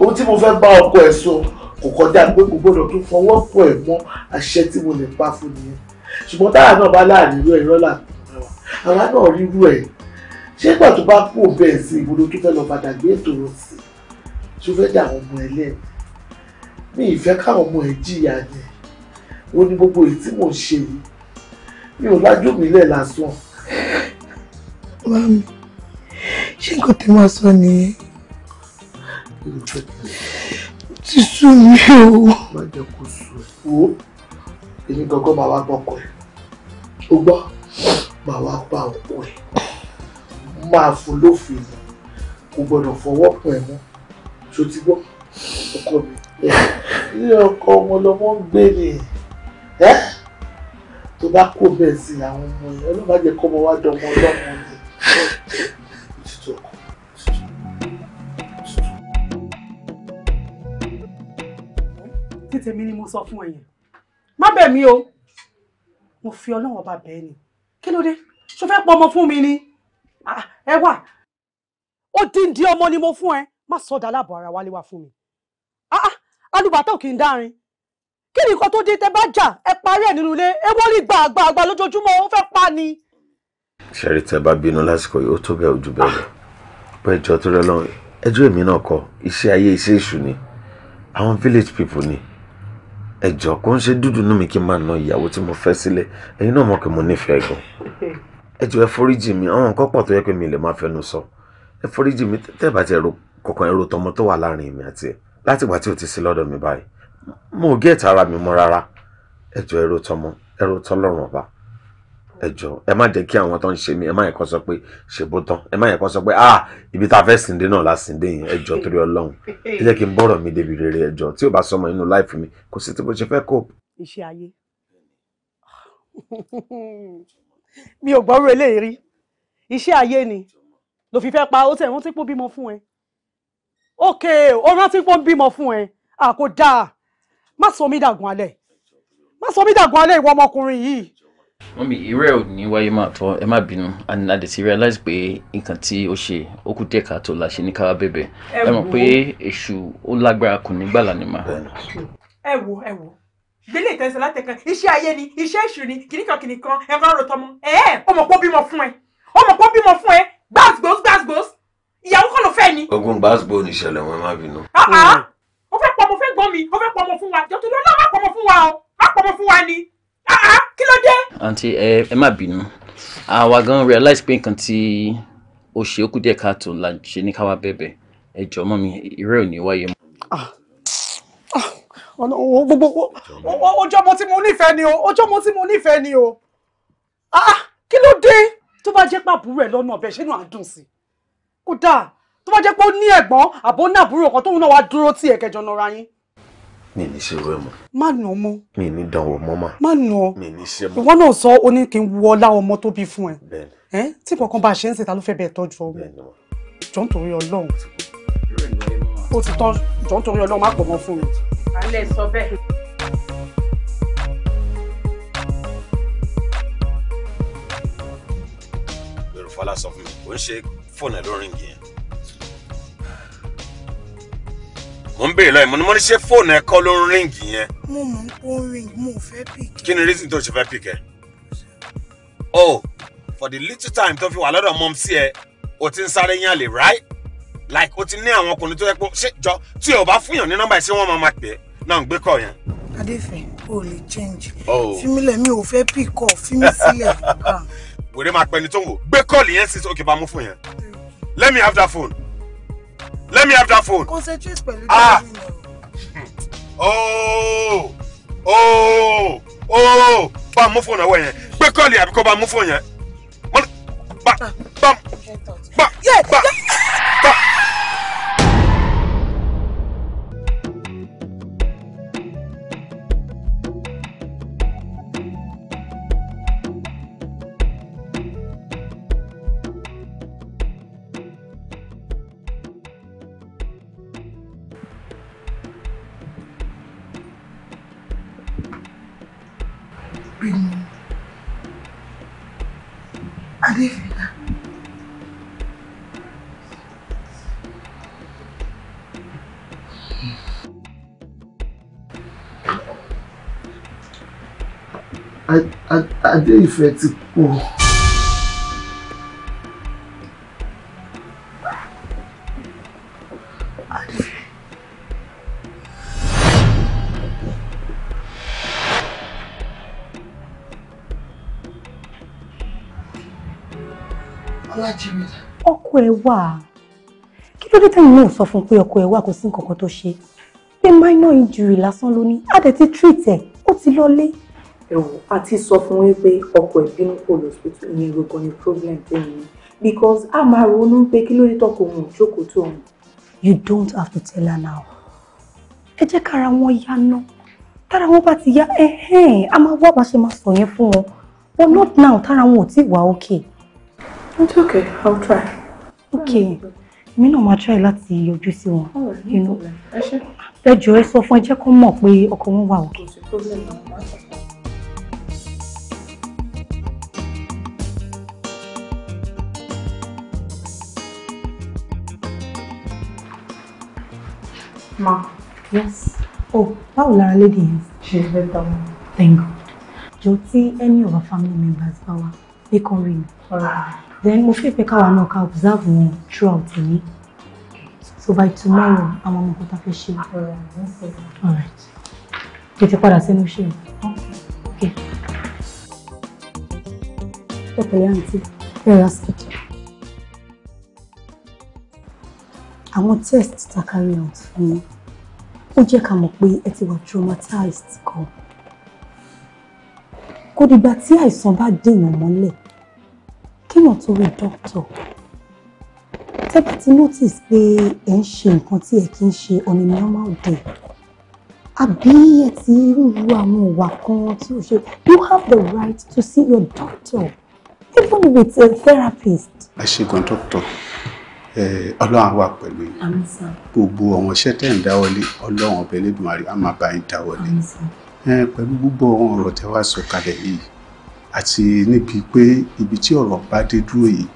ohun tí mo fẹ́ bá ọkọ ẹ sọ kò kọjá pé kò gbọdọ̀ tún fọwọ́ pọ̀ ẹ̀ mọ́ àṣẹ tí mo lè pa fún nìyẹn ṣùgbọ́n táwa náà bá láàrin irú ẹ̀ rọ́là àwa náà rí irú ẹ̀ ṣé ìgbà tó bá kú òbí ẹ̀ sí ìbúdó tó fẹ́ lọ padà gbé ètò rẹ̀ sí tó fẹ́ dà àwọn ọmọ ẹ lẹ́nu mi ìfẹ́ káwọn ọmọ ẹ jìyà ni ó ní gbogbo èyí mò ń ṣe yìí mi ò lájú mi lẹ̀ lásán. Mami, ṣé nǹkan tẹ́ máa sọ nìyẹn? Ti sú mi o. Má jẹ́ kó sú ẹ̀. Wo èmi gangan máa wá bọ́kọ ẹ̀. O gbọ́, máa wá bá ọkọ ẹ̀. Máa fún lófin ni. Kò gbọ́dọ̀ fọwọ́ pọ̀ ẹ̀ mọ́. Ṣo ti gbọ́? Ọkọ mi. Ilé ọkọ ọmọ lọmọ ń gbé ni. Ẹ́ tó bá kó bẹ́ẹ̀ sí àwọn ọmọ yẹn ọlọ́mọ àjẹ kọ́ ọmọ wa dọmọ ọlọ́mọ yẹn òtútù ni mo sọ fún ẹ̀yin má bẹ̀ mí o mo fi ọlọ́wọ́n bá bẹ́ẹ̀ ni kí ló dé ṣo fẹ́ pọ ọmọ fún mi ni ah, ẹ wà ó díndín ọmọ ni mo fún ẹ má sọdá láàbọ̀ ara wálé wá fún mi ah, ah, alùbátà kì í dárin kí ni nǹkan tó dé tẹ bá jà ẹ parí ẹ nínú ilé ewu rí gbàgbàgbà lójoojúmọ́ ó fẹ́ pa ni. ṣẹ́rí tẹ bá bínú lásìkò yìí ó tó bẹ́ẹ̀ ojú bẹ́ẹ̀ bẹ́ẹ̀ jọ tó rẹ lọ ẹjọ́ èmi náà kọ iṣẹ́ ayé iṣẹ́ èṣù ni àwọn village people ni ẹjọ́ kò ń ṣe dúdú nú mi kí n máa na ìyàwó tí mo fẹ́ sílẹ̀ ẹ̀yin náà mọ̀ pé mo nífẹ̀ẹ́ gan ẹjọ́ ẹ foríjì mi àwọn nǹkan pọ̀ tó yẹ pé mi lè máa fẹnu sọ ẹ foríjì mi tẹ́ bá ti ẹ̀rọ kọ̀ọ̀kan ẹ̀rọ tọmọ tó wà láàrin mi àti ẹ̀ látìgbà tí ò ti sí lọ́dọ̀ mi báyìí mo gé tara mi mọ́ rárá ẹjọ ẹrú tọmọ ẹrú tọlọ́run ọba ẹjọ ẹ má jẹ́ kí àwọn tó ń ṣe mí ẹ má yẹ kó sọ pé ṣèbó tán ẹ má yẹ kó sọ pé ah ibi tá a fẹ́ sìndé náà la sìndé yẹn ẹjọ torí Ọlọ́run ẹ jẹ́ kí n bọ̀rọ̀ mi débi rere ẹjọ tí ò bá sọmọ inú láìfù mi kò sí tí mo ṣe fẹ́ kó. iṣẹ́ ayé mi ò gbọ́rọ̀ eléyìí rí iṣẹ́ ayé ni ló fi fẹ́ pa ó tẹ̀ rántí pé ó bímọ fún ẹ ókè ó rántí pé ó bímọ fún ẹ àkó dáa má sọ mí dàgùn alẹ́ má sọ mí dàgùn alẹ́ ìwọ ọmọkùnrin yìí. mọ́mí ìrẹ́ ò ní wáyé máa tọ́ ẹ má bínú and ti realize pé nǹkan tí ó ṣe ó kù díẹ̀ káàtó la ṣe ní káwá bẹ̀bẹ̀ ẹ mọ̀ pé èṣù ó lágbára kù nígbàlà ni mà. ẹ wo ẹ wo délé ìtẹ̀sán látẹ̀kan iṣẹ́ ayé ni iṣẹ́ èṣù ni kìnnìkan kìnnìkan ẹ̀rọ àròtọ́mọ ẹ̀ẹ́ ọmọ pọ́ bímọ fún ẹ ọmọ pọ́ bímọ fún ẹ gbàgbós gbàgbós ìyàwó kọ́ ogun gbàgbó ni ìṣẹ̀lẹ̀ wọn má bínú. Ah, ah ẹ̀gbọ́n mi ó fẹ́ pọmọ fún wa jọtọ lọ́la má pọmọ fún wa o má pọmọ fún wa ni kí ló dé. àǹtí ẹ ẹ má bínú àwa gan realize pé nǹkan tí o ṣe ó kù díẹ̀ káàtó la ṣe ní káwa bẹ̀bẹ̀ ẹ jọ mọ́ mi ìrẹ́ ò ní wáyé mọ́. Ah, ah, ọ̀nà gbogbo ọjọ́ mo tí mo nífẹ̀ẹ́ ni o ọjọ́ mo tí mo nífẹ̀ẹ́ ni o ah, kí ló dé tó bá jẹ́ pàbúrò ẹ̀ lọ́nà ọ̀bẹ ṣé inú àdùn sí kódà tó bá jẹ́ pé ó ní ẹ̀gbọ́n àbó ní àbúrò kan tóun náà wá dúró tí ẹ̀kẹjọ nọra yín mi ní ṣerú ẹ mọ. má nà ọmọ. mi ní dánwò mọ́ mà. má nà. mi ní ṣe mọ́. ìwọ náà sọ ó ní kí n wọ ọlá ọmọ tó bí fún ẹ. bẹ́ẹ̀ni. ẹ tí kankan bá a ṣe ń ṣe ta ló fẹ́ bẹ́ẹ̀ tọ́jú ọmọ. bẹ́ẹ̀ni wọn. jọ nítorí Ọlọ́run. ó ti tán jọ nítorí Ọlọ́run má pọ̀ mọ́ fún mi. alẹ́ sọ bẹ́ẹ̀. gbèrò sọ fún mi kò ń ṣe fóònù ẹ ló rìn yẹn. mo ń béèrè lọ́yìn mo ní mo ní ṣe fóònù ẹ kọ́ ló ń ríǹgì yẹn. mo mọ̀ ń kó ring mo ò fẹ́ pick. kí ni reason tó ṣe fẹ́ pick oh for the little time tó fi wà lọ́dọ̀ mọ́ sí ẹ o ti ń sáré yàn lè right like o ti ní àwọn ọkùnrin tó yẹ pé ṣé jọ tí o bá fúnyàn ní nọ́mbà ẹ ṣé wọ́n máa máa pè é náà ń gbé kọ́ yẹn. adéfin o lè change fímílẹ̀ mi ò fẹ́ pick ọ fímí sílẹ̀. <laughs> wèrè máa pẹni tó ń wò gbé kọ́ọ̀lì yẹn sí ok bá mú fún yẹn let me have that phone let me have that phone. concentrate pẹ̀lú ah. Hmm. Oh! ooo oh, ooo oh. bá mú fóònù ọwọ́ yẹn gbé kọ́ọ̀lì àbíkọ́ bá mú fóònù yẹn bá bá ah, bá. Adé ìfẹ́ ti kú. ọkọ ẹ wà kí ló dé tẹ́yìn náà sọ fún pé ọkọ ẹ wà kò sí nǹkan kan tó ṣe pé minor injury lásán ló ní á dẹ̀ ti treat ẹ̀ ó ti lọ lé ẹ̀wọ̀ àti sọ fún yín pé ọkọ̀ ìbínú kò lọ sótú ìyẹn gbogbo ni problem tó yẹn because a máa ronú pé kí ló dé tọkọ òun ò tó òun. you don't have to tell her now ẹ jẹ́ kára wọn yá ná tára wọn bá ti yá ẹ̀hẹ́n a máa wá bá ṣe máa sọ yẹn fún wọn but not now tára wọn ò tí wà okay. it's okay i'll try. okay èmi náà máa try láti yọjú sí wọn. Oh, ẹ jọ ẹ sọ fún ẹ jẹ́ kó mọ̀ pé ọkọ wọn wà okay. Ma. Yes. Oh, báwo lára lady yẹn? She is better. Thank God. Do you see any of our family members bá wá, they can ring. Ah. Then mo fẹ́ pé káwa náà observe wọn throughout the week. So by tomorrow, àwọn ọmọ kọta fẹ́ ṣe. Alright. Tètè padà sínú machine. Okay. Okay. pẹ̀lẹ́ àǹtí, ẹ rà síkẹ̀tì. àwọn test ta carry out fún yín ó jẹ́ ká mọ̀ pé ẹ ti wà traumatized kan kò dìgbà tí àìsàn bá dèèyàn mọ́lẹ̀ kéèyàn tó rí dókítà tẹ́ bá ti notice pé ẹ ń ṣe nǹkan tí ẹ kì í ṣe on a normal day àbí ẹ ti rírú àwọn ìwà kan tí ò ṣe you have the right to see your doctor even with a therapist. ẹ ṣe gan doctor ọlọ́run á wà pẹ̀lú yín gbogbo àwọn iṣẹ́ tẹ̀ ń dáwọ́lé ọlọ́run ọbẹ̀ lẹ́dùnmarè á máa bá yín dáwọ́lé pẹ̀lú gbogbo àwọn ọ̀rọ̀ tẹ́ wá sọ kalẹ̀ yìí àti níbi pé ibi tí ọ̀rọ̀ bá dé dúró yìí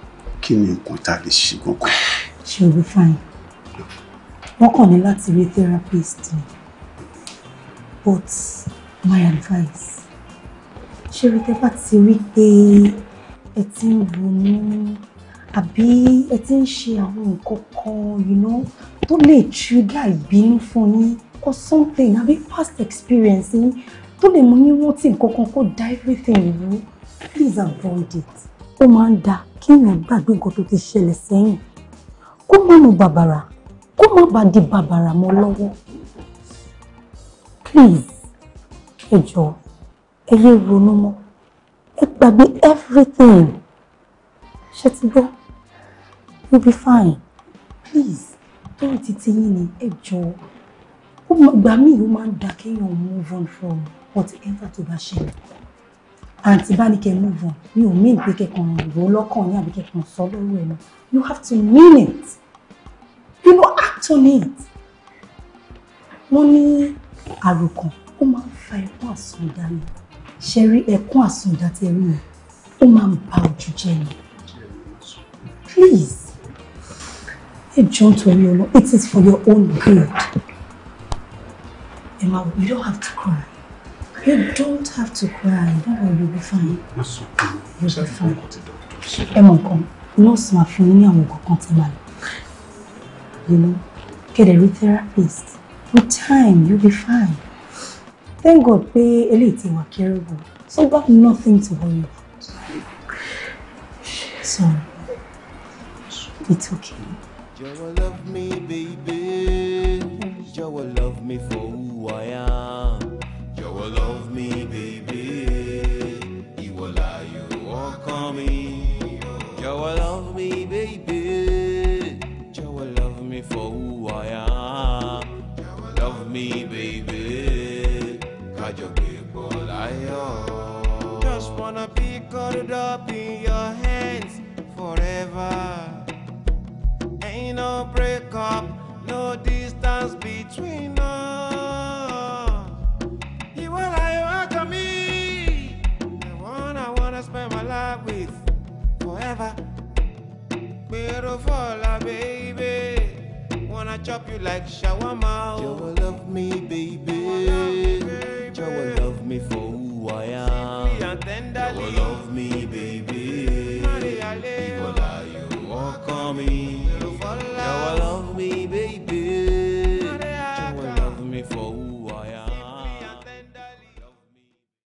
kí ni nǹkan tá lè ṣe gangan. ṣé o rí fáyìn wọ́n kàn ní láti rí therapist ni but my advice ṣé rí tẹ́ bá ti rí pé ẹ ti ń ronú àbí ẹ ti ń ṣe àwọn nǹkan kan you know tó lè trigger ìbínú fún yín or something àbí past experience yín tó lè mú yín rántí nǹkan kan kó da everything rú please avoid it ó máa ń da kéèyàn gbàgbé nǹkan tó ti ṣẹlẹ̀ sẹ́yìn kó má mú bàbàrà kó má bàa di bàbàrà mọ́ lọ́wọ́ please ẹ jọ̀ọ́ ẹ yé ronú mọ́ ẹ gbàgbé everything ṣe ti gbọ́ you'll be fine please don't títí yín any ẹ By me, you mí ó máa ń move on from whatever to bá ṣẹlẹ̀ àǹtí bá ní kẹ́ move on You ò mean pé kẹ́kàn rò lọ́kàn yín àbí kẹ́kàn sọ lọ́rọ̀ ẹ̀ you have to mean it you know act on it Money, ní àròkàn ó máa ń fa ẹkún àsundà ni ṣe rí ẹkún àsundà tẹ rí o ó máa ń ba please ẹ jọ̀ọ́ torí it is for your own good emma you don't have to cry you don't have to cry don't worry you be fine you be fine ẹ mọ nǹkan nurse máa fún yín ní àwọn kankan tí màá lò get a therapist with time you'll be fine thank god pé a little more careful, so got nothing to worry about so it's okay. Joe love me, baby. Joe love me for who I am. Joe love me, baby. He will lie, you won't call me. love me, baby. Joe love me for who I am. Joe love me, baby. Cause your people I Just wanna pick it up in your hands forever no break up, no distance between us. You want I want to me, the one I wanna spend my life with forever. Beautiful, baby, wanna chop you like shawarma. Oh. You will love me, baby. You will love me for who I am. Simply and tenderly. You will love me, baby. You will lie, you me love me, baby.